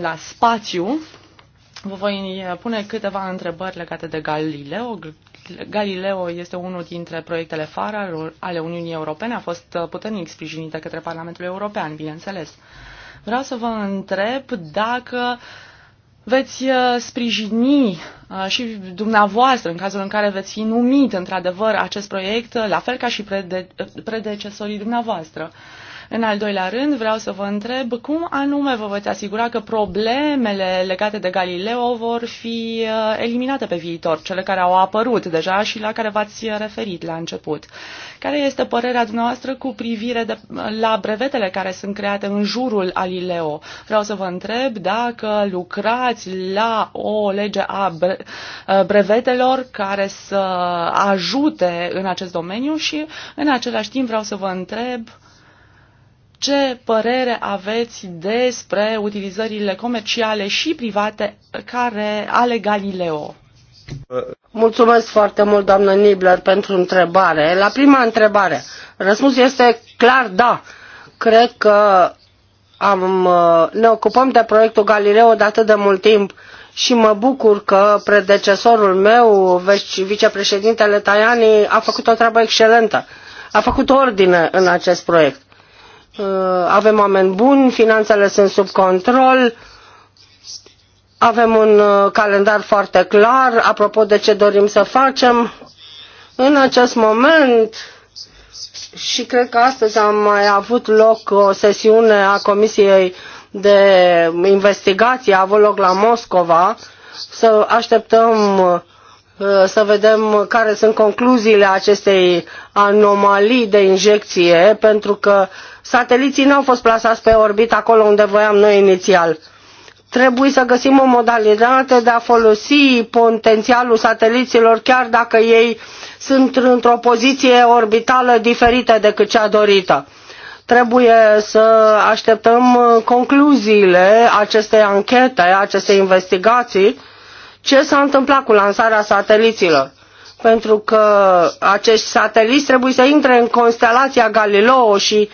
la spațiu. Vă voi pune câteva întrebări legate de Galileo. Galileo este unul dintre proiectele fara ale Uniunii Europene, a fost puternic sprijinită către Parlamentul European, bineînțeles. Vreau să vă întreb dacă uh, veți uh, sprijini uh, și dumneavoastră în cazul în care veți fi numit într-adevăr acest proiect, uh, la fel ca și predecesorii dumneavoastră. În al doilea rând, vreau să vă întreb cum anume vă veți asigura că problemele legate de Galileo vor fi uh, eliminate pe viitor, cele care au apărut deja și la care v-ați referit la început. Care este părerea dumneavoastră cu privire de, la brevetele care sunt create în jurul Galileo? Vreau să vă întreb dacă lucrați la o lege a uh, brevetelor care să ajute în acest domeniu și în același timp vreau să vă întreb ce părere aveți despre utilizările comerciale și private care ale Galileo? Mulțumesc foarte mult, doamnă Nibler, pentru întrebare. La prima întrebare, răspunsul este clar da. Cred că am, uh, ne ocupăm de proiectul Galileo de atât de mult timp și mă bucur că predecesorul meu, vicepreședintele Tajani, a făcut o treabă excelentă. A făcut ordine în acest proiect. Uh, avem oameni buni, finanțele sunt sub control, avem un uh, calendar foarte clar apropo de ce dorim să facem. În acest moment, și cred că astăzi am mai avut loc o sesiune a Comisiei de Investigație, a avut loc la Moscova, să așteptăm uh, Uh, să vedem care sunt concluziile acestei anomalii de injecție, pentru că sateliții nu au fost plasați pe orbit acolo unde voiam noi inițial. Trebuie să găsim o modalitate de a folosi potențialul sateliților, chiar dacă ei sunt într-o poziție orbitală diferită decât cea dorită. Trebuie să așteptăm concluziile acestei anchete, acestei investigații, ce s-a întâmplat cu lansarea sateliților. Pentru că acești sateliți trebuie să intre în constelația Galileo și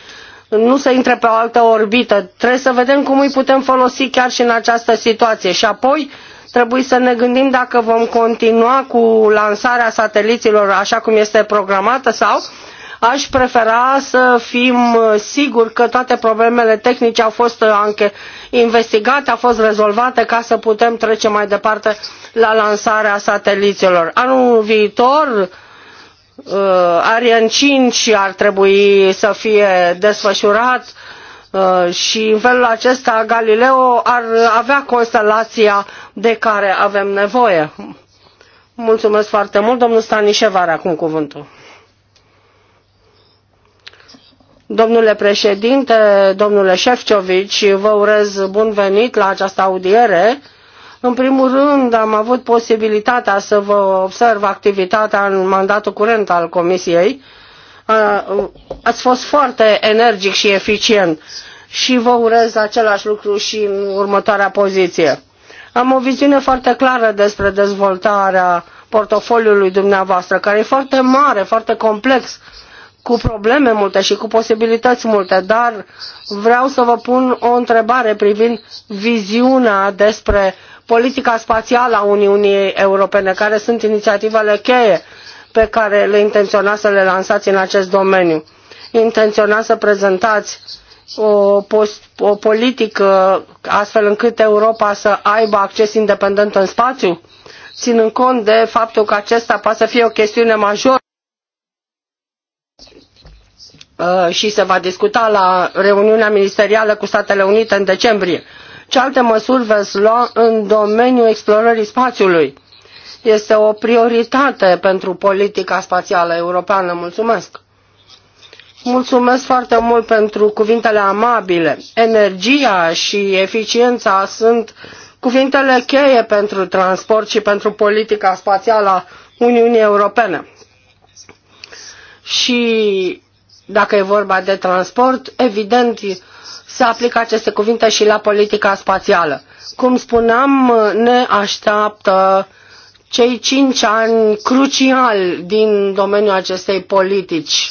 nu să intre pe o altă orbită. Trebuie să vedem cum îi putem folosi chiar și în această situație. Și apoi trebuie să ne gândim dacă vom continua cu lansarea sateliților așa cum este programată sau Aș prefera să fim uh, siguri că toate problemele tehnice au fost uh, investigate, au fost rezolvate ca să putem trece mai departe la lansarea sateliților. Anul viitor, uh, Ariane 5 ar trebui să fie desfășurat și în felul acesta Galileo ar avea constelația de care avem nevoie. Mulțumesc foarte mult. Domnul Stanișev are acum cuvântul. Domnule președinte, domnule efovi vă urez bun venit la această audiere. În primul rând, am avut posibilitatea să vă observ activitatea în mandatul curent al Comisiei. Ați fost foarte energic și eficient și vă urez același lucru și în următoarea poziție. Am o viziune foarte clară despre dezvoltarea portofoliului dumneavoastră, care e foarte mare, foarte complex cu probleme multe și cu posibilități multe, dar vreau să vă pun o întrebare privind viziunea despre politica spațială a Uniunii Europene, care sunt inițiativele cheie pe care le intenționați să le lansați în acest domeniu. Intenționați să prezentați o, post, o politică astfel încât Europa să aibă acces independent în spațiu, ținând cont de faptul că acesta poate să fie o chestiune majoră Uh, și se va discuta la reuniunea ministerială cu Statele Unite în decembrie. Ce alte măsuri veți lua în domeniul explorării spațiului? Este o prioritate pentru politica spațială europeană. Mulțumesc! Mulțumesc foarte mult pentru cuvintele amabile. Energia și eficiența sunt cuvintele cheie pentru transport și pentru politica spațială a Uniunii Europene. Și dacă e vorba de transport, evident se aplică aceste cuvinte și la politica spațială. Cum spuneam, ne așteaptă cei cinci ani cruciali din domeniul acestei politici.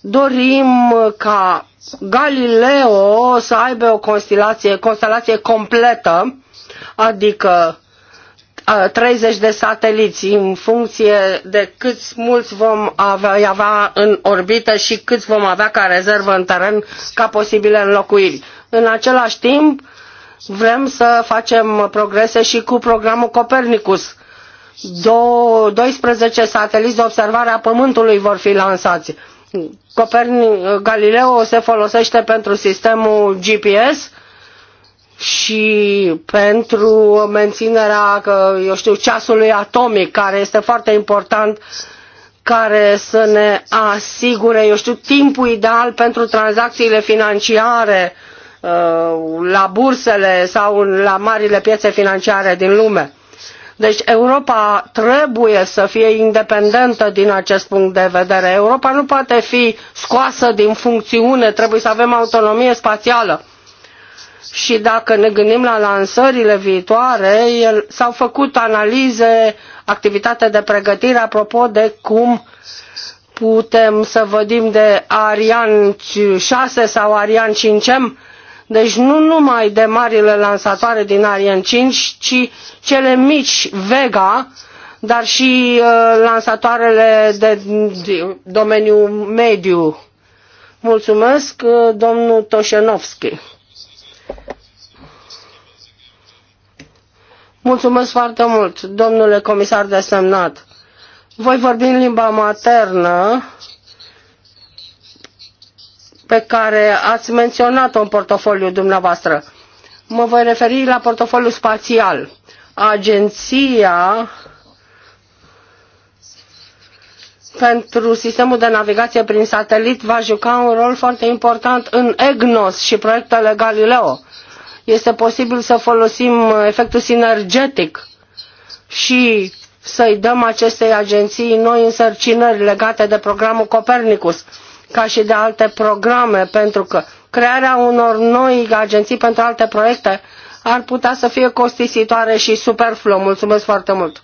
Dorim ca Galileo să aibă o constelație, constelație completă, adică 30 de sateliți în funcție de câți mulți vom avea, în orbită și câți vom avea ca rezervă în teren ca posibile înlocuiri. În același timp, vrem să facem progrese și cu programul Copernicus. 12 sateliți de observare a Pământului vor fi lansați. Copernic, Galileo se folosește pentru sistemul GPS, și pentru menținerea, că, eu știu, ceasului atomic, care este foarte important, care să ne asigure, eu știu, timpul ideal pentru tranzacțiile financiare uh, la bursele sau la marile piețe financiare din lume. Deci Europa trebuie să fie independentă din acest punct de vedere. Europa nu poate fi scoasă din funcțiune, trebuie să avem autonomie spațială și dacă ne gândim la lansările viitoare, s-au făcut analize, activitate de pregătire apropo de cum putem să vădim de Arian 6 sau Arian 5M, deci nu numai de marile lansatoare din Ariane 5, ci cele mici Vega, dar și uh, lansatoarele de, de domeniul mediu. Mulțumesc, uh, domnul Toșenovski. Mulțumesc foarte mult, domnule comisar desemnat. Voi vorbi în limba maternă pe care ați menționat-o în portofoliul dumneavoastră. Mă voi referi la portofoliul spațial. Agenția pentru sistemul de navigație prin satelit va juca un rol foarte important în EGNOS și proiectele Galileo este posibil să folosim uh, efectul sinergetic și să-i dăm acestei agenții noi însărcinări legate de programul Copernicus, ca și de alte programe, pentru că crearea unor noi agenții pentru alte proiecte ar putea să fie costisitoare și superfluă. Mulțumesc foarte mult!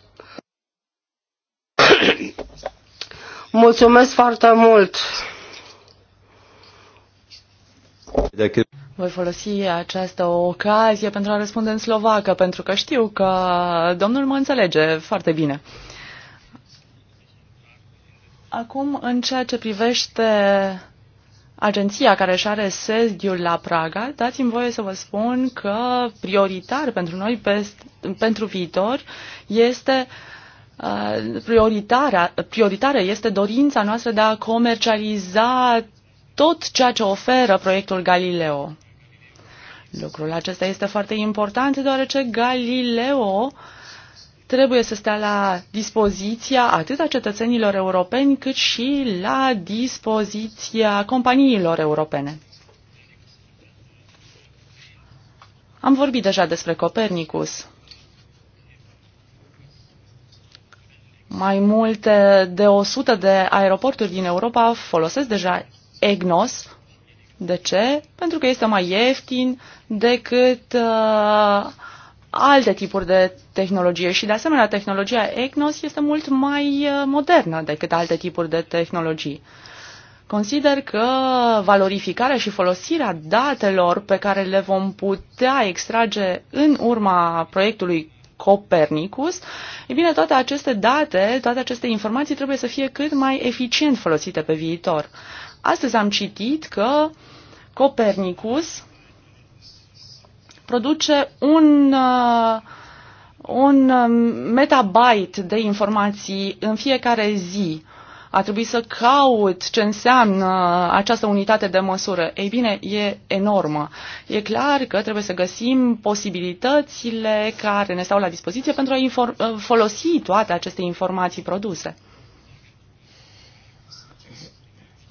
Mulțumesc foarte mult! Voi folosi această ocazie pentru a răspunde în slovacă, pentru că știu că domnul mă înțelege foarte bine. Acum, în ceea ce privește agenția care își are sediul la Praga, dați-mi voie să vă spun că prioritar pentru noi, pentru viitor, este uh, prioritară, prioritară este dorința noastră de a comercializa tot ceea ce oferă proiectul Galileo. Lucrul acesta este foarte important deoarece Galileo trebuie să stea la dispoziția atât a cetățenilor europeni cât și la dispoziția companiilor europene. Am vorbit deja despre Copernicus. Mai multe de 100 de aeroporturi din Europa folosesc deja EGNOS, de ce? Pentru că este mai ieftin decât uh, alte tipuri de tehnologie și, de asemenea, tehnologia EGNOS este mult mai uh, modernă decât alte tipuri de tehnologii. Consider că valorificarea și folosirea datelor pe care le vom putea extrage în urma proiectului Copernicus, e bine, toate aceste date, toate aceste informații trebuie să fie cât mai eficient folosite pe viitor. Uh, Astăzi am citit că Copernicus produce un uh, un uh, metabyte de informații în fiecare zi. A trebuit să caut ce înseamnă această unitate de măsură. Ei bine, e enormă. E clar că trebuie să găsim posibilitățile care ne stau la dispoziție pentru a folosi toate aceste informații produse.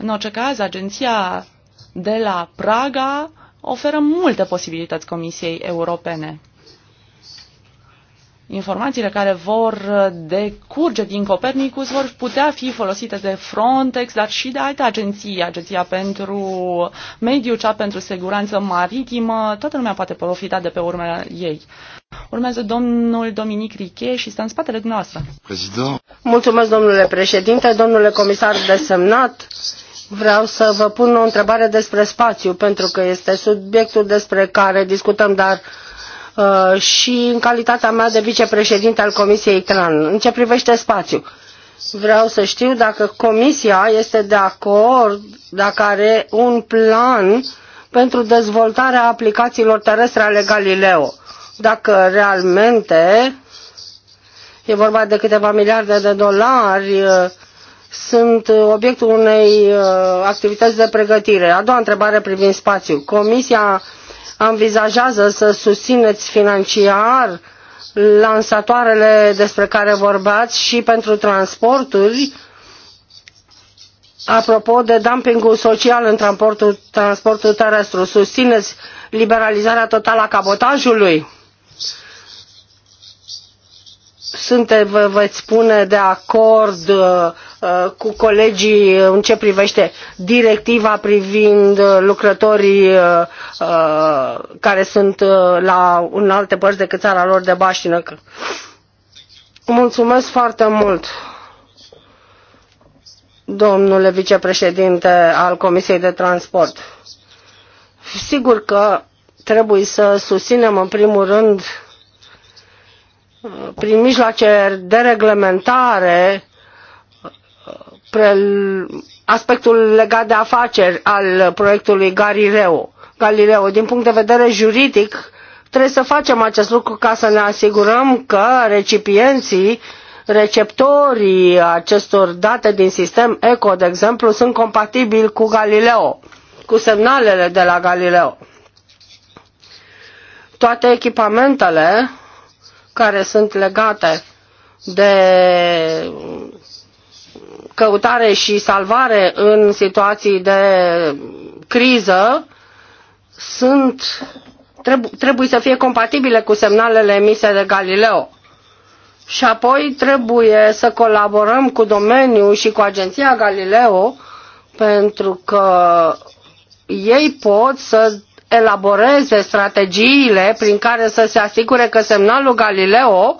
În orice caz, agenția de la Praga oferă multe posibilități Comisiei Europene. Informațiile care vor decurge din Copernicus vor putea fi folosite de Frontex, dar și de alte agenții, Agenția pentru Mediu, cea pentru Siguranță Maritimă, toată lumea poate profita de pe urmele ei. Urmează domnul Dominic Riche și stă în spatele dumneavoastră. Mulțumesc, domnule președinte, domnule comisar desemnat. Vreau să vă pun o întrebare despre spațiu, pentru că este subiectul despre care discutăm, dar uh, și în calitatea mea de vicepreședinte al Comisiei TRAN. În ce privește spațiu, vreau să știu dacă Comisia este de acord, dacă are un plan pentru dezvoltarea aplicațiilor terestre ale Galileo. Dacă realmente e vorba de câteva miliarde de dolari uh, sunt uh, obiectul unei uh, activități de pregătire. A doua întrebare privind spațiul. Comisia învizajează să susțineți financiar lansatoarele despre care vorbeați și pentru transporturi, apropo de dumpingul social în transportul, transportul terestru. Susțineți liberalizarea totală a cabotajului? sunte, vă veți spune de acord uh, uh, cu colegii în ce privește directiva privind lucrătorii uh, uh, care sunt uh, la în alte părți decât țara lor de baștină. Mulțumesc foarte mult, domnule vicepreședinte al Comisiei de Transport. Sigur că trebuie să susținem în primul rând prin mijloace de reglementare aspectul legat de afaceri al proiectului Galileo. Galileo. Din punct de vedere juridic, trebuie să facem acest lucru ca să ne asigurăm că recipienții, receptorii acestor date din sistem ECO, de exemplu, sunt compatibili cu Galileo, cu semnalele de la Galileo. Toate echipamentele care sunt legate de căutare și salvare în situații de criză sunt, trebu trebuie să fie compatibile cu semnalele emise de Galileo. Și apoi trebuie să colaborăm cu domeniul și cu agenția Galileo pentru că ei pot să elaboreze strategiile prin care să se asigure că semnalul Galileo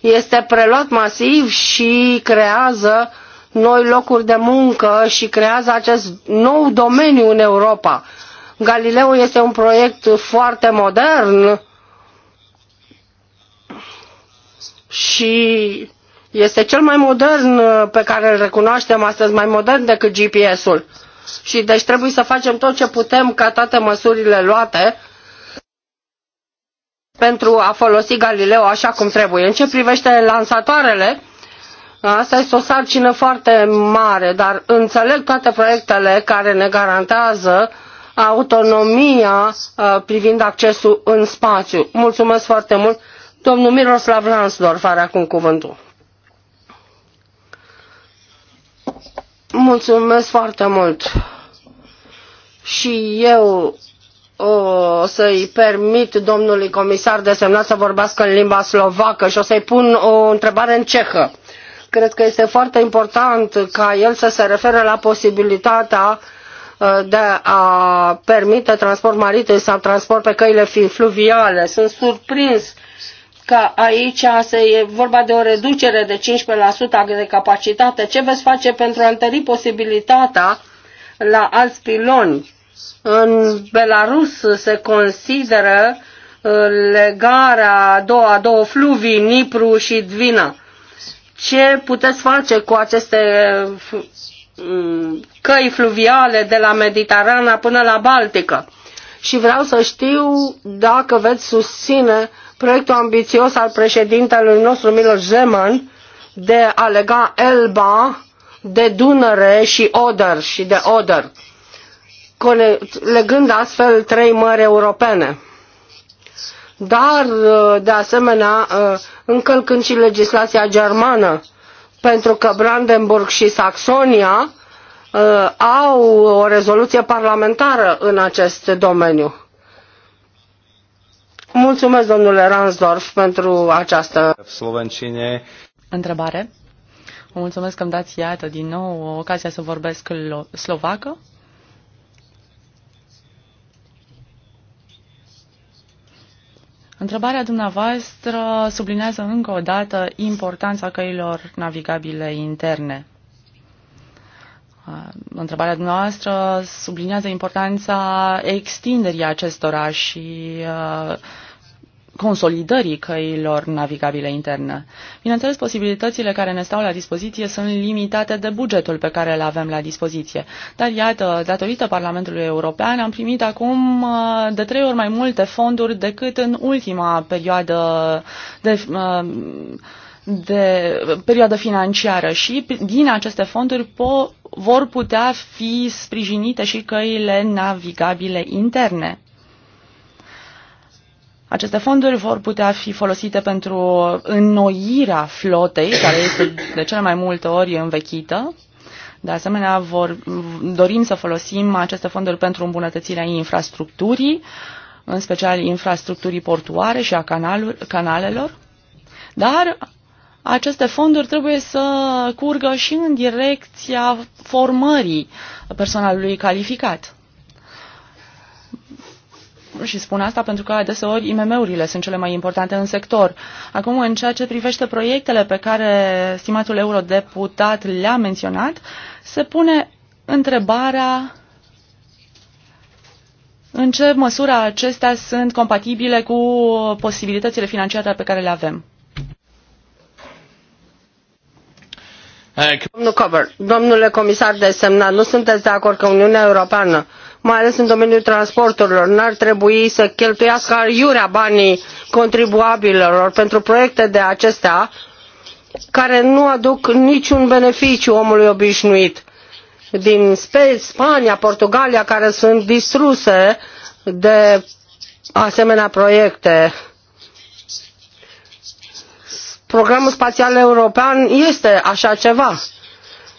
este preluat masiv și creează noi locuri de muncă și creează acest nou domeniu în Europa. Galileo este un proiect foarte modern și este cel mai modern pe care îl recunoaștem astăzi, mai modern decât GPS-ul și deci trebuie să facem tot ce putem ca toate măsurile luate pentru a folosi Galileo așa cum trebuie. În ce privește lansatoarele, asta este o sarcină foarte mare, dar înțeleg toate proiectele care ne garantează autonomia uh, privind accesul în spațiu. Mulțumesc foarte mult. Domnul Miroslav Lansdorf are acum cuvântul. Mulțumesc foarte mult. Și eu o să-i permit domnului comisar de semnat să vorbească în limba slovacă și o să-i pun o întrebare în cehă. Cred că este foarte important ca el să se refere la posibilitatea uh, de a permite transport maritim sau transport pe căile fluviale. Sunt surprins că aici se e vorba de o reducere de 15% de capacitate. Ce veți face pentru a întări posibilitatea la alți piloni? În Belarus se consideră uh, legarea a doua, două fluvii, Nipru și Dvina. Ce puteți face cu aceste mm, căi fluviale de la Mediterana până la Baltică? Și vreau să știu dacă veți susține proiectul ambițios al președintelui nostru Miloš Zeman de a lega Elba de Dunăre și Oder și de Oder, legând astfel trei mări europene. Dar, de asemenea, încălcând și legislația germană, pentru că Brandenburg și Saxonia uh, au o rezoluție parlamentară în acest domeniu. Mulțumesc, domnule Ransdorf, pentru această... Slovencine. Întrebare. Vă mulțumesc că îmi dați, iată, din nou ocazia să vorbesc slovacă. Întrebarea dumneavoastră sublinează încă o dată importanța căilor navigabile interne. Uh, întrebarea dumneavoastră subliniază importanța extinderii acestora și uh, consolidării căilor navigabile interne. Bineînțeles, posibilitățile care ne stau la dispoziție sunt limitate de bugetul pe care îl avem la dispoziție. Dar iată, datorită Parlamentului European, am primit acum uh, de trei ori mai multe fonduri decât în ultima perioadă de de perioadă financiară și din aceste fonduri po- vor putea fi sprijinite și căile navigabile interne. Aceste fonduri vor putea fi folosite pentru înnoirea flotei, care este de cele mai multe ori învechită. De asemenea, vor, dorim să folosim aceste fonduri pentru îmbunătățirea infrastructurii, în special infrastructurii portuare și a canalelor. Dar aceste fonduri trebuie să curgă și în direcția formării personalului calificat. Și spun asta pentru că adeseori IMM-urile sunt cele mai importante în sector. Acum, în ceea ce privește proiectele pe care stimatul eurodeputat le-a menționat, se pune întrebarea în ce măsură acestea sunt compatibile cu posibilitățile financiare pe care le avem. Domnul Cover, domnule comisar desemnat, nu sunteți de acord că Uniunea Europeană, mai ales în domeniul transporturilor, n-ar trebui să cheltuiască iurea banii contribuabililor pentru proiecte de acestea care nu aduc niciun beneficiu omului obișnuit din Spania, Portugalia, care sunt distruse de asemenea proiecte Programul spațial european este așa ceva.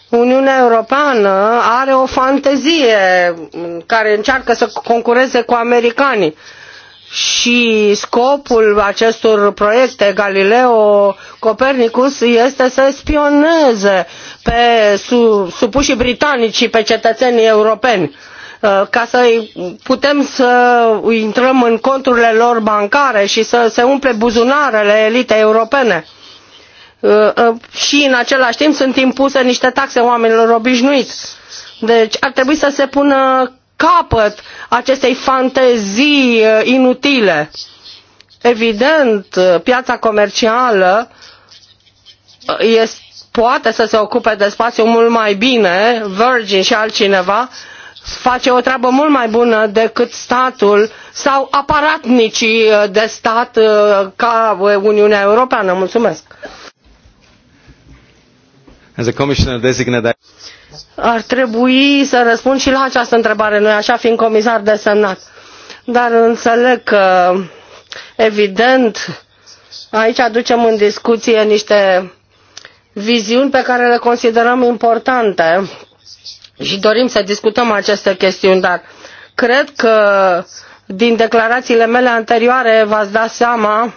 Uniunea Europeană are o fantezie care încearcă să concureze cu americanii și scopul acestor proiecte Galileo Copernicus este să spioneze pe su, supușii britanici și pe cetățenii europeni uh, ca să putem să intrăm în conturile lor bancare și să se umple buzunarele elitei europene Uh, uh, și în același timp sunt impuse niște taxe oamenilor obișnuiți. Deci ar trebui să se pună capăt acestei fantezii uh, inutile. Evident, piața comercială este, poate să se ocupe de spațiu mult mai bine, Virgin și altcineva, face o treabă mult mai bună decât statul sau aparatnicii de stat ca Uniunea Europeană. Mulțumesc! As a commissioner designate, ar trebui să răspund și la această întrebare, nu așa, fiind comisar desemnat. Dar înțeleg că, evident, aici aducem în discuție niște viziuni pe care le considerăm importante și dorim să discutăm aceste chestiuni, dar cred că din declarațiile mele anterioare v-ați dat seama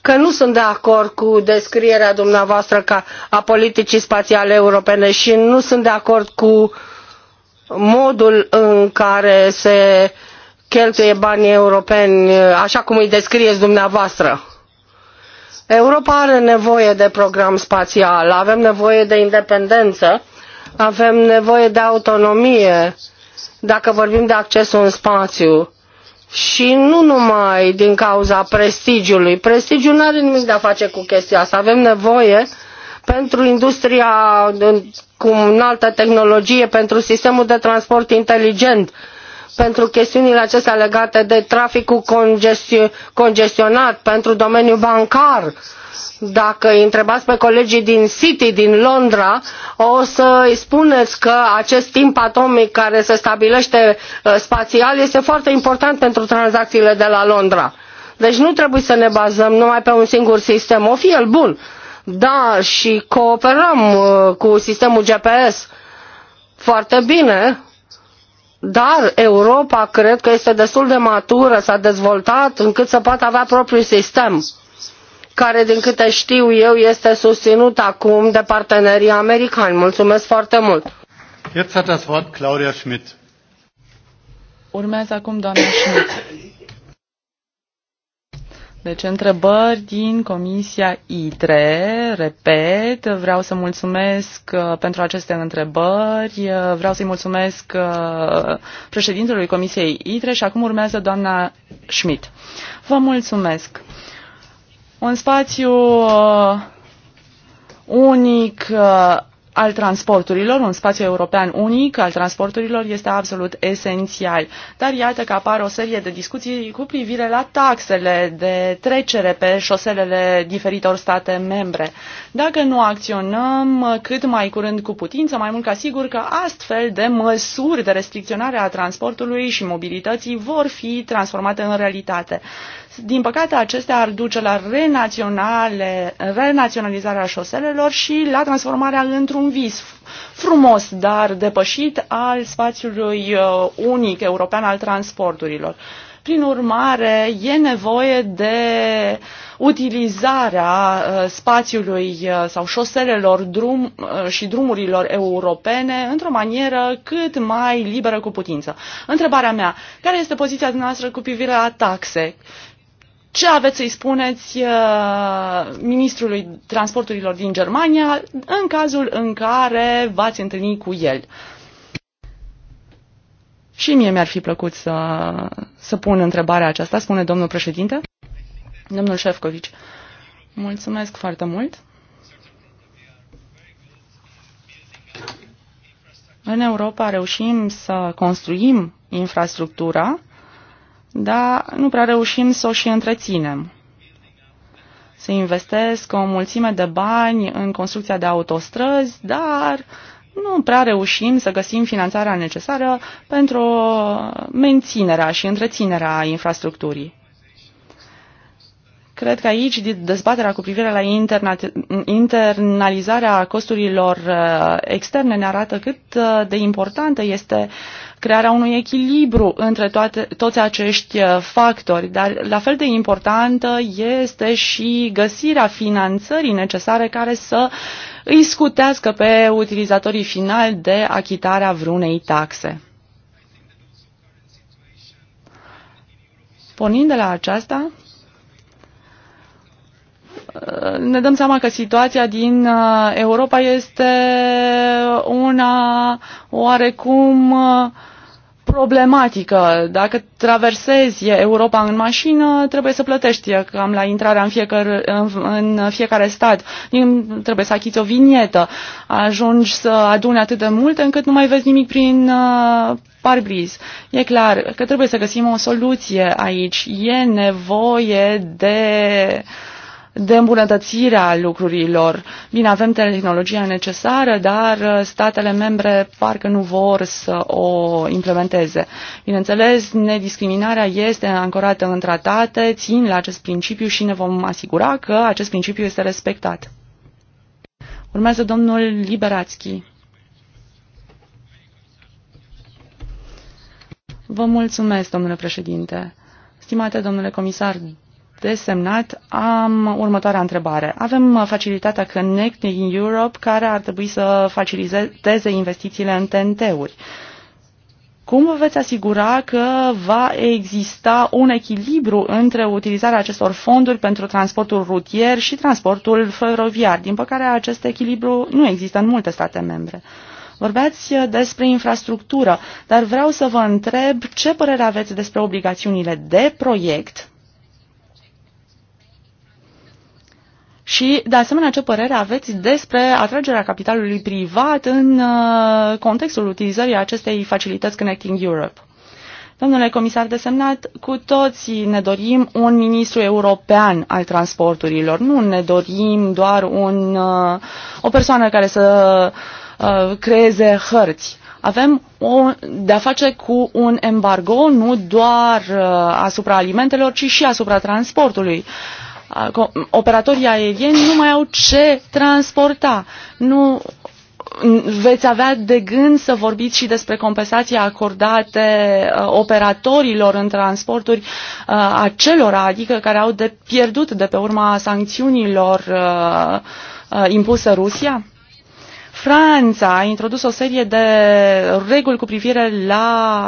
că nu sunt de acord cu descrierea dumneavoastră ca a politicii spațiale europene și nu sunt de acord cu modul în care se cheltuie banii europeni așa cum îi descrieți dumneavoastră. Europa are nevoie de program spațial, avem nevoie de independență, avem nevoie de autonomie dacă vorbim de accesul în spațiu și nu numai din cauza prestigiului. Prestigiul nu are nimic de a face cu chestia asta. Avem nevoie pentru industria cu înaltă tehnologie, pentru sistemul de transport inteligent, pentru chestiunile acestea legate de traficul congestionat, pentru domeniul bancar, uh, dacă îi întrebați pe colegii din City, din Londra, o să îi spuneți că acest timp atomic care se stabilește uh, spațial este foarte important pentru tranzacțiile de la Londra. Deci nu trebuie să ne bazăm numai pe un singur sistem, o fi el bun. Da, și cooperăm uh, cu sistemul GPS foarte bine, dar Europa cred că este destul de matură, s-a dezvoltat încât să poată avea propriul sistem care, din câte știu eu, este susținut acum de partenerii americani. Mulțumesc foarte mult! Jetzt hat das Wort Claudia Schmidt. Urmează acum doamna Schmidt. Deci întrebări din Comisia ITRE, repet, vreau să mulțumesc uh, pentru aceste întrebări, uh, vreau să-i mulțumesc uh, președintelui Comisiei ITRE și acum urmează doamna Schmidt. Vă mulțumesc! un spațiu uh, unic uh, al transporturilor, un spațiu european unic al transporturilor este absolut esențial. Dar iată că apar o serie de discuții cu privire la taxele de trecere pe șoselele diferitor state membre. Dacă nu acționăm cât mai curând cu putință, mai mult ca sigur că astfel de măsuri de restricționare a transportului și mobilității vor fi transformate în realitate. Din păcate, acestea ar duce la renaționale, renaționalizarea șoselelor și la transformarea într-un vis frumos, dar depășit al spațiului uh, unic european al transporturilor. Prin urmare, e nevoie de utilizarea uh, spațiului uh, sau șoselelor drum și drumurilor europene într-o manieră cât mai liberă cu putință. Întrebarea mea, care este poziția noastră cu privire la taxe? ce aveți să-i spuneți uh, ministrului transporturilor din Germania în cazul în care v-ați întâlni cu el? Și mie mi-ar fi plăcut să, să pun întrebarea aceasta, spune domnul președinte. Domnul Șefcovici, mulțumesc foarte mult. În Europa reușim să construim infrastructura dar nu prea reușim să o și întreținem. Se investesc o mulțime de bani în construcția de autostrăzi, dar nu prea reușim să găsim finanțarea necesară pentru menținerea și întreținerea infrastructurii. Cred că aici dezbaterea cu privire la internalizarea costurilor uh, externe ne arată cât uh, de importantă este uh, crearea unui echilibru între toate, toți acești uh, factori, dar la fel de importantă este și găsirea finanțării necesare care să îi scutească pe utilizatorii finali de achitarea vreunei taxe. Pornind de la aceasta, Uh, ne dăm seama că situația din uh, Europa este una oarecum uh, problematică. Dacă traversezi Europa în mașină, trebuie să plătești cam la intrarea în fiecare, în, în fiecare stat. Trebuie să achiți o vinietă. Ajungi să aduni atât de multe încât nu mai vezi nimic prin uh, parbriz. E clar că trebuie să găsim o soluție aici. E nevoie de uh, de îmbunătățirea lucrurilor. Bine, avem tehnologia necesară, dar uh, statele membre parcă nu vor să o implementeze. Bineînțeles, nediscriminarea este ancorată în tratate, țin la acest principiu și ne vom asigura că acest principiu este respectat. Urmează domnul Liberațchi. Vă mulțumesc, domnule președinte. Stimate domnule comisar desemnat, am următoarea întrebare. Avem uh, facilitatea in Europe care ar trebui să faciliteze investițiile în TNT-uri. Cum vă veți asigura că va exista un echilibru între utilizarea acestor fonduri pentru transportul rutier și transportul feroviar? Din păcate, acest echilibru nu există în multe state membre. Vorbeați uh, despre infrastructură, dar vreau să vă întreb ce părere aveți despre obligațiunile de proiect Și, de asemenea, ce părere aveți despre atragerea capitalului privat în uh, contextul utilizării acestei facilități Connecting Europe? Domnule comisar desemnat, cu toții ne dorim un ministru european al transporturilor. Nu ne dorim doar un, uh, o persoană care să uh, creeze hărți. Avem o, de-a face cu un embargo nu doar asupra alimentelor, ci și asupra transportului. Uh, operatorii aerieni nu mai au ce transporta. Nu veți avea de gând să vorbiți și despre compensații acordate operatorilor în transporturi acelora, adică care au de pierdut de pe urma sancțiunilor impuse Rusia? Franța a introdus o serie de reguli cu privire la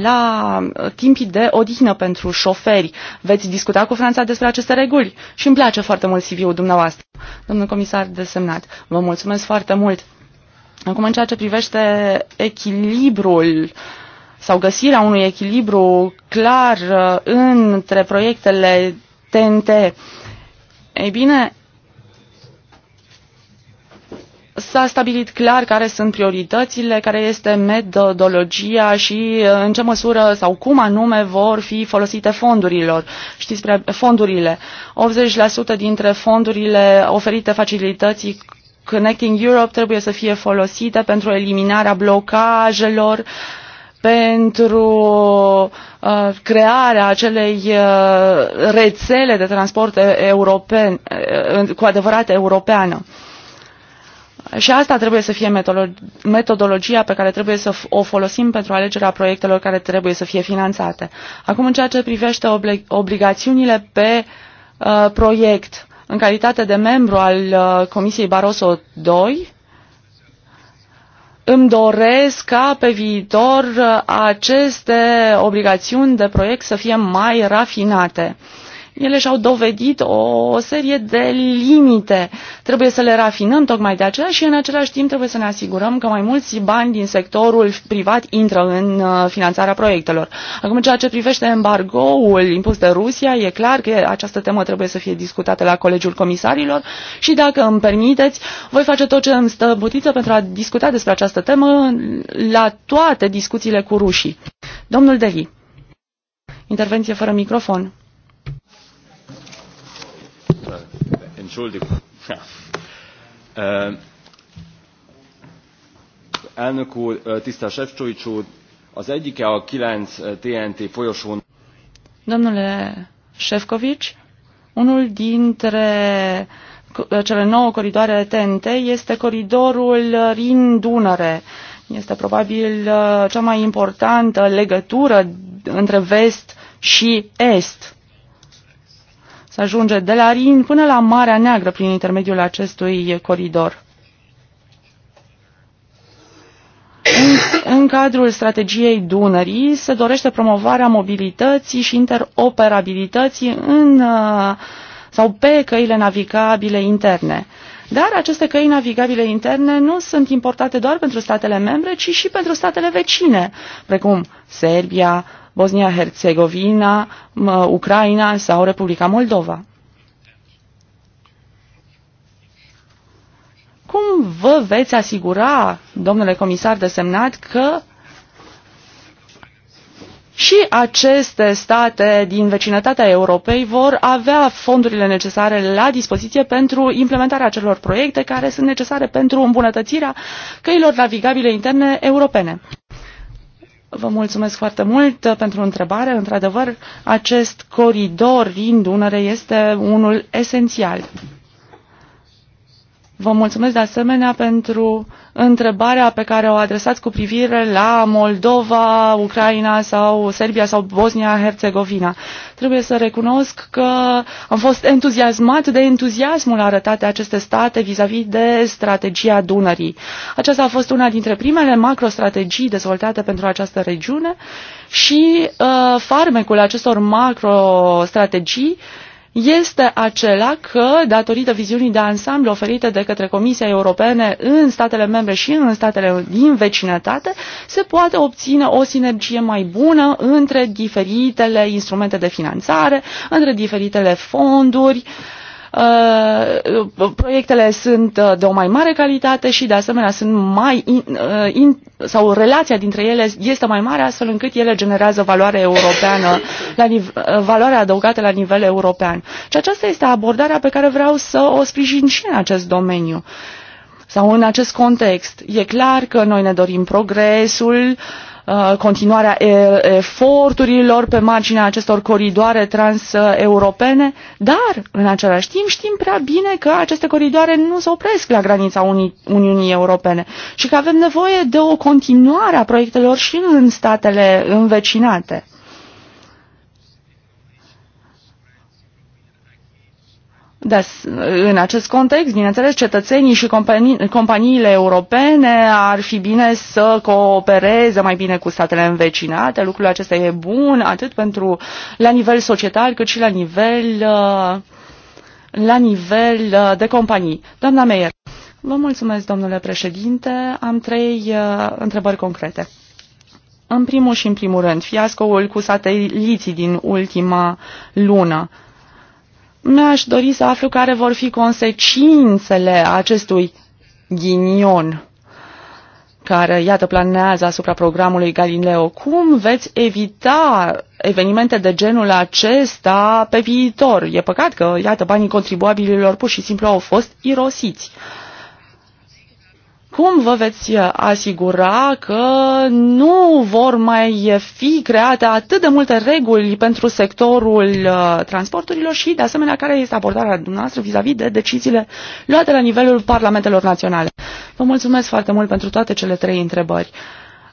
la timpii de odihnă pentru șoferi. Veți discuta cu Franța despre aceste reguli și îmi place foarte mult CV-ul dumneavoastră, domnul comisar desemnat. Vă mulțumesc foarte mult. Acum, în ceea ce privește echilibrul sau găsirea unui echilibru clar uh, între proiectele TNT, ei bine, S-a stabilit clar care sunt prioritățile, care este metodologia și uh, în ce măsură sau cum anume vor fi folosite fondurilor. Știți fondurile. 80% dintre fondurile oferite facilității Connecting Europe trebuie să fie folosite pentru eliminarea blocajelor, pentru uh, crearea acelei uh, rețele de transport european, uh, cu adevărat europeană. Uh, și asta trebuie să fie metodologia pe care trebuie să o folosim pentru alegerea proiectelor care trebuie să fie finanțate. Acum, în ceea ce privește obligațiunile pe uh, proiect, în calitate de membru al uh, Comisiei Barroso II, îmi doresc ca pe viitor uh, aceste obligațiuni de proiect să fie mai rafinate. Uh, ele și-au dovedit o serie de limite. Trebuie să le rafinăm tocmai de aceea și în același timp trebuie să ne asigurăm că mai mulți bani din sectorul privat intră în uh, finanțarea proiectelor. Acum, ceea ce privește embargoul impus de Rusia, e clar că această temă trebuie să fie discutată la Colegiul Comisarilor și dacă îmi permiteți, voi face tot ce îmi stă butiță pentru a discuta despre această temă la toate discuțiile cu rușii. Domnul Devi. Intervenție fără microfon. Entschuldigung. Ja. Äh, elnök úr, tisztelt Sefcsovics úr, az egyike a 9 TNT folyosón. Domnule Șefcovici, unul dintre cele nouă coridoare TNT este coridorul Rin-Dunăre. Este probabil cea mai importantă legătură între vest și est să ajunge de la Rin până la Marea Neagră prin intermediul acestui coridor. În, în cadrul strategiei Dunării se dorește promovarea mobilității și interoperabilității în uh, sau pe căile navigabile interne. Dar aceste căi navigabile interne nu sunt importate doar pentru statele membre, ci și pentru statele vecine, precum Serbia, Bosnia-Herzegovina, Ucraina sau Republica Moldova. Cum vă veți asigura, domnule comisar desemnat, că și aceste state din vecinătatea Europei vor avea fondurile necesare la dispoziție pentru implementarea acelor proiecte care sunt necesare pentru îmbunătățirea căilor navigabile interne europene. Vă mulțumesc foarte mult uh, pentru întrebare. Într-adevăr, acest coridor din dunăre este unul esențial Vă mulțumesc de asemenea pentru întrebarea pe care o adresați cu privire la Moldova, Ucraina sau Serbia sau Bosnia-Herzegovina. Trebuie să recunosc că am fost entuziasmat de entuziasmul arătat de aceste state vis-a-vis -vis de strategia Dunării. Aceasta a fost una dintre primele macrostrategii dezvoltate pentru această regiune și uh, farmecul acestor macrostrategii uh, este acela că, datorită viziunii de ansamblu oferite de către Comisia Europene în statele membre și în statele din vecinătate, se poate obține o sinergie mai bună între diferitele instrumente de finanțare, între diferitele fonduri, uh, Uh, proiectele sunt uh, de o mai mare calitate și de asemenea sunt mai in, uh, in, sau relația dintre ele este mai mare astfel încât ele generează valoare europeană, la valoare adăugată la nivel european. Și aceasta este abordarea pe care vreau să o sprijin și în acest domeniu sau în acest context. E clar că noi ne dorim progresul, uh, Uh, continuarea uh, eforturilor pe marginea acestor coridoare transeuropene, dar în același timp știm prea bine că aceste coridoare nu se opresc la granița Uni Uniunii Europene și că avem nevoie de o continuare a proiectelor și în statele învecinate. Des, în acest context, bineînțeles, cetățenii și companii, companiile europene ar fi bine să coopereze mai bine cu statele învecinate. Lucrul acesta e bun atât pentru la nivel societal cât și la nivel, uh, la nivel uh, de companii. Doamna Meier, vă mulțumesc, domnule președinte. Am trei uh, întrebări concrete. În primul și în primul rând, fiascoul cu sateliții din ultima lună. Mi-aș dori să aflu care vor fi consecințele acestui ghinion care, iată, planează asupra programului Galileo. Cum veți evita evenimente de genul acesta pe viitor? E păcat că, iată, banii contribuabililor pur și simplu au fost irosiți. Uh, cum vă veți uh, asigura că nu vor mai fi create atât de multe reguli pentru sectorul uh, transporturilor și, de asemenea, care este abordarea dumneavoastră vis-a-vis -vis de deciziile luate la nivelul parlamentelor naționale? Vă mulțumesc foarte mult pentru toate cele trei întrebări.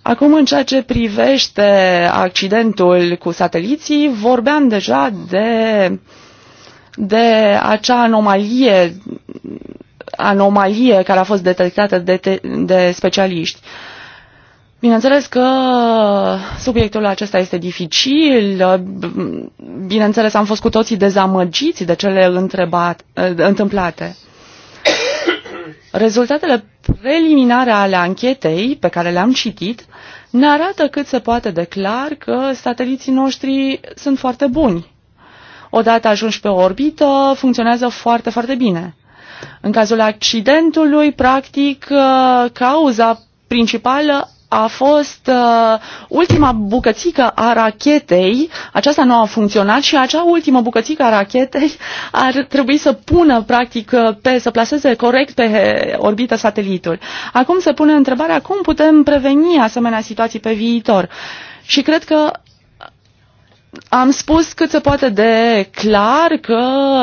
Acum, în ceea ce privește accidentul cu sateliții, vorbeam deja de de acea anomalie anomalie care a fost detectată de, te, de specialiști. Bineînțeles că subiectul acesta este dificil, bineînțeles am fost cu toții dezamăgiți de cele întrebat, întâmplate. Rezultatele preliminare ale anchetei pe care le-am citit ne arată cât se poate de clar că sateliții noștri sunt foarte buni. Odată ajunși pe orbită, funcționează foarte, foarte bine. În cazul accidentului, practic, uh, cauza principală a fost uh, ultima bucățică a rachetei, aceasta nu a funcționat și acea ultimă bucățică a rachetei ar trebui să pună practic uh, pe, să plaseze corect pe orbită satelitul. Acum se pune întrebarea cum putem preveni asemenea situații pe viitor. Și cred că am spus cât se poate de clar că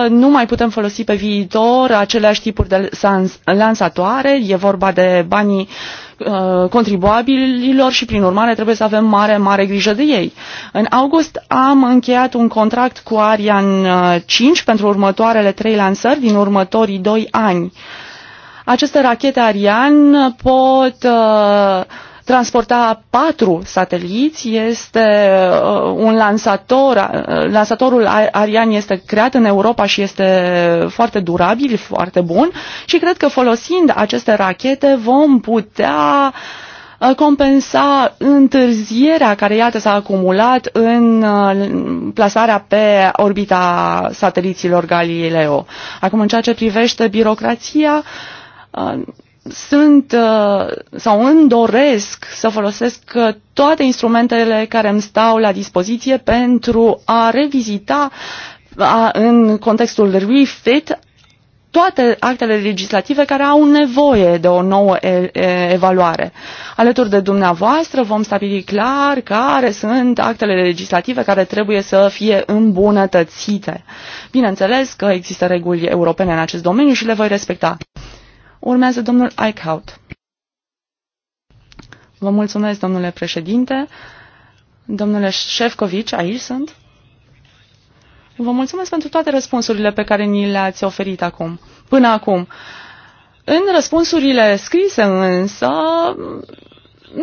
nu mai putem folosi pe viitor aceleași tipuri de lansatoare, e vorba de banii uh, contribuabililor și prin urmare trebuie să avem mare, mare grijă de ei. În august am încheiat un contract cu Arian 5 uh, pentru următoarele trei lansări din următorii doi ani. Aceste rachete Arian pot uh, transporta patru sateliți, este uh, un lansator, uh, lansatorul Ariane este creat în Europa și este foarte durabil, foarte bun și cred că folosind aceste rachete vom putea uh, compensa întârzierea care, iată, s-a acumulat în plasarea pe orbita sateliților Galileo. Acum, în ceea ce privește birocrația, sunt uh, sau îmi doresc să folosesc uh, toate instrumentele care îmi stau la dispoziție pentru a revizita a, în contextul refit toate actele legislative care au nevoie de o nouă e- e- evaluare. Alături de dumneavoastră vom stabili clar care sunt actele legislative care trebuie să fie îmbunătățite. Bineînțeles că există reguli europene în acest domeniu și le voi respecta. Urmează domnul Eichhout. Vă mulțumesc, domnule președinte. Domnule Șefcovici, aici sunt. Vă mulțumesc pentru toate răspunsurile pe care ni le-ați oferit acum, până acum. În răspunsurile scrise însă,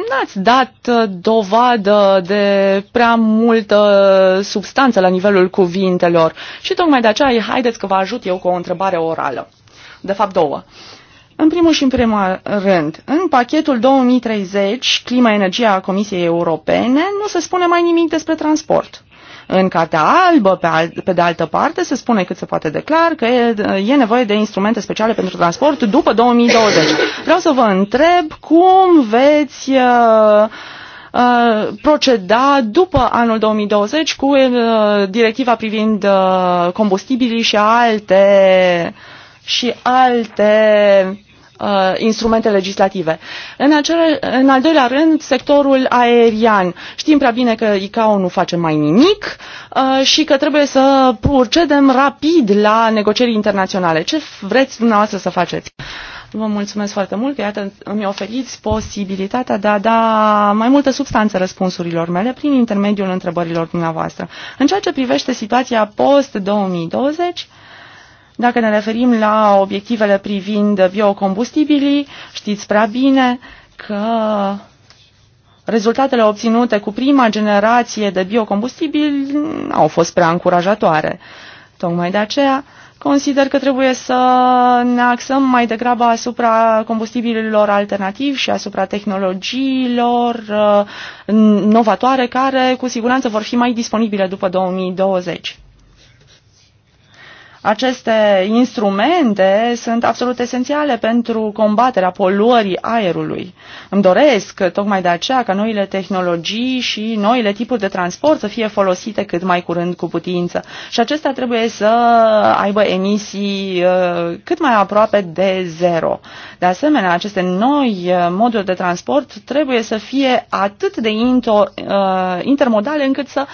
n-ați dat dovadă de prea multă substanță la nivelul cuvintelor și tocmai de aceea haideți că vă ajut eu cu o întrebare orală. De fapt, două. În primul și în primul rând, în pachetul 2030, clima-energia a Comisiei Europene, nu se spune mai nimic despre transport. În cartea albă, pe, al, pe de altă parte, se spune cât se poate declar că e, e nevoie de instrumente speciale pentru transport după 2020. Vreau să vă întreb cum veți uh, uh, proceda după anul 2020 cu uh, directiva privind uh, combustibilii și alte și alte Uh, instrumente legislative. În, acel, în al doilea rând, sectorul aerian. Știm prea bine că ICAO nu face mai nimic uh, și că trebuie să procedem rapid la negocieri internaționale. Ce vreți dumneavoastră să faceți? Vă mulțumesc foarte mult că iată îmi oferiți posibilitatea de a da mai multă substanță răspunsurilor mele prin intermediul întrebărilor dumneavoastră. În ceea ce privește situația post-2020, dacă ne referim la obiectivele privind biocombustibilii, știți prea bine că rezultatele obținute cu prima generație de biocombustibili au fost prea încurajatoare. Tocmai de aceea consider că trebuie să ne axăm mai degrabă asupra combustibililor alternativi și asupra tehnologiilor uh, novatoare care cu siguranță vor fi mai disponibile după 2020. Aceste instrumente sunt absolut esențiale pentru combaterea poluării aerului. Îmi doresc tocmai de aceea ca noile tehnologii și noile tipuri de transport să fie folosite cât mai curând cu putință. Și acestea trebuie să aibă emisii uh, cât mai aproape de zero. De asemenea, aceste noi uh, moduri de transport trebuie să fie atât de uh, intermodale încât să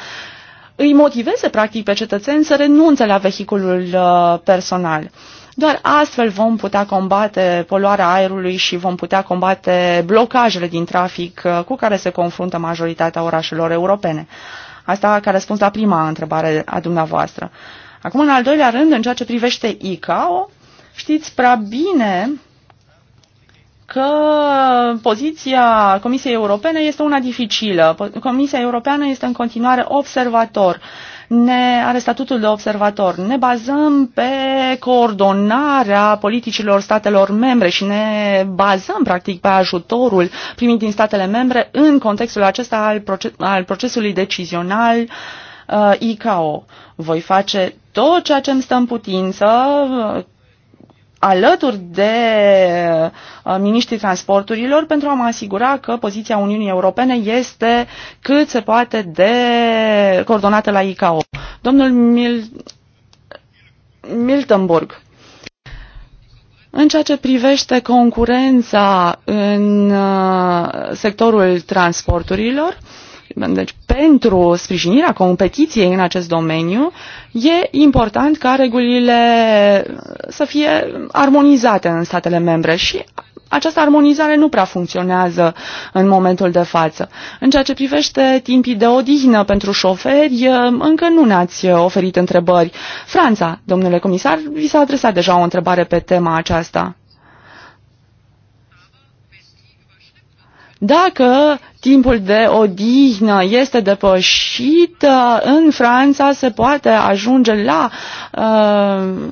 îi motiveze practic pe cetățeni să renunțe la vehiculul uh, personal. Doar astfel vom putea combate poluarea aerului și vom putea combate blocajele din trafic uh, cu care se confruntă majoritatea orașelor europene. Asta ca răspuns la prima întrebare a dumneavoastră. Acum, în al doilea rând, în ceea ce privește ICAO, știți prea bine că poziția Comisiei Europene este una dificilă. Comisia Europeană este în continuare observator. Ne are statutul de observator. Ne bazăm pe coordonarea politicilor statelor membre și ne bazăm, practic, pe ajutorul primit din statele membre în contextul acesta al, proces al procesului decizional uh, ICAO. Voi face tot ceea ce îmi stă în putință alături de uh, miniștrii transporturilor pentru a mă asigura că poziția Uniunii Europene este cât se poate de coordonată la ICAO. Domnul Mil- Miltenburg. În ceea ce privește concurența în uh, sectorul transporturilor, uh, deci, pentru sprijinirea competiției în acest domeniu, e important ca regulile să fie armonizate în statele membre și această armonizare nu prea funcționează în momentul de față. În ceea ce privește timpii de odihnă pentru șoferi, încă nu ne-ați oferit întrebări. Franța, domnule comisar, vi s-a adresat deja o întrebare pe tema aceasta. Dacă timpul de odihnă este depășit, uh, în Franța se poate ajunge la uh,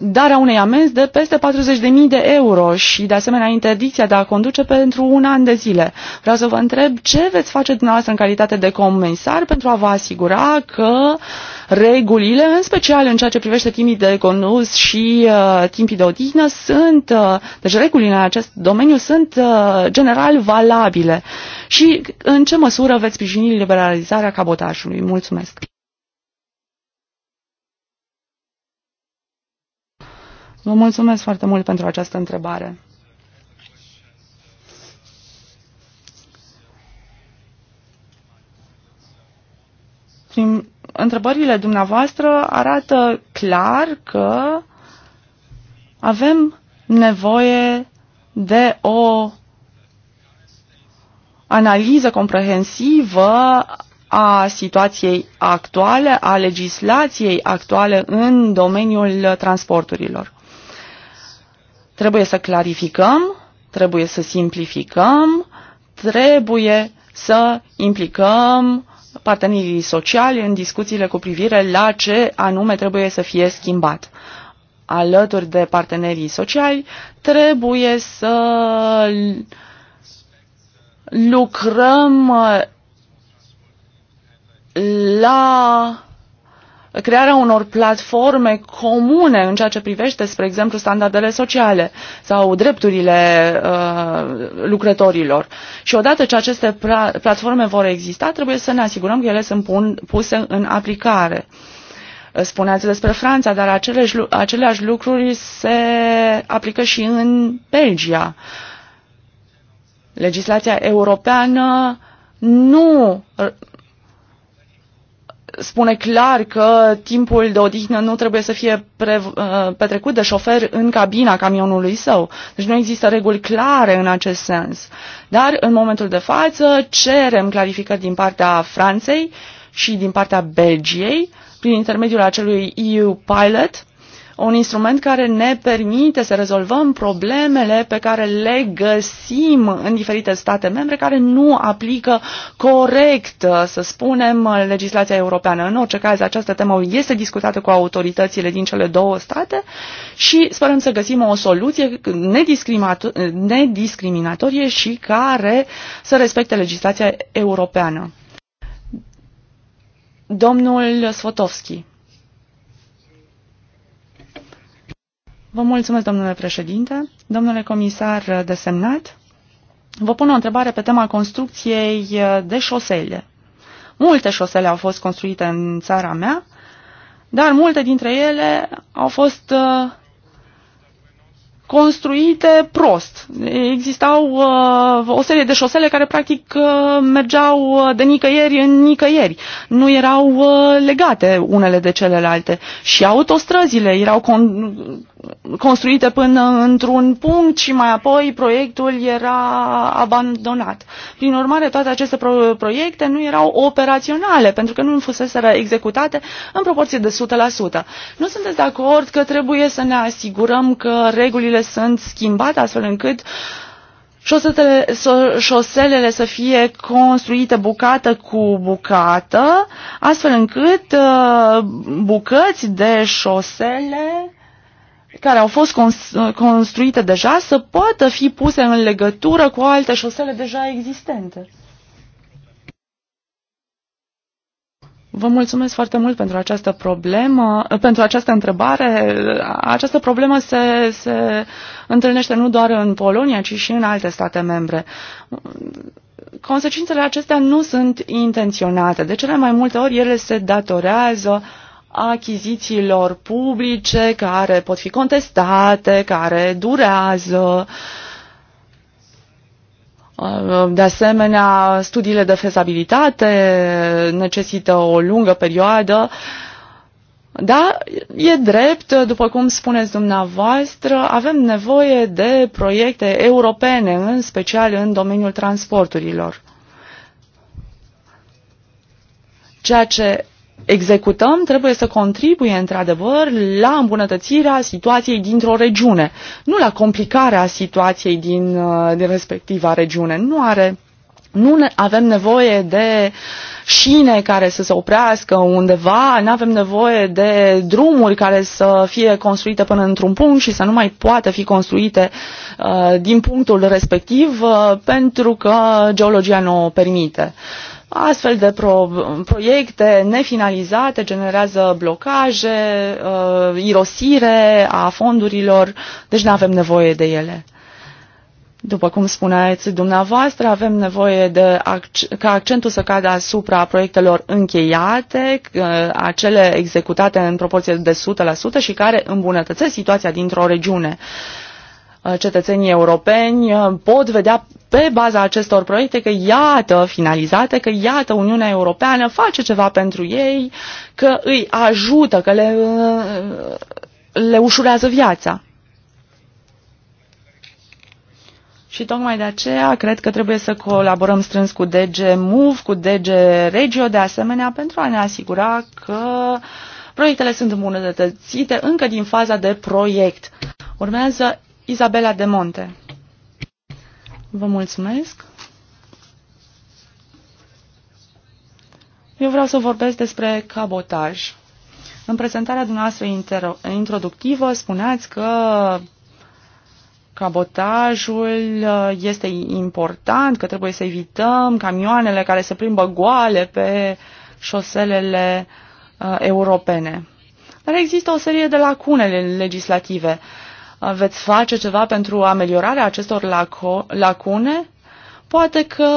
darea unei amenzi de peste 40.000 de euro și, de asemenea, interdicția de a conduce pentru un an de zile. Vreau să vă întreb ce veți face dumneavoastră în calitate de comensar pentru a vă asigura că regulile, în special în ceea ce privește timpii de conus și uh, timpii de odihnă, sunt, uh, deci regulile în acest domeniu sunt uh, general valabile. Și în ce măsură veți sprijini liberalizarea cabotajului? Mulțumesc! Vă mulțumesc foarte mult pentru această întrebare. Prin întrebările dumneavoastră arată clar că avem nevoie de o analiză comprehensivă a situației actuale, a legislației actuale în domeniul transporturilor. Trebuie să clarificăm, trebuie să simplificăm, trebuie să implicăm partenerii sociali în discuțiile cu privire la ce anume trebuie să fie schimbat. Alături de partenerii sociali trebuie să lucrăm la crearea unor platforme comune în ceea ce privește, spre exemplu, standardele sociale sau drepturile uh, lucrătorilor. Și odată ce aceste platforme vor exista, trebuie să ne asigurăm că ele sunt pun, puse în aplicare. Spuneați despre Franța, dar aceleși, aceleași lucruri se aplică și în Belgia. Legislația europeană nu spune clar că timpul de odihnă nu trebuie să fie pre, uh, petrecut de șofer în cabina camionului său. Deci nu există reguli clare în acest sens. Dar în momentul de față cerem clarificări din partea Franței și din partea Belgiei prin intermediul acelui EU Pilot un instrument care ne permite să rezolvăm problemele pe care le găsim în diferite state membre care nu aplică corect, să spunem, legislația europeană. În orice caz, această temă este discutată cu autoritățile din cele două state și sperăm să găsim o soluție nediscriminatorie și care să respecte legislația europeană. Domnul Svotovski. Vă mulțumesc, domnule președinte, domnule comisar desemnat. Vă pun o întrebare pe tema construcției de șosele. Multe șosele au fost construite în țara mea, dar multe dintre ele au fost uh, construite prost. Existau uh, o serie de șosele care practic uh, mergeau uh, de nicăieri în nicăieri. Nu erau uh, legate unele de celelalte. Și autostrăzile erau con- construite până într-un punct și mai apoi proiectul era abandonat. Prin urmare, toate aceste pro- proiecte nu erau operaționale pentru că nu fuseseră executate în proporție de 100%. Nu sunteți de acord că trebuie să ne asigurăm că regulile sunt schimbate astfel încât șosetele, șoselele să fie construite bucată cu bucată, astfel încât uh, bucăți de șosele care au fost construite deja să poată fi puse în legătură cu alte șosele deja existente. Vă mulțumesc foarte mult pentru această problemă, pentru această întrebare. Această problemă se, se întâlnește nu doar în Polonia, ci și în alte state membre. Consecințele acestea nu sunt intenționate. De cele mai multe ori ele se datorează achizițiilor publice care pot fi contestate, care durează. Uh, de asemenea, studiile de fezabilitate necesită o lungă perioadă. Da, e drept, după cum spuneți dumneavoastră, avem nevoie de proiecte europene, în special în domeniul transporturilor. Ceea ce executăm trebuie să contribuie într-adevăr la îmbunătățirea situației dintr-o regiune, nu la complicarea situației din, uh, din respectiva regiune. Nu are nu ne, avem nevoie de șine care să se oprească undeva, nu avem nevoie de drumuri care să fie construite până într-un punct și să nu mai poată fi construite uh, din punctul respectiv uh, pentru că geologia nu o permite. Uh, Astfel de pro, proiecte nefinalizate generează blocaje, uh, irosire a fondurilor, deci nu avem nevoie de ele. După cum spuneați dumneavoastră, avem nevoie de acc- ca accentul să cadă asupra proiectelor încheiate, uh, acele executate în proporție de 100% și care îmbunătățesc situația dintr-o regiune. Uh, Uh, cetățenii europeni uh, pot vedea pe baza acestor proiecte că iată finalizate, că iată Uniunea Europeană face ceva pentru ei, că îi ajută, că le, uh, le ușurează viața. Și tocmai de aceea cred că trebuie să colaborăm strâns cu DG Move, cu DG Regio de asemenea, pentru a ne asigura că proiectele sunt îmbunătățite încă din faza de proiect. Urmează Isabela de Monte. Vă mulțumesc. Eu vreau să vorbesc despre cabotaj. În prezentarea dumneavoastră introductivă spuneați că cabotajul uh, este important, că trebuie să evităm camioanele care se plimbă goale pe șoselele uh, europene. Dar există o serie de lacune legislative. Uh, veți face ceva pentru ameliorarea acestor lacune? Poate că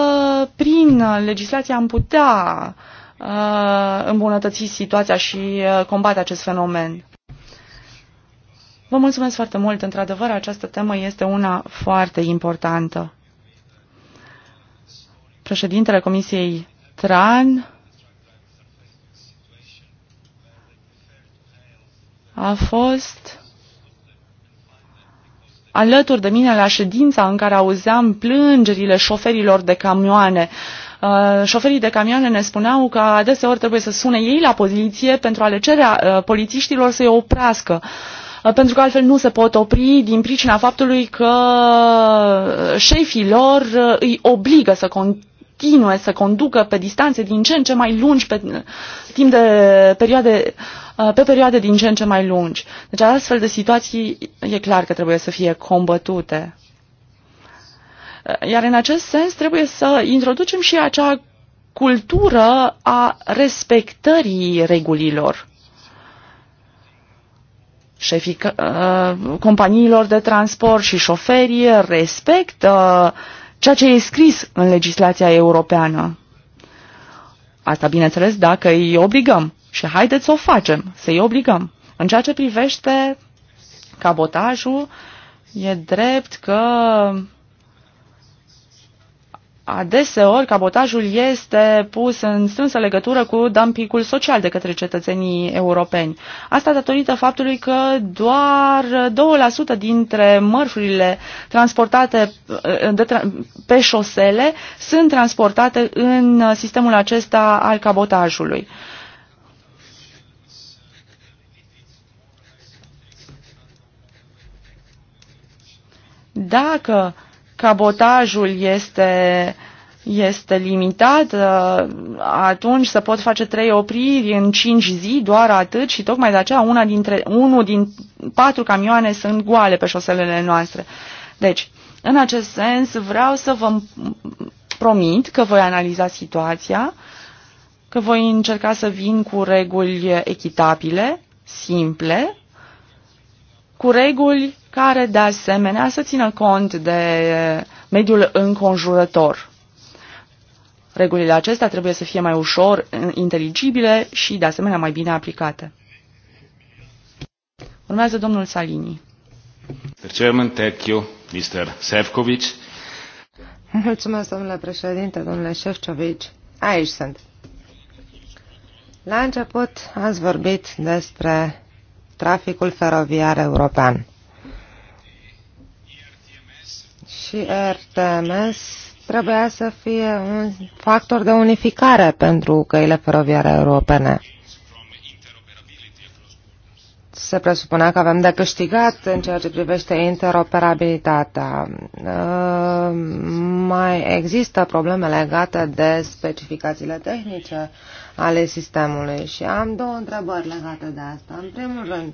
prin legislație am putea uh, îmbunătăți situația și uh, combate acest fenomen. Vă mulțumesc foarte mult. Într-adevăr, această temă este una foarte importantă. Președintele Comisiei Tran a fost alături de mine la ședința în care auzeam plângerile șoferilor de camioane. Uh, șoferii de camioane ne spuneau că adeseori trebuie să sune ei la poziție pentru a le cere uh, polițiștilor să-i oprească uh, pentru că altfel nu se pot opri din pricina faptului că șefii lor uh, îi obligă să continue să conducă pe distanțe din ce în ce mai lungi pe timp de perioade uh, Uh, pe perioade din ce în ce mai lungi. Deci astfel de situații e clar că trebuie să fie combătute. Uh, iar în acest sens trebuie să introducem și acea cultură a respectării regulilor șefii uh, companiilor de transport și șoferii respectă ceea ce e scris în legislația europeană. Asta, bineînțeles, dacă îi obligăm. Și haideți să o facem, să-i obligăm. În ceea ce privește cabotajul, e drept că adeseori cabotajul este pus în strânsă legătură cu dumpingul social de către cetățenii europeni. Asta datorită faptului că doar 2% dintre mărfurile transportate pe șosele sunt transportate în sistemul acesta al cabotajului. Dacă cabotajul este este limitat, ă, atunci se pot face trei opriri în cinci zi, doar atât și tocmai de aceea una dintre, unul din patru camioane sunt goale pe șoselele noastre. Deci, în acest sens, vreau să vă promit că voi analiza situația, că voi încerca să vin cu reguli echitabile, simple, cu reguli care de asemenea să țină cont de mediul înconjurător. Regulile acestea trebuie să fie mai ușor inteligibile și de asemenea mai bine aplicate. Urmează domnul Salini. Mr. Chairman, thank you, Mr. Sefcovic. Mulțumesc, domnule președinte, domnule Șefcovic. Aici sunt. La început ați vorbit despre traficul feroviar european. și RTMS trebuia să fie un factor de unificare pentru căile feroviare europene. Se presupunea că avem de câștigat în ceea ce privește interoperabilitatea. Ă, mai există probleme legate de specificațiile tehnice ale sistemului și am două întrebări legate de asta. În primul rând,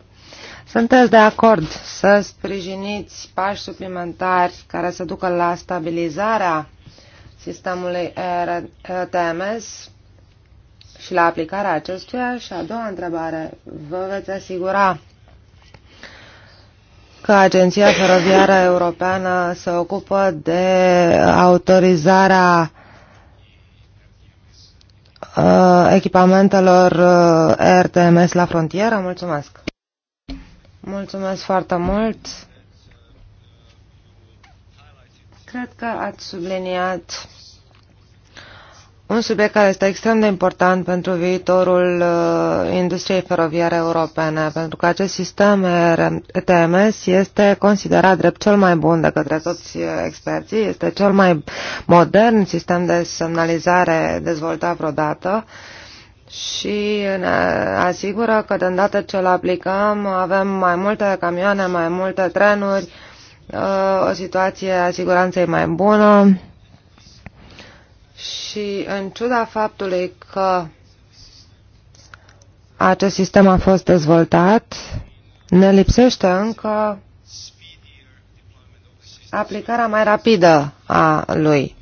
sunteți de acord să sprijiniți pași suplimentari care să ducă la stabilizarea sistemului TMS și la aplicarea acestuia? Și a doua întrebare, vă veți asigura că Agenția Feroviară Europeană se ocupă de autorizarea uh, echipamentelor uh, RTMS la frontieră? Mulțumesc! Mulțumesc foarte mult. Cred că ați subliniat un subiect care este extrem de important pentru viitorul uh, industriei feroviare europene, pentru că acest sistem ETMS este considerat drept cel mai bun de către toți uh, experții, este cel mai modern sistem de semnalizare dezvoltat vreodată. Uh, și ne asigură că de îndată ce îl aplicăm avem mai multe camioane, mai multe trenuri, uh, o situație a siguranței mai bună și în ciuda faptului că acest sistem a fost dezvoltat, ne lipsește încă aplicarea mai rapidă a lui.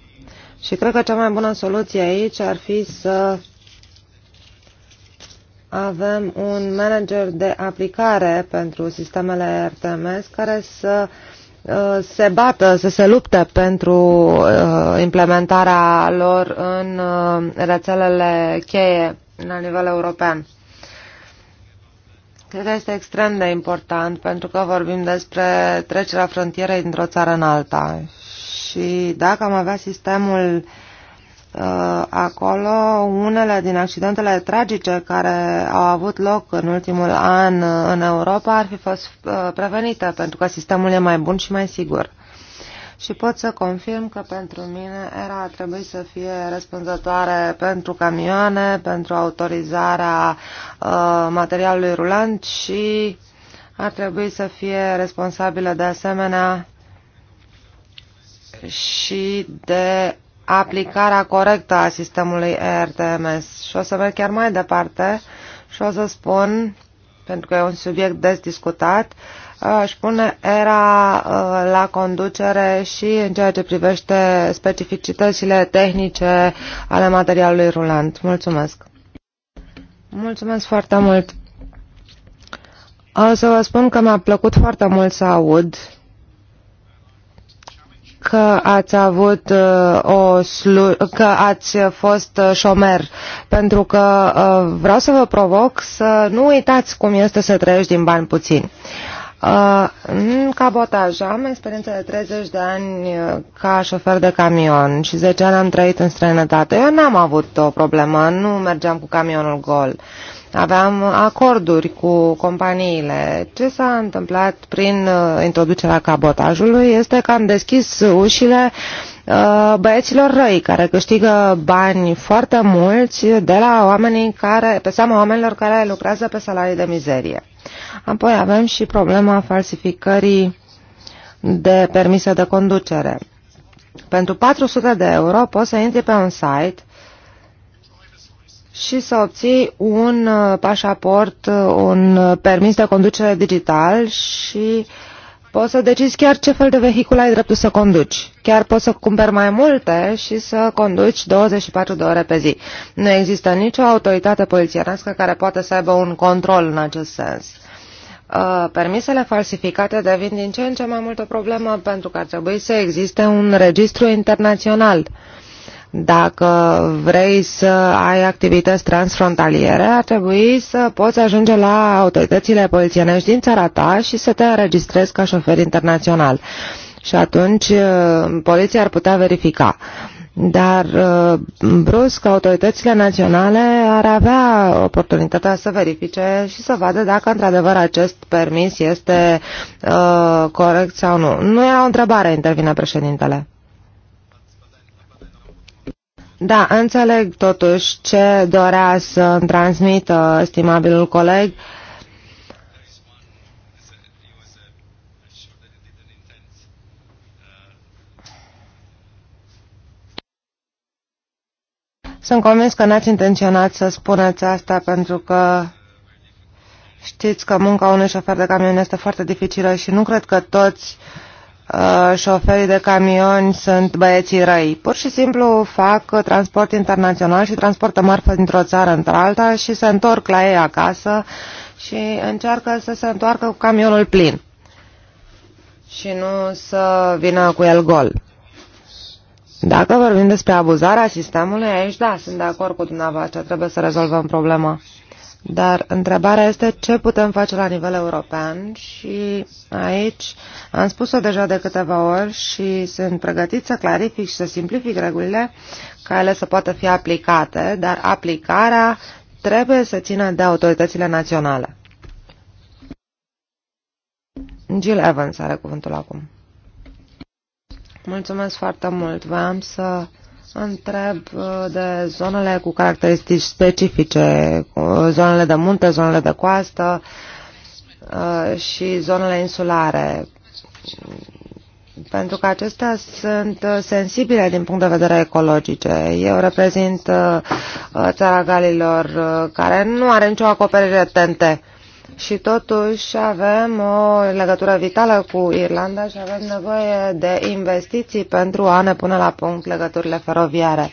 Și cred că cea mai bună soluție aici ar fi să avem un manager de aplicare pentru sistemele RTMS care să uh, se bată, să se lupte pentru uh, implementarea lor în uh, rețelele cheie la nivel european. Cred că este extrem de important pentru că vorbim despre trecerea frontierei dintr-o țară în alta și dacă am avea sistemul uh, Uh, acolo unele din accidentele tragice care au avut loc în ultimul an uh, în Europa ar fi fost uh, prevenite pentru că sistemul e mai bun și mai sigur. Și pot să confirm că pentru mine era a trebuit să fie răspunzătoare pentru camioane, pentru autorizarea uh, materialului rulant și ar trebui să fie responsabilă de asemenea și de aplicarea corectă a sistemului ERTMS. Și o să merg chiar mai departe și o să spun, pentru că e un subiect des discutat, aș pune era ă, la conducere și în ceea ce privește specificitățile tehnice ale materialului rulant. Mulțumesc! Mulțumesc foarte mult! O să vă spun că mi-a plăcut foarte mult să aud că ați avut uh, o slu- că ați fost uh, șomer, pentru că uh, vreau să vă provoc să nu uitați cum este să trăiești din bani puțini. În uh, cabotaj am experiență de 30 de ani uh, ca șofer de camion și 10 ani am trăit în străinătate. Eu n-am avut o problemă, nu mergeam cu camionul gol. Aveam acorduri cu companiile. Ce s-a întâmplat prin uh, introducerea cabotajului este că am deschis ușile Uh, băieților răi care câștigă bani foarte mulți de la oamenii care, pe seama oamenilor care lucrează pe salarii de mizerie. Apoi avem și problema falsificării de permise de conducere. Pentru 400 de euro poți să intri pe un site și să obții un uh, pașaport, uh, un permis de conducere digital și uh, Poți să decizi chiar ce fel de vehicul ai dreptul să conduci. Chiar poți să cumperi mai multe și să conduci 24 de ore pe zi. Nu există nicio autoritate polițienească care poate să aibă un control în acest sens. Uh, permisele falsificate devin din ce în ce mai mult o problemă pentru că ar trebui să existe un registru internațional dacă vrei să ai activități transfrontaliere, ar trebui să poți ajunge la autoritățile polițienești din țara ta și să te înregistrezi ca șofer internațional. Și atunci uh, poliția ar putea verifica dar uh, brusc autoritățile naționale ar avea oportunitatea să verifice și să vadă dacă într-adevăr acest permis este uh, corect sau nu. Nu era o întrebare, intervine președintele. Da, înțeleg totuși ce dorea să transmită stimabilul coleg. Sunt convins că n-ați intenționat să spuneți asta pentru că știți că munca unui șofer de camion este foarte dificilă și nu cred că toți uh, Uh, șoferii de camioni sunt băieții răi. Pur și simplu fac transport internațional și transportă marfă dintr-o țară într-alta și se întorc la ei acasă și încearcă să se întoarcă cu camionul plin și nu să vină cu el gol. Dacă vorbim despre abuzarea sistemului, aici da, sunt de acord cu dumneavoastră, trebuie să rezolvăm problema. Dar întrebarea este ce putem face la nivel european și aici am spus-o deja de câteva ori și sunt pregătit să clarific și să simplific regulile ca ele să poată fi aplicate, dar aplicarea trebuie să țină de autoritățile naționale. Jill Evans are cuvântul acum. Mulțumesc foarte mult. v-am să întreb uh, de zonele cu caracteristici specifice, uh, zonele de munte, zonele de coastă uh, și zonele insulare pentru că acestea sunt sensibile din punct de vedere ecologice. Eu reprezint țara Galilor, care nu are nicio acoperire tente și totuși avem o legătură vitală cu Irlanda și avem nevoie de investiții pentru a ne pune la punct legăturile feroviare.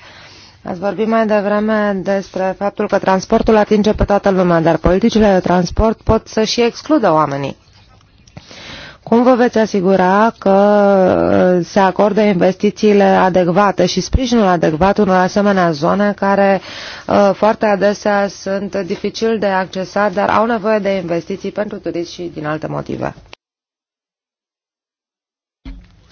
Ați vorbit mai devreme despre faptul că transportul atinge pe toată lumea, dar politicile de transport pot să și excludă oamenii. Cum vă veți asigura că uh, se acordă investițiile adecvate și sprijinul adecvat unor asemenea zone care uh, foarte adesea sunt dificil de accesat, dar au nevoie de investiții pentru turiști și din alte motive?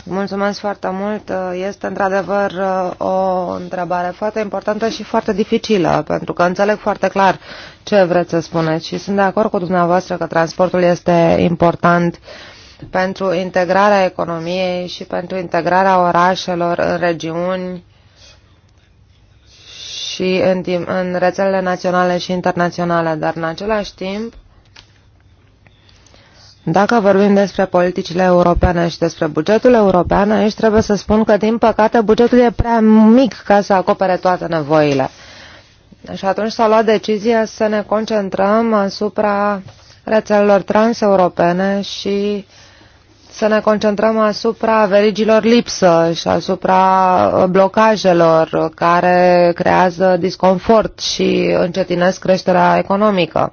Mulțumesc foarte mult. Uh, este într-adevăr o întrebare foarte importantă și foarte dificilă, pentru că înțeleg foarte clar ce vreți să spuneți și sunt de acord cu dumneavoastră că transportul este important uh, pentru integrarea economiei și pentru integrarea orașelor în regiuni și în, în rețelele naționale și internaționale, dar în același timp, dacă vorbim despre politicile europene și despre bugetul european, aici trebuie să spun că, din păcate, bugetul e prea mic ca să acopere toate nevoile. Și atunci s-a luat decizia să ne concentrăm asupra rețelelor transeuropene și să ne concentrăm asupra verigilor lipsă și asupra uh, blocajelor care creează disconfort și încetinesc creșterea economică.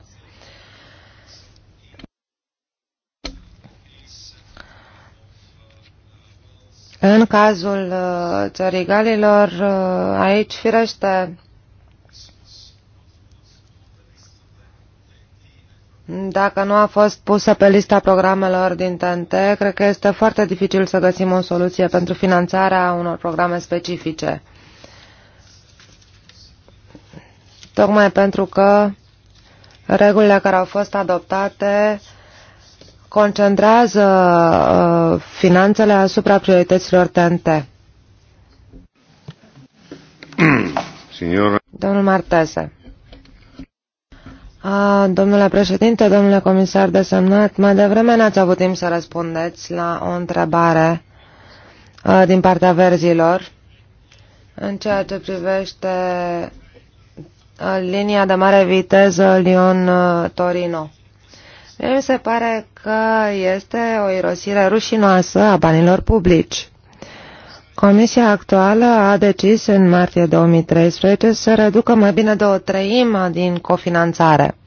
În cazul uh, țării Galilor, uh, aici firește Dacă nu a fost pusă pe lista programelor din TNT, cred că este foarte dificil să găsim o soluție pentru finanțarea unor programe specifice. Tocmai pentru că regulile care au fost adoptate concentrează uh, finanțele asupra priorităților TNT. Domnul Martese. Domnule președinte, domnule comisar desemnat, mai devreme n-ați avut timp să răspundeți la o întrebare din partea verzilor în ceea ce privește linia de mare viteză Lyon-Torino. Mie mi se pare că este o irosire rușinoasă a banilor publici. Comisia actuală a decis în martie 2013 să reducă mai bine de o treime din cofinanțare,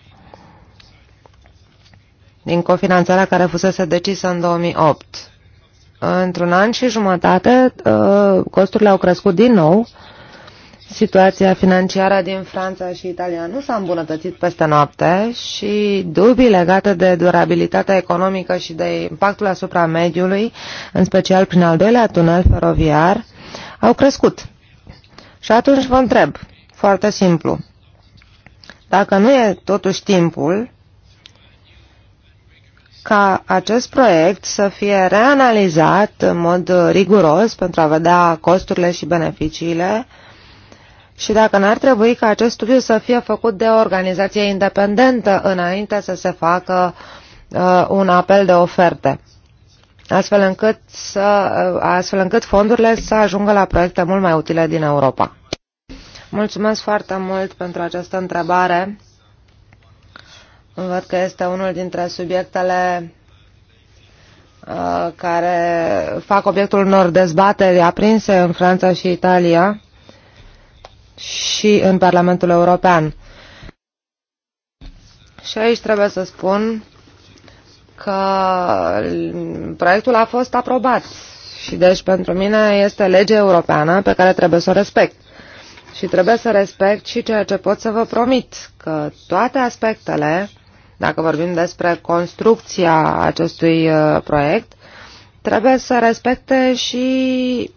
din cofinanțarea care fusese decisă în 2008. Într-un an și jumătate, ă, costurile au crescut din nou situația financiară din Franța și Italia nu s-a îmbunătățit peste noapte și dubii legate de durabilitatea economică și de impactul asupra mediului, în special prin al doilea tunel feroviar, au crescut. Și atunci vă întreb, foarte simplu, dacă nu e totuși timpul ca acest proiect să fie reanalizat în mod riguros pentru a vedea costurile și beneficiile, și dacă n-ar trebui ca acest studiu să fie făcut de o organizație independentă înainte să se facă uh, un apel de oferte, astfel încât, să, uh, astfel încât fondurile să ajungă la proiecte mult mai utile din Europa. Mulțumesc foarte mult pentru această întrebare. Văd că este unul dintre subiectele uh, care fac obiectul unor dezbateri aprinse în Franța și Italia și în Parlamentul European. Și aici trebuie să spun că proiectul a fost aprobat și deci pentru mine este lege europeană pe care trebuie să o respect. Și trebuie să respect și ceea ce pot să vă promit, că toate aspectele, dacă vorbim despre construcția acestui uh, proiect, trebuie să respecte și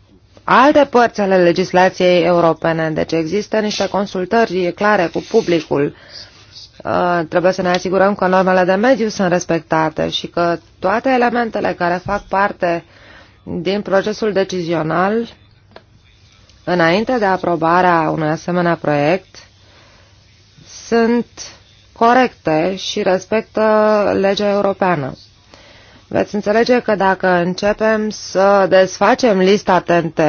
alte părți ale legislației europene. Deci există niște consultări clare cu publicul. Uh, trebuie să ne asigurăm că normele de mediu sunt respectate și că toate elementele care fac parte din procesul decizional înainte de aprobarea unui asemenea proiect sunt corecte și respectă legea europeană. Veți înțelege că dacă începem să desfacem lista TNT,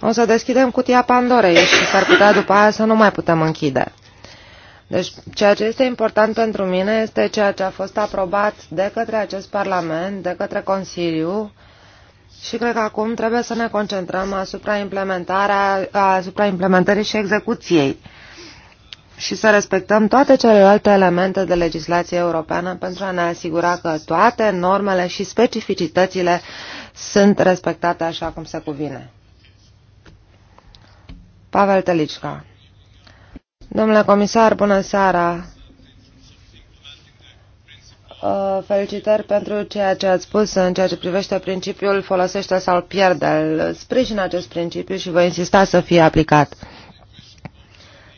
o să deschidem cutia Pandorei și s-ar putea după aia să nu mai putem închide. Deci ceea ce este important pentru mine este ceea ce a fost aprobat de către acest Parlament, de către Consiliu și cred că acum trebuie să ne concentrăm asupra, implementarea, asupra implementării și execuției și să respectăm toate celelalte elemente de legislație europeană pentru a ne asigura că toate normele și specificitățile sunt respectate așa cum se cuvine. Pavel Telicca Domnule comisar, bună seara! Uh, felicitări pentru ceea ce ați spus în ceea ce privește principiul folosește sau pierde. Sprijin acest principiu și voi insista să fie aplicat.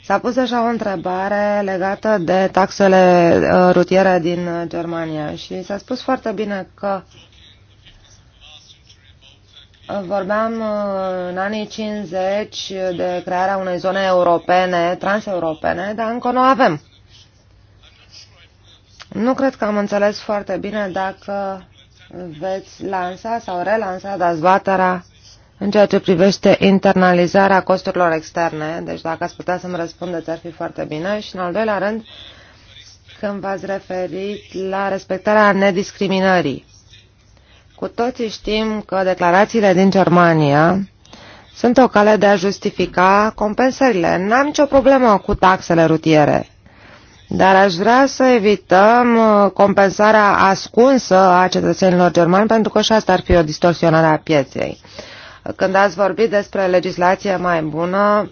S-a pus așa o întrebare legată de taxele uh, rutiere din Germania și s-a spus foarte bine că uh, vorbeam uh, în anii 50 de crearea unei zone europene, transeuropene, dar încă nu avem. Nu cred că am înțeles foarte bine dacă veți lansa sau relansa dezbaterea în ceea ce privește internalizarea costurilor externe, deci dacă ați putea să-mi răspundeți, ar fi foarte bine. Și în al doilea rând, când v-ați referit la respectarea nediscriminării. Cu toții știm că declarațiile din Germania sunt o cale de a justifica compensările. N-am nicio problemă cu taxele rutiere, dar aș vrea să evităm uh, compensarea ascunsă a cetățenilor germani, pentru că și asta ar fi o distorsionare a pieței. Când ați vorbit despre legislație mai bună,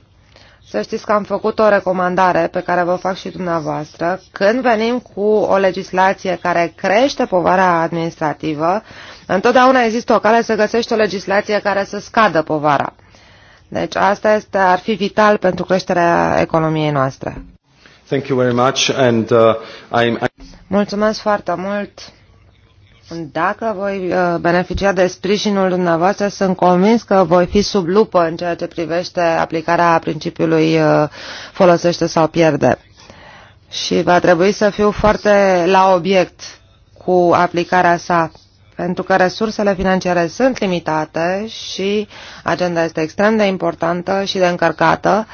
să știți că am făcut o recomandare pe care vă fac și dumneavoastră. Când venim cu o legislație care crește povara administrativă, întotdeauna există o cale să găsești o legislație care să scadă povara. Deci asta este, ar fi vital pentru creșterea economiei noastre. Thank you very much and, uh, I'm, Mulțumesc foarte mult. Dacă voi uh, beneficia de sprijinul dumneavoastră, sunt convins că voi fi sub lupă în ceea ce privește aplicarea principiului uh, folosește sau pierde. Și va trebui să fiu foarte la obiect cu aplicarea sa, pentru că resursele financiare sunt limitate și agenda este extrem de importantă și de încărcată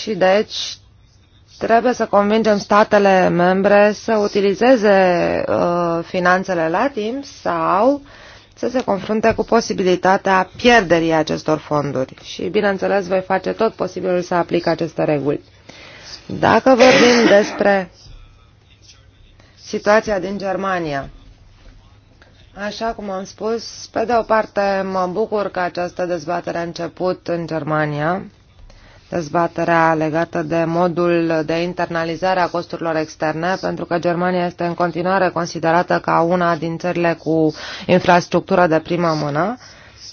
și deci Trebuie să convingem statele membre să utilizeze uh, finanțele la timp sau să se confrunte cu posibilitatea pierderii acestor fonduri. Și, bineînțeles, voi face tot posibilul să aplic aceste reguli. Dacă vorbim despre situația din Germania, Așa cum am spus, pe de o parte mă bucur că această dezbatere a început în Germania, dezbaterea legată de modul de internalizare a costurilor externe, pentru că Germania este în continuare considerată ca una din țările cu infrastructură de primă mână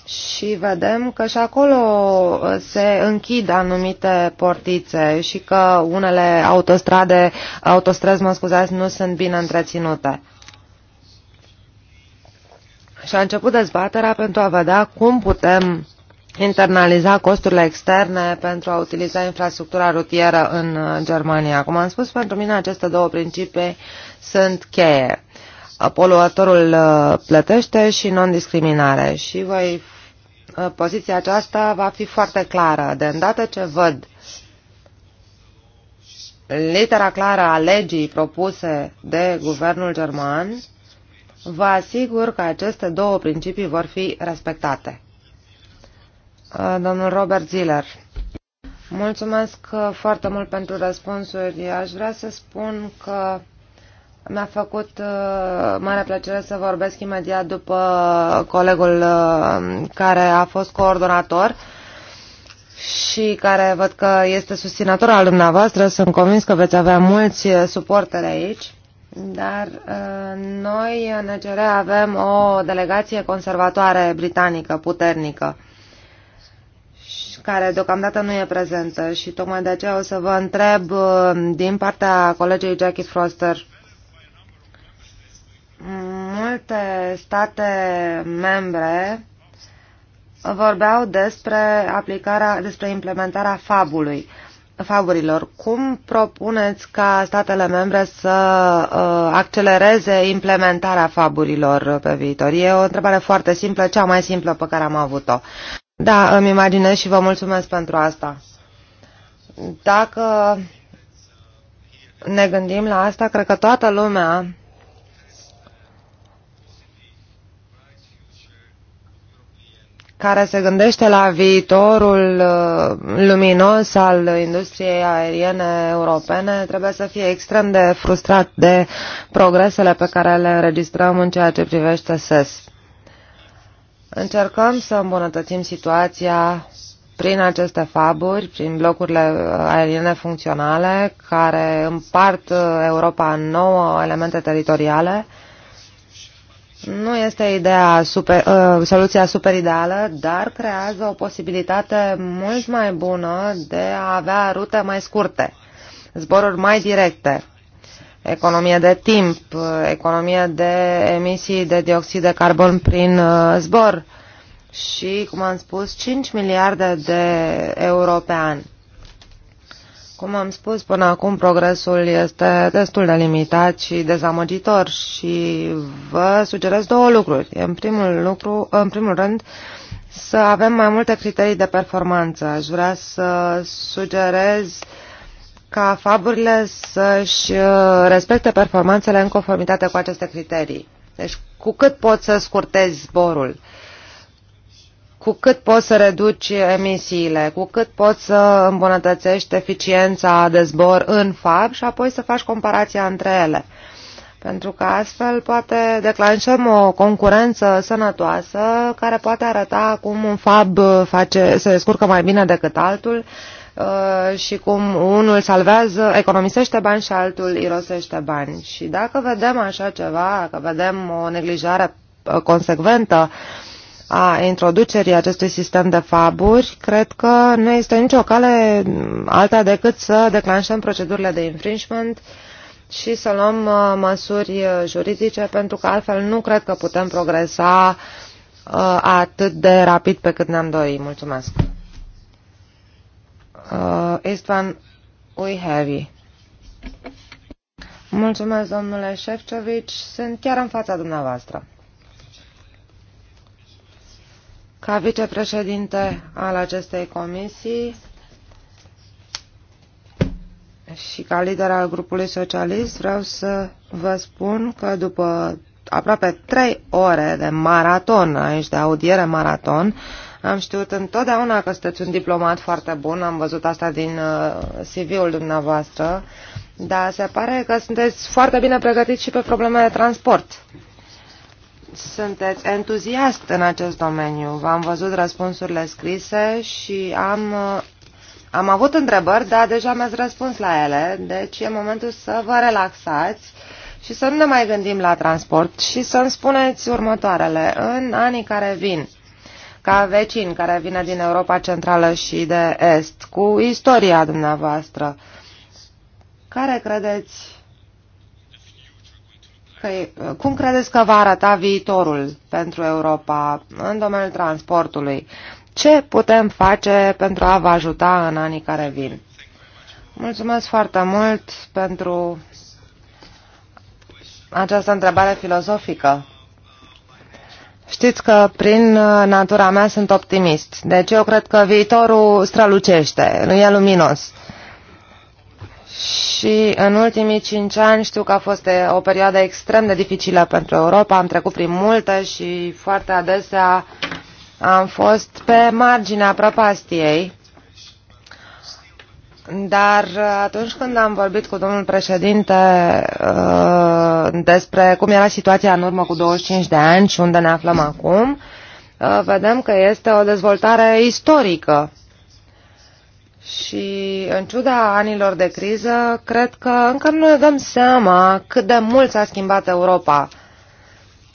și vedem că și acolo uh, se închid anumite portițe și că unele autostrade, autostrăzi, mă scuzați, nu sunt bine întreținute. Și a început dezbaterea pentru a vedea cum putem internaliza costurile externe pentru a utiliza infrastructura rutieră în uh, Germania. Cum am spus, pentru mine aceste două principii sunt cheie. Uh, poluatorul uh, plătește și non-discriminare și voi, poziția aceasta va fi foarte clară. De îndată ce văd litera clară a legii propuse de guvernul german, vă asigur că aceste două principii vor fi respectate. Uh, domnul Robert Ziller. Mulțumesc uh, foarte mult pentru răspunsuri. Aș vrea să spun că mi-a făcut uh, mare plăcere să vorbesc imediat după colegul care a fost coordonator și care văd că este susținător al dumneavoastră. Sunt convins că veți avea mulți suporteri aici. Dar uh, noi în ECR avem o delegație conservatoare britanică puternică care deocamdată nu e prezentă și tocmai de aceea o să vă întreb uh, din partea colegii Jackie Foster. Multe state membre vorbeau despre aplicarea, despre implementarea fabului faburilor. Cum propuneți ca statele membre să uh, accelereze implementarea faburilor pe viitor? E o întrebare foarte simplă, cea mai simplă pe care am avut-o. Da, îmi imaginez și vă mulțumesc pentru asta. Dacă ne gândim la asta, cred că toată lumea care se gândește la viitorul uh, luminos al industriei aeriene europene trebuie să fie extrem de frustrat de progresele pe care le înregistrăm în ceea ce privește SES. Încercăm să îmbunătățim situația prin aceste faburi, prin blocurile uh, aeriene funcționale care împart uh, Europa în nouă elemente teritoriale. Nu este ideea super, uh, soluția super ideală, dar creează o posibilitate mult mai bună de a avea rute mai scurte, zboruri mai directe economie de timp, economie de emisii de dioxid de carbon prin uh, zbor și, cum am spus, 5 miliarde de euro pe an. Cum am spus, până acum progresul este destul de limitat și dezamăgitor și vă sugerez două lucruri. În primul, lucru, în primul rând, să avem mai multe criterii de performanță. Aș vrea să sugerez uh, ca faburile să-și uh, respecte performanțele în conformitate cu aceste criterii. Deci cu cât poți să scurtezi zborul, cu cât poți să reduci emisiile, cu cât poți să îmbunătățești eficiența de zbor în fab și apoi să faci comparația între ele. Pentru că astfel poate declanșăm o concurență sănătoasă care poate arăta cum un fab face, se descurcă mai bine decât altul Uh, și cum unul salvează, economisește bani și altul irosește bani. Și dacă vedem așa ceva, dacă vedem o neglijare uh, consecventă a introducerii acestui sistem de faburi, cred că nu este nicio cale alta decât să declanșăm procedurile de infringement și să luăm uh, măsuri juridice, pentru că altfel nu cred că putem progresa atât de rapid pe cât ne-am dorit. Mulțumesc! István uh, Uihevi. Mulțumesc, domnule Șefcevici. Sunt chiar în fața dumneavoastră. Ca vicepreședinte al acestei comisii și ca lider al grupului socialist vreau să vă spun că după aproape trei ore de maraton aici, de audiere maraton, am știut întotdeauna că sunteți un diplomat foarte bun, am văzut asta din uh, CV-ul dumneavoastră, dar se pare că sunteți foarte bine pregătit și pe probleme de transport. Sunteți entuziast în acest domeniu. V-am văzut răspunsurile scrise și am, uh, am avut întrebări, dar deja mi-ați răspuns la ele, deci e momentul să vă relaxați și să nu ne mai gândim la transport și să-mi spuneți următoarele. În anii care vin, ca vecin care vine din Europa Centrală și de Est, cu istoria dumneavoastră. Care credeți că, cum credeți că va arăta viitorul pentru Europa în domeniul transportului? Ce putem face pentru a vă ajuta în anii care vin? Mulțumesc foarte mult pentru această întrebare filozofică. Știți că prin uh, natura mea sunt optimist, deci eu cred că viitorul strălucește, nu e luminos. Și în ultimii cinci ani știu că a fost o perioadă extrem de dificilă pentru Europa, am trecut prin multe și foarte adesea am fost pe marginea prăpastiei dar uh, atunci când am vorbit cu domnul președinte uh, despre cum era situația în urmă cu 25 de ani și unde ne aflăm acum, uh, vedem că este o dezvoltare istorică. Și în ciuda anilor de criză, cred că încă nu ne dăm seama cât de mult s-a schimbat Europa. Uh,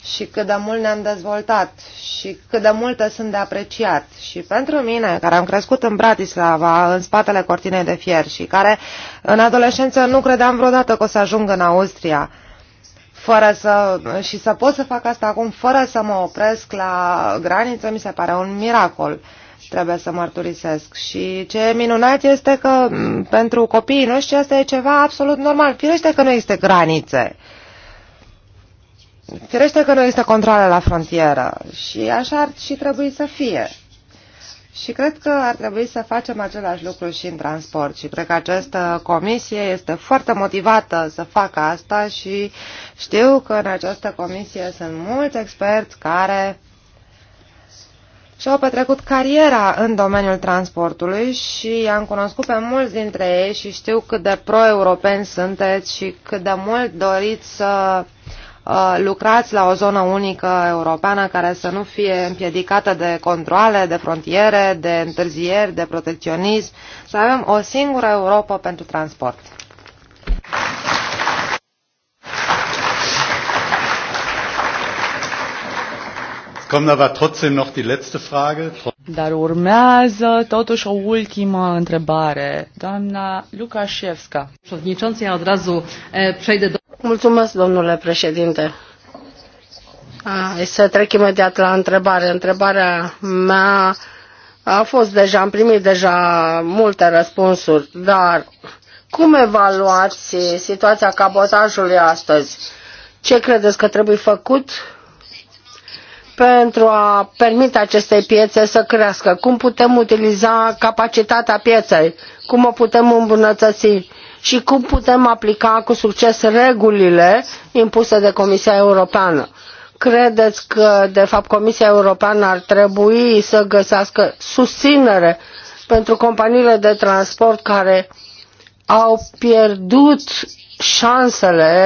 și cât de mult ne-am dezvoltat și cât de multe sunt de apreciat. Și pentru mine, care am crescut în Bratislava, în spatele cortinei de fier și care în adolescență nu credeam vreodată că o să ajung în Austria, fără să, și să pot să fac asta acum fără să mă opresc la graniță, mi se pare un miracol trebuie să mărturisesc. Și ce minunat este că pentru copiii noștri asta e ceva absolut normal. Firește că nu există granițe. Uh, Firește că nu există controle la frontieră și așa ar și trebui să fie. Și cred că ar trebui să facem același lucru și în transport și cred că această comisie este foarte motivată să facă asta și știu că în această comisie sunt mulți experți care și-au petrecut cariera în domeniul transportului și am cunoscut pe mulți dintre ei și știu cât de pro-europeni sunteți și cât de mult doriți să Uh, lucrați la o zonă unică europeană care să nu fie împiedicată de controle, de frontiere, de întârzieri, de protecționism, să avem o singură Europa pentru transport. Da dar urmează totuși o ultimă întrebare. Doamna Lukaszewska. Mulțumesc, domnule președinte. Hai să trec imediat la întrebare. Întrebarea mea a fost deja, am primit deja multe răspunsuri, dar cum evaluați situația cabotajului astăzi? Ce credeți că trebuie făcut pentru a permite acestei piețe să crească? Cum putem utiliza capacitatea pieței? Cum o putem îmbunătăți? Și cum putem aplica cu succes regulile impuse de Comisia Europeană? Credeți că, de fapt, Comisia Europeană ar trebui să găsească susținere pentru companiile de transport care au pierdut șansele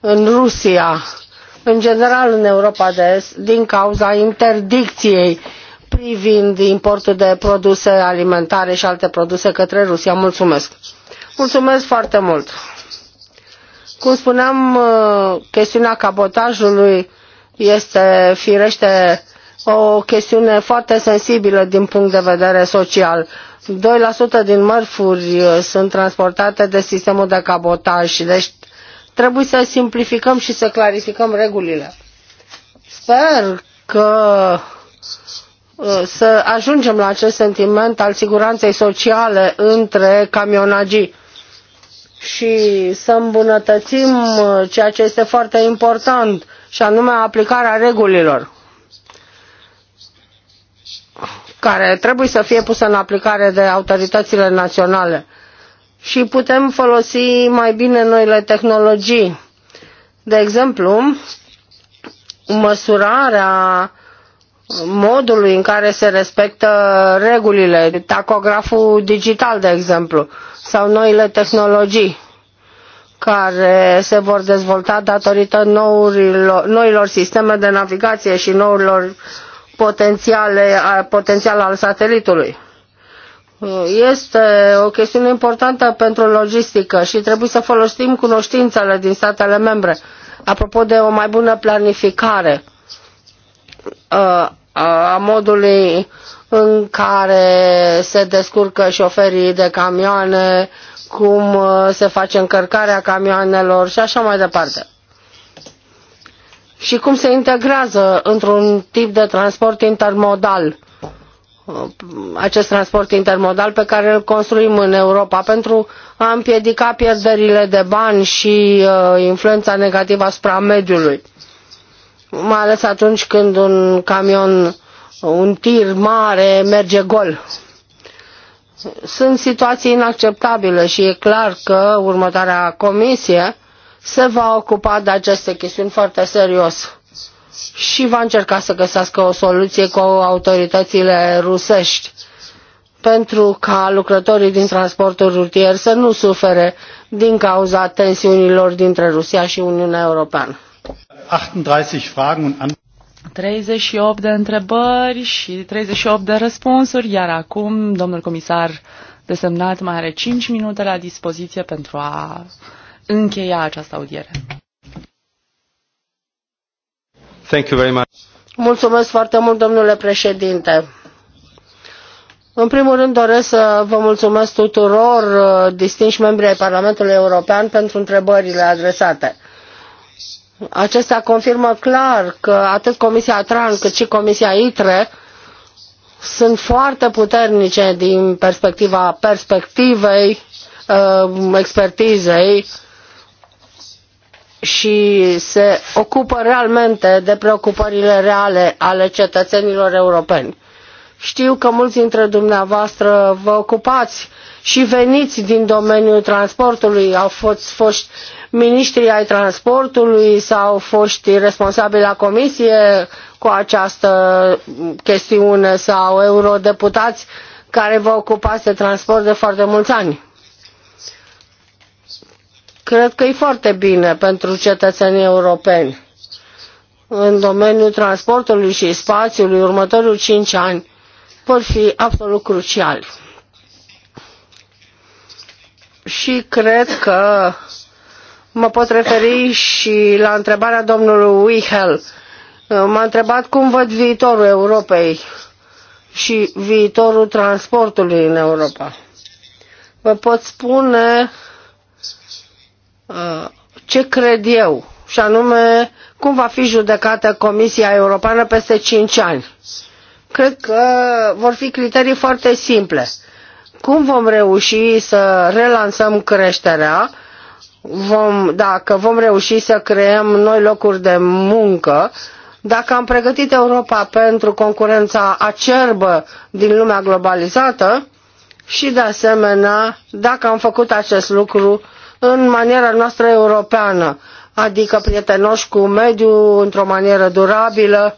în Rusia în general în Europa de Est din cauza interdicției privind importul de produse alimentare și alte produse către Rusia. Mulțumesc! Mulțumesc foarte mult! Cum spuneam, uh, chestiunea cabotajului este firește o chestiune foarte sensibilă din punct de vedere social. 2% din mărfuri uh, sunt transportate de sistemul de cabotaj, deci trebuie să simplificăm și să clarificăm regulile. Sper că uh, să ajungem la acest sentiment al siguranței sociale între camionagii și să îmbunătățim uh, ceea ce este foarte important și anume aplicarea regulilor care trebuie să fie pusă în aplicare de autoritățile naționale și putem folosi mai bine noile tehnologii. De exemplu, măsurarea modului în care se respectă regulile, tacograful digital, de exemplu, sau noile tehnologii care se vor dezvolta datorită nourilor, noilor sisteme de navigație și noilor potențiale, potențial al satelitului este o chestiune importantă pentru logistică și trebuie să folosim cunoștințele din statele membre. Apropo de o mai bună planificare uh, uh, a modului în care se descurcă șoferii de camioane, cum uh, se face încărcarea camioanelor și așa mai departe. Și cum se integrează într-un tip de transport intermodal acest transport intermodal pe care îl construim în Europa pentru a împiedica pierderile de bani și uh, influența negativă asupra mediului. Mai ales atunci când un camion, un tir mare merge gol. Sunt situații inacceptabile și e clar că următoarea comisie se va ocupa de aceste chestiuni foarte serios și va încerca să găsească o soluție cu autoritățile rusești pentru ca lucrătorii din transportul rutier să nu sufere din cauza tensiunilor dintre Rusia și Uniunea Europeană. 38 de întrebări și 38 de răspunsuri, iar acum domnul comisar desemnat mai are 5 minute la dispoziție pentru a încheia această audiere. Mulțumesc foarte mult, domnule președinte. În primul rând doresc să vă mulțumesc tuturor uh, distinși membri ai Parlamentului European pentru întrebările adresate. Acestea confirmă clar că atât Comisia TRAN cât și Comisia ITRE sunt foarte puternice din perspectiva perspectivei, uh, expertizei și se ocupă realmente de preocupările reale ale cetățenilor europeni. Știu că mulți dintre dumneavoastră vă ocupați și veniți din domeniul transportului, au fost, fost miniștri ai transportului sau foști responsabili la comisie cu această chestiune sau eurodeputați care vă ocupați de transport de foarte mulți ani. Cred că e foarte bine pentru cetățenii europeni. În domeniul transportului și spațiului, următorii cinci ani vor fi absolut cruciali. Și cred că mă pot referi și la întrebarea domnului Wihel. M-a întrebat cum văd viitorul Europei și viitorul transportului în Europa. Vă pot spune Uh, ce cred eu, și anume cum va fi judecată Comisia Europeană peste 5 ani. Cred că vor fi criterii foarte simple. Cum vom reuși să relansăm creșterea, vom, dacă vom reuși să creăm noi locuri de muncă, dacă am pregătit Europa pentru concurența acerbă din lumea globalizată și, de asemenea, dacă am făcut acest lucru în maniera noastră europeană, adică prietenoși cu mediul într-o manieră durabilă,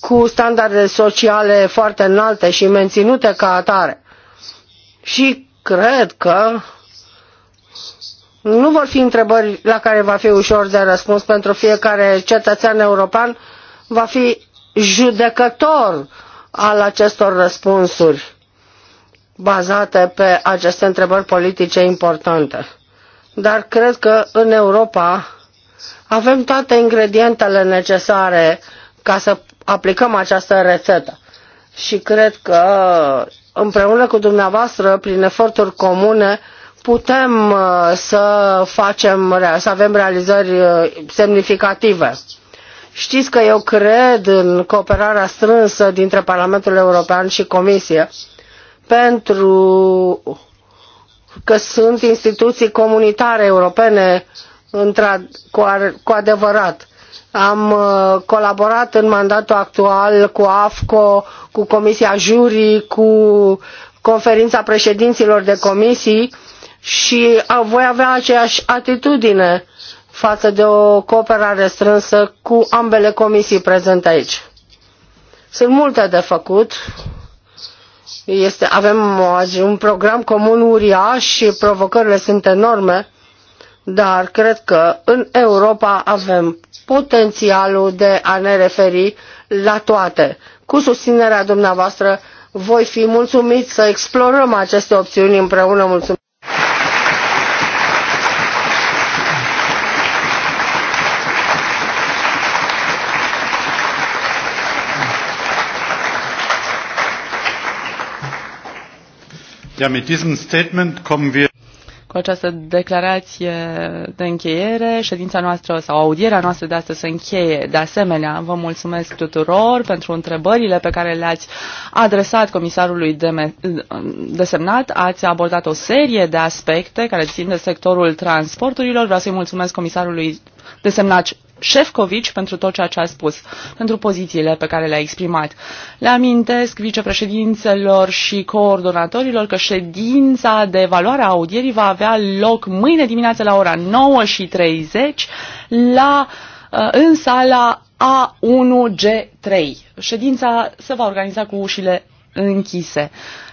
cu standarde sociale foarte înalte și menținute ca atare. Și cred că nu vor fi întrebări la care va fi ușor de răspuns pentru fiecare cetățean european, va fi judecător al acestor răspunsuri bazate pe aceste întrebări politice importante dar cred că în Europa avem toate ingredientele necesare ca să aplicăm această rețetă. Și cred că împreună cu dumneavoastră, prin eforturi comune, putem uh, să facem, să avem realizări uh, semnificative. Știți că eu cred în cooperarea strânsă dintre Parlamentul European și Comisie pentru că sunt instituții comunitare europene cu adevărat. Am uh, colaborat în mandatul actual cu AFCO, cu Comisia Jurii, cu conferința președinților de comisii și voi avea aceeași atitudine față de o cooperare strânsă cu ambele comisii prezente aici. Sunt multe de făcut este, avem un program comun uriaș și provocările sunt enorme, dar cred că în Europa avem potențialul de a ne referi la toate. Cu susținerea dumneavoastră voi fi mulțumit să explorăm aceste opțiuni împreună. Mulțumim. Ja, mit diesem Statement kommen wir cu această declarație de încheiere, ședința noastră sau audierea noastră de astăzi se încheie. De asemenea, vă mulțumesc tuturor pentru întrebările pe care le-ați adresat comisarului desemnat. Ați abordat o serie de aspecte care țin de sectorul transporturilor. Vreau să-i mulțumesc comisarului desemnat Șefcovici pentru tot ceea ce a spus, pentru pozițiile pe care le-a exprimat. Le amintesc vicepreședințelor și coordonatorilor că ședința de evaluare a audierii va avea loc mâine dimineață la ora 9 și 30 la, uh, în sala A1G3. Ședința se va organiza cu ușile închise.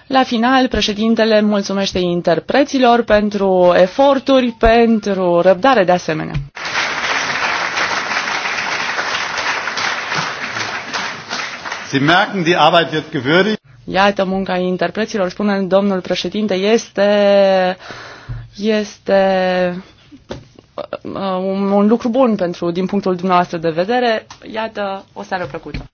La final, președintele mulțumește interpreților pentru eforturi, pentru răbdare de asemenea. Sie merken, die Arbeit wird gewürdigt. Iată, munca interpreților, spune domnul președinte, este, este uh, un, un lucru bun pentru, din punctul dumneavoastră de vedere. Iată, o seară plăcută.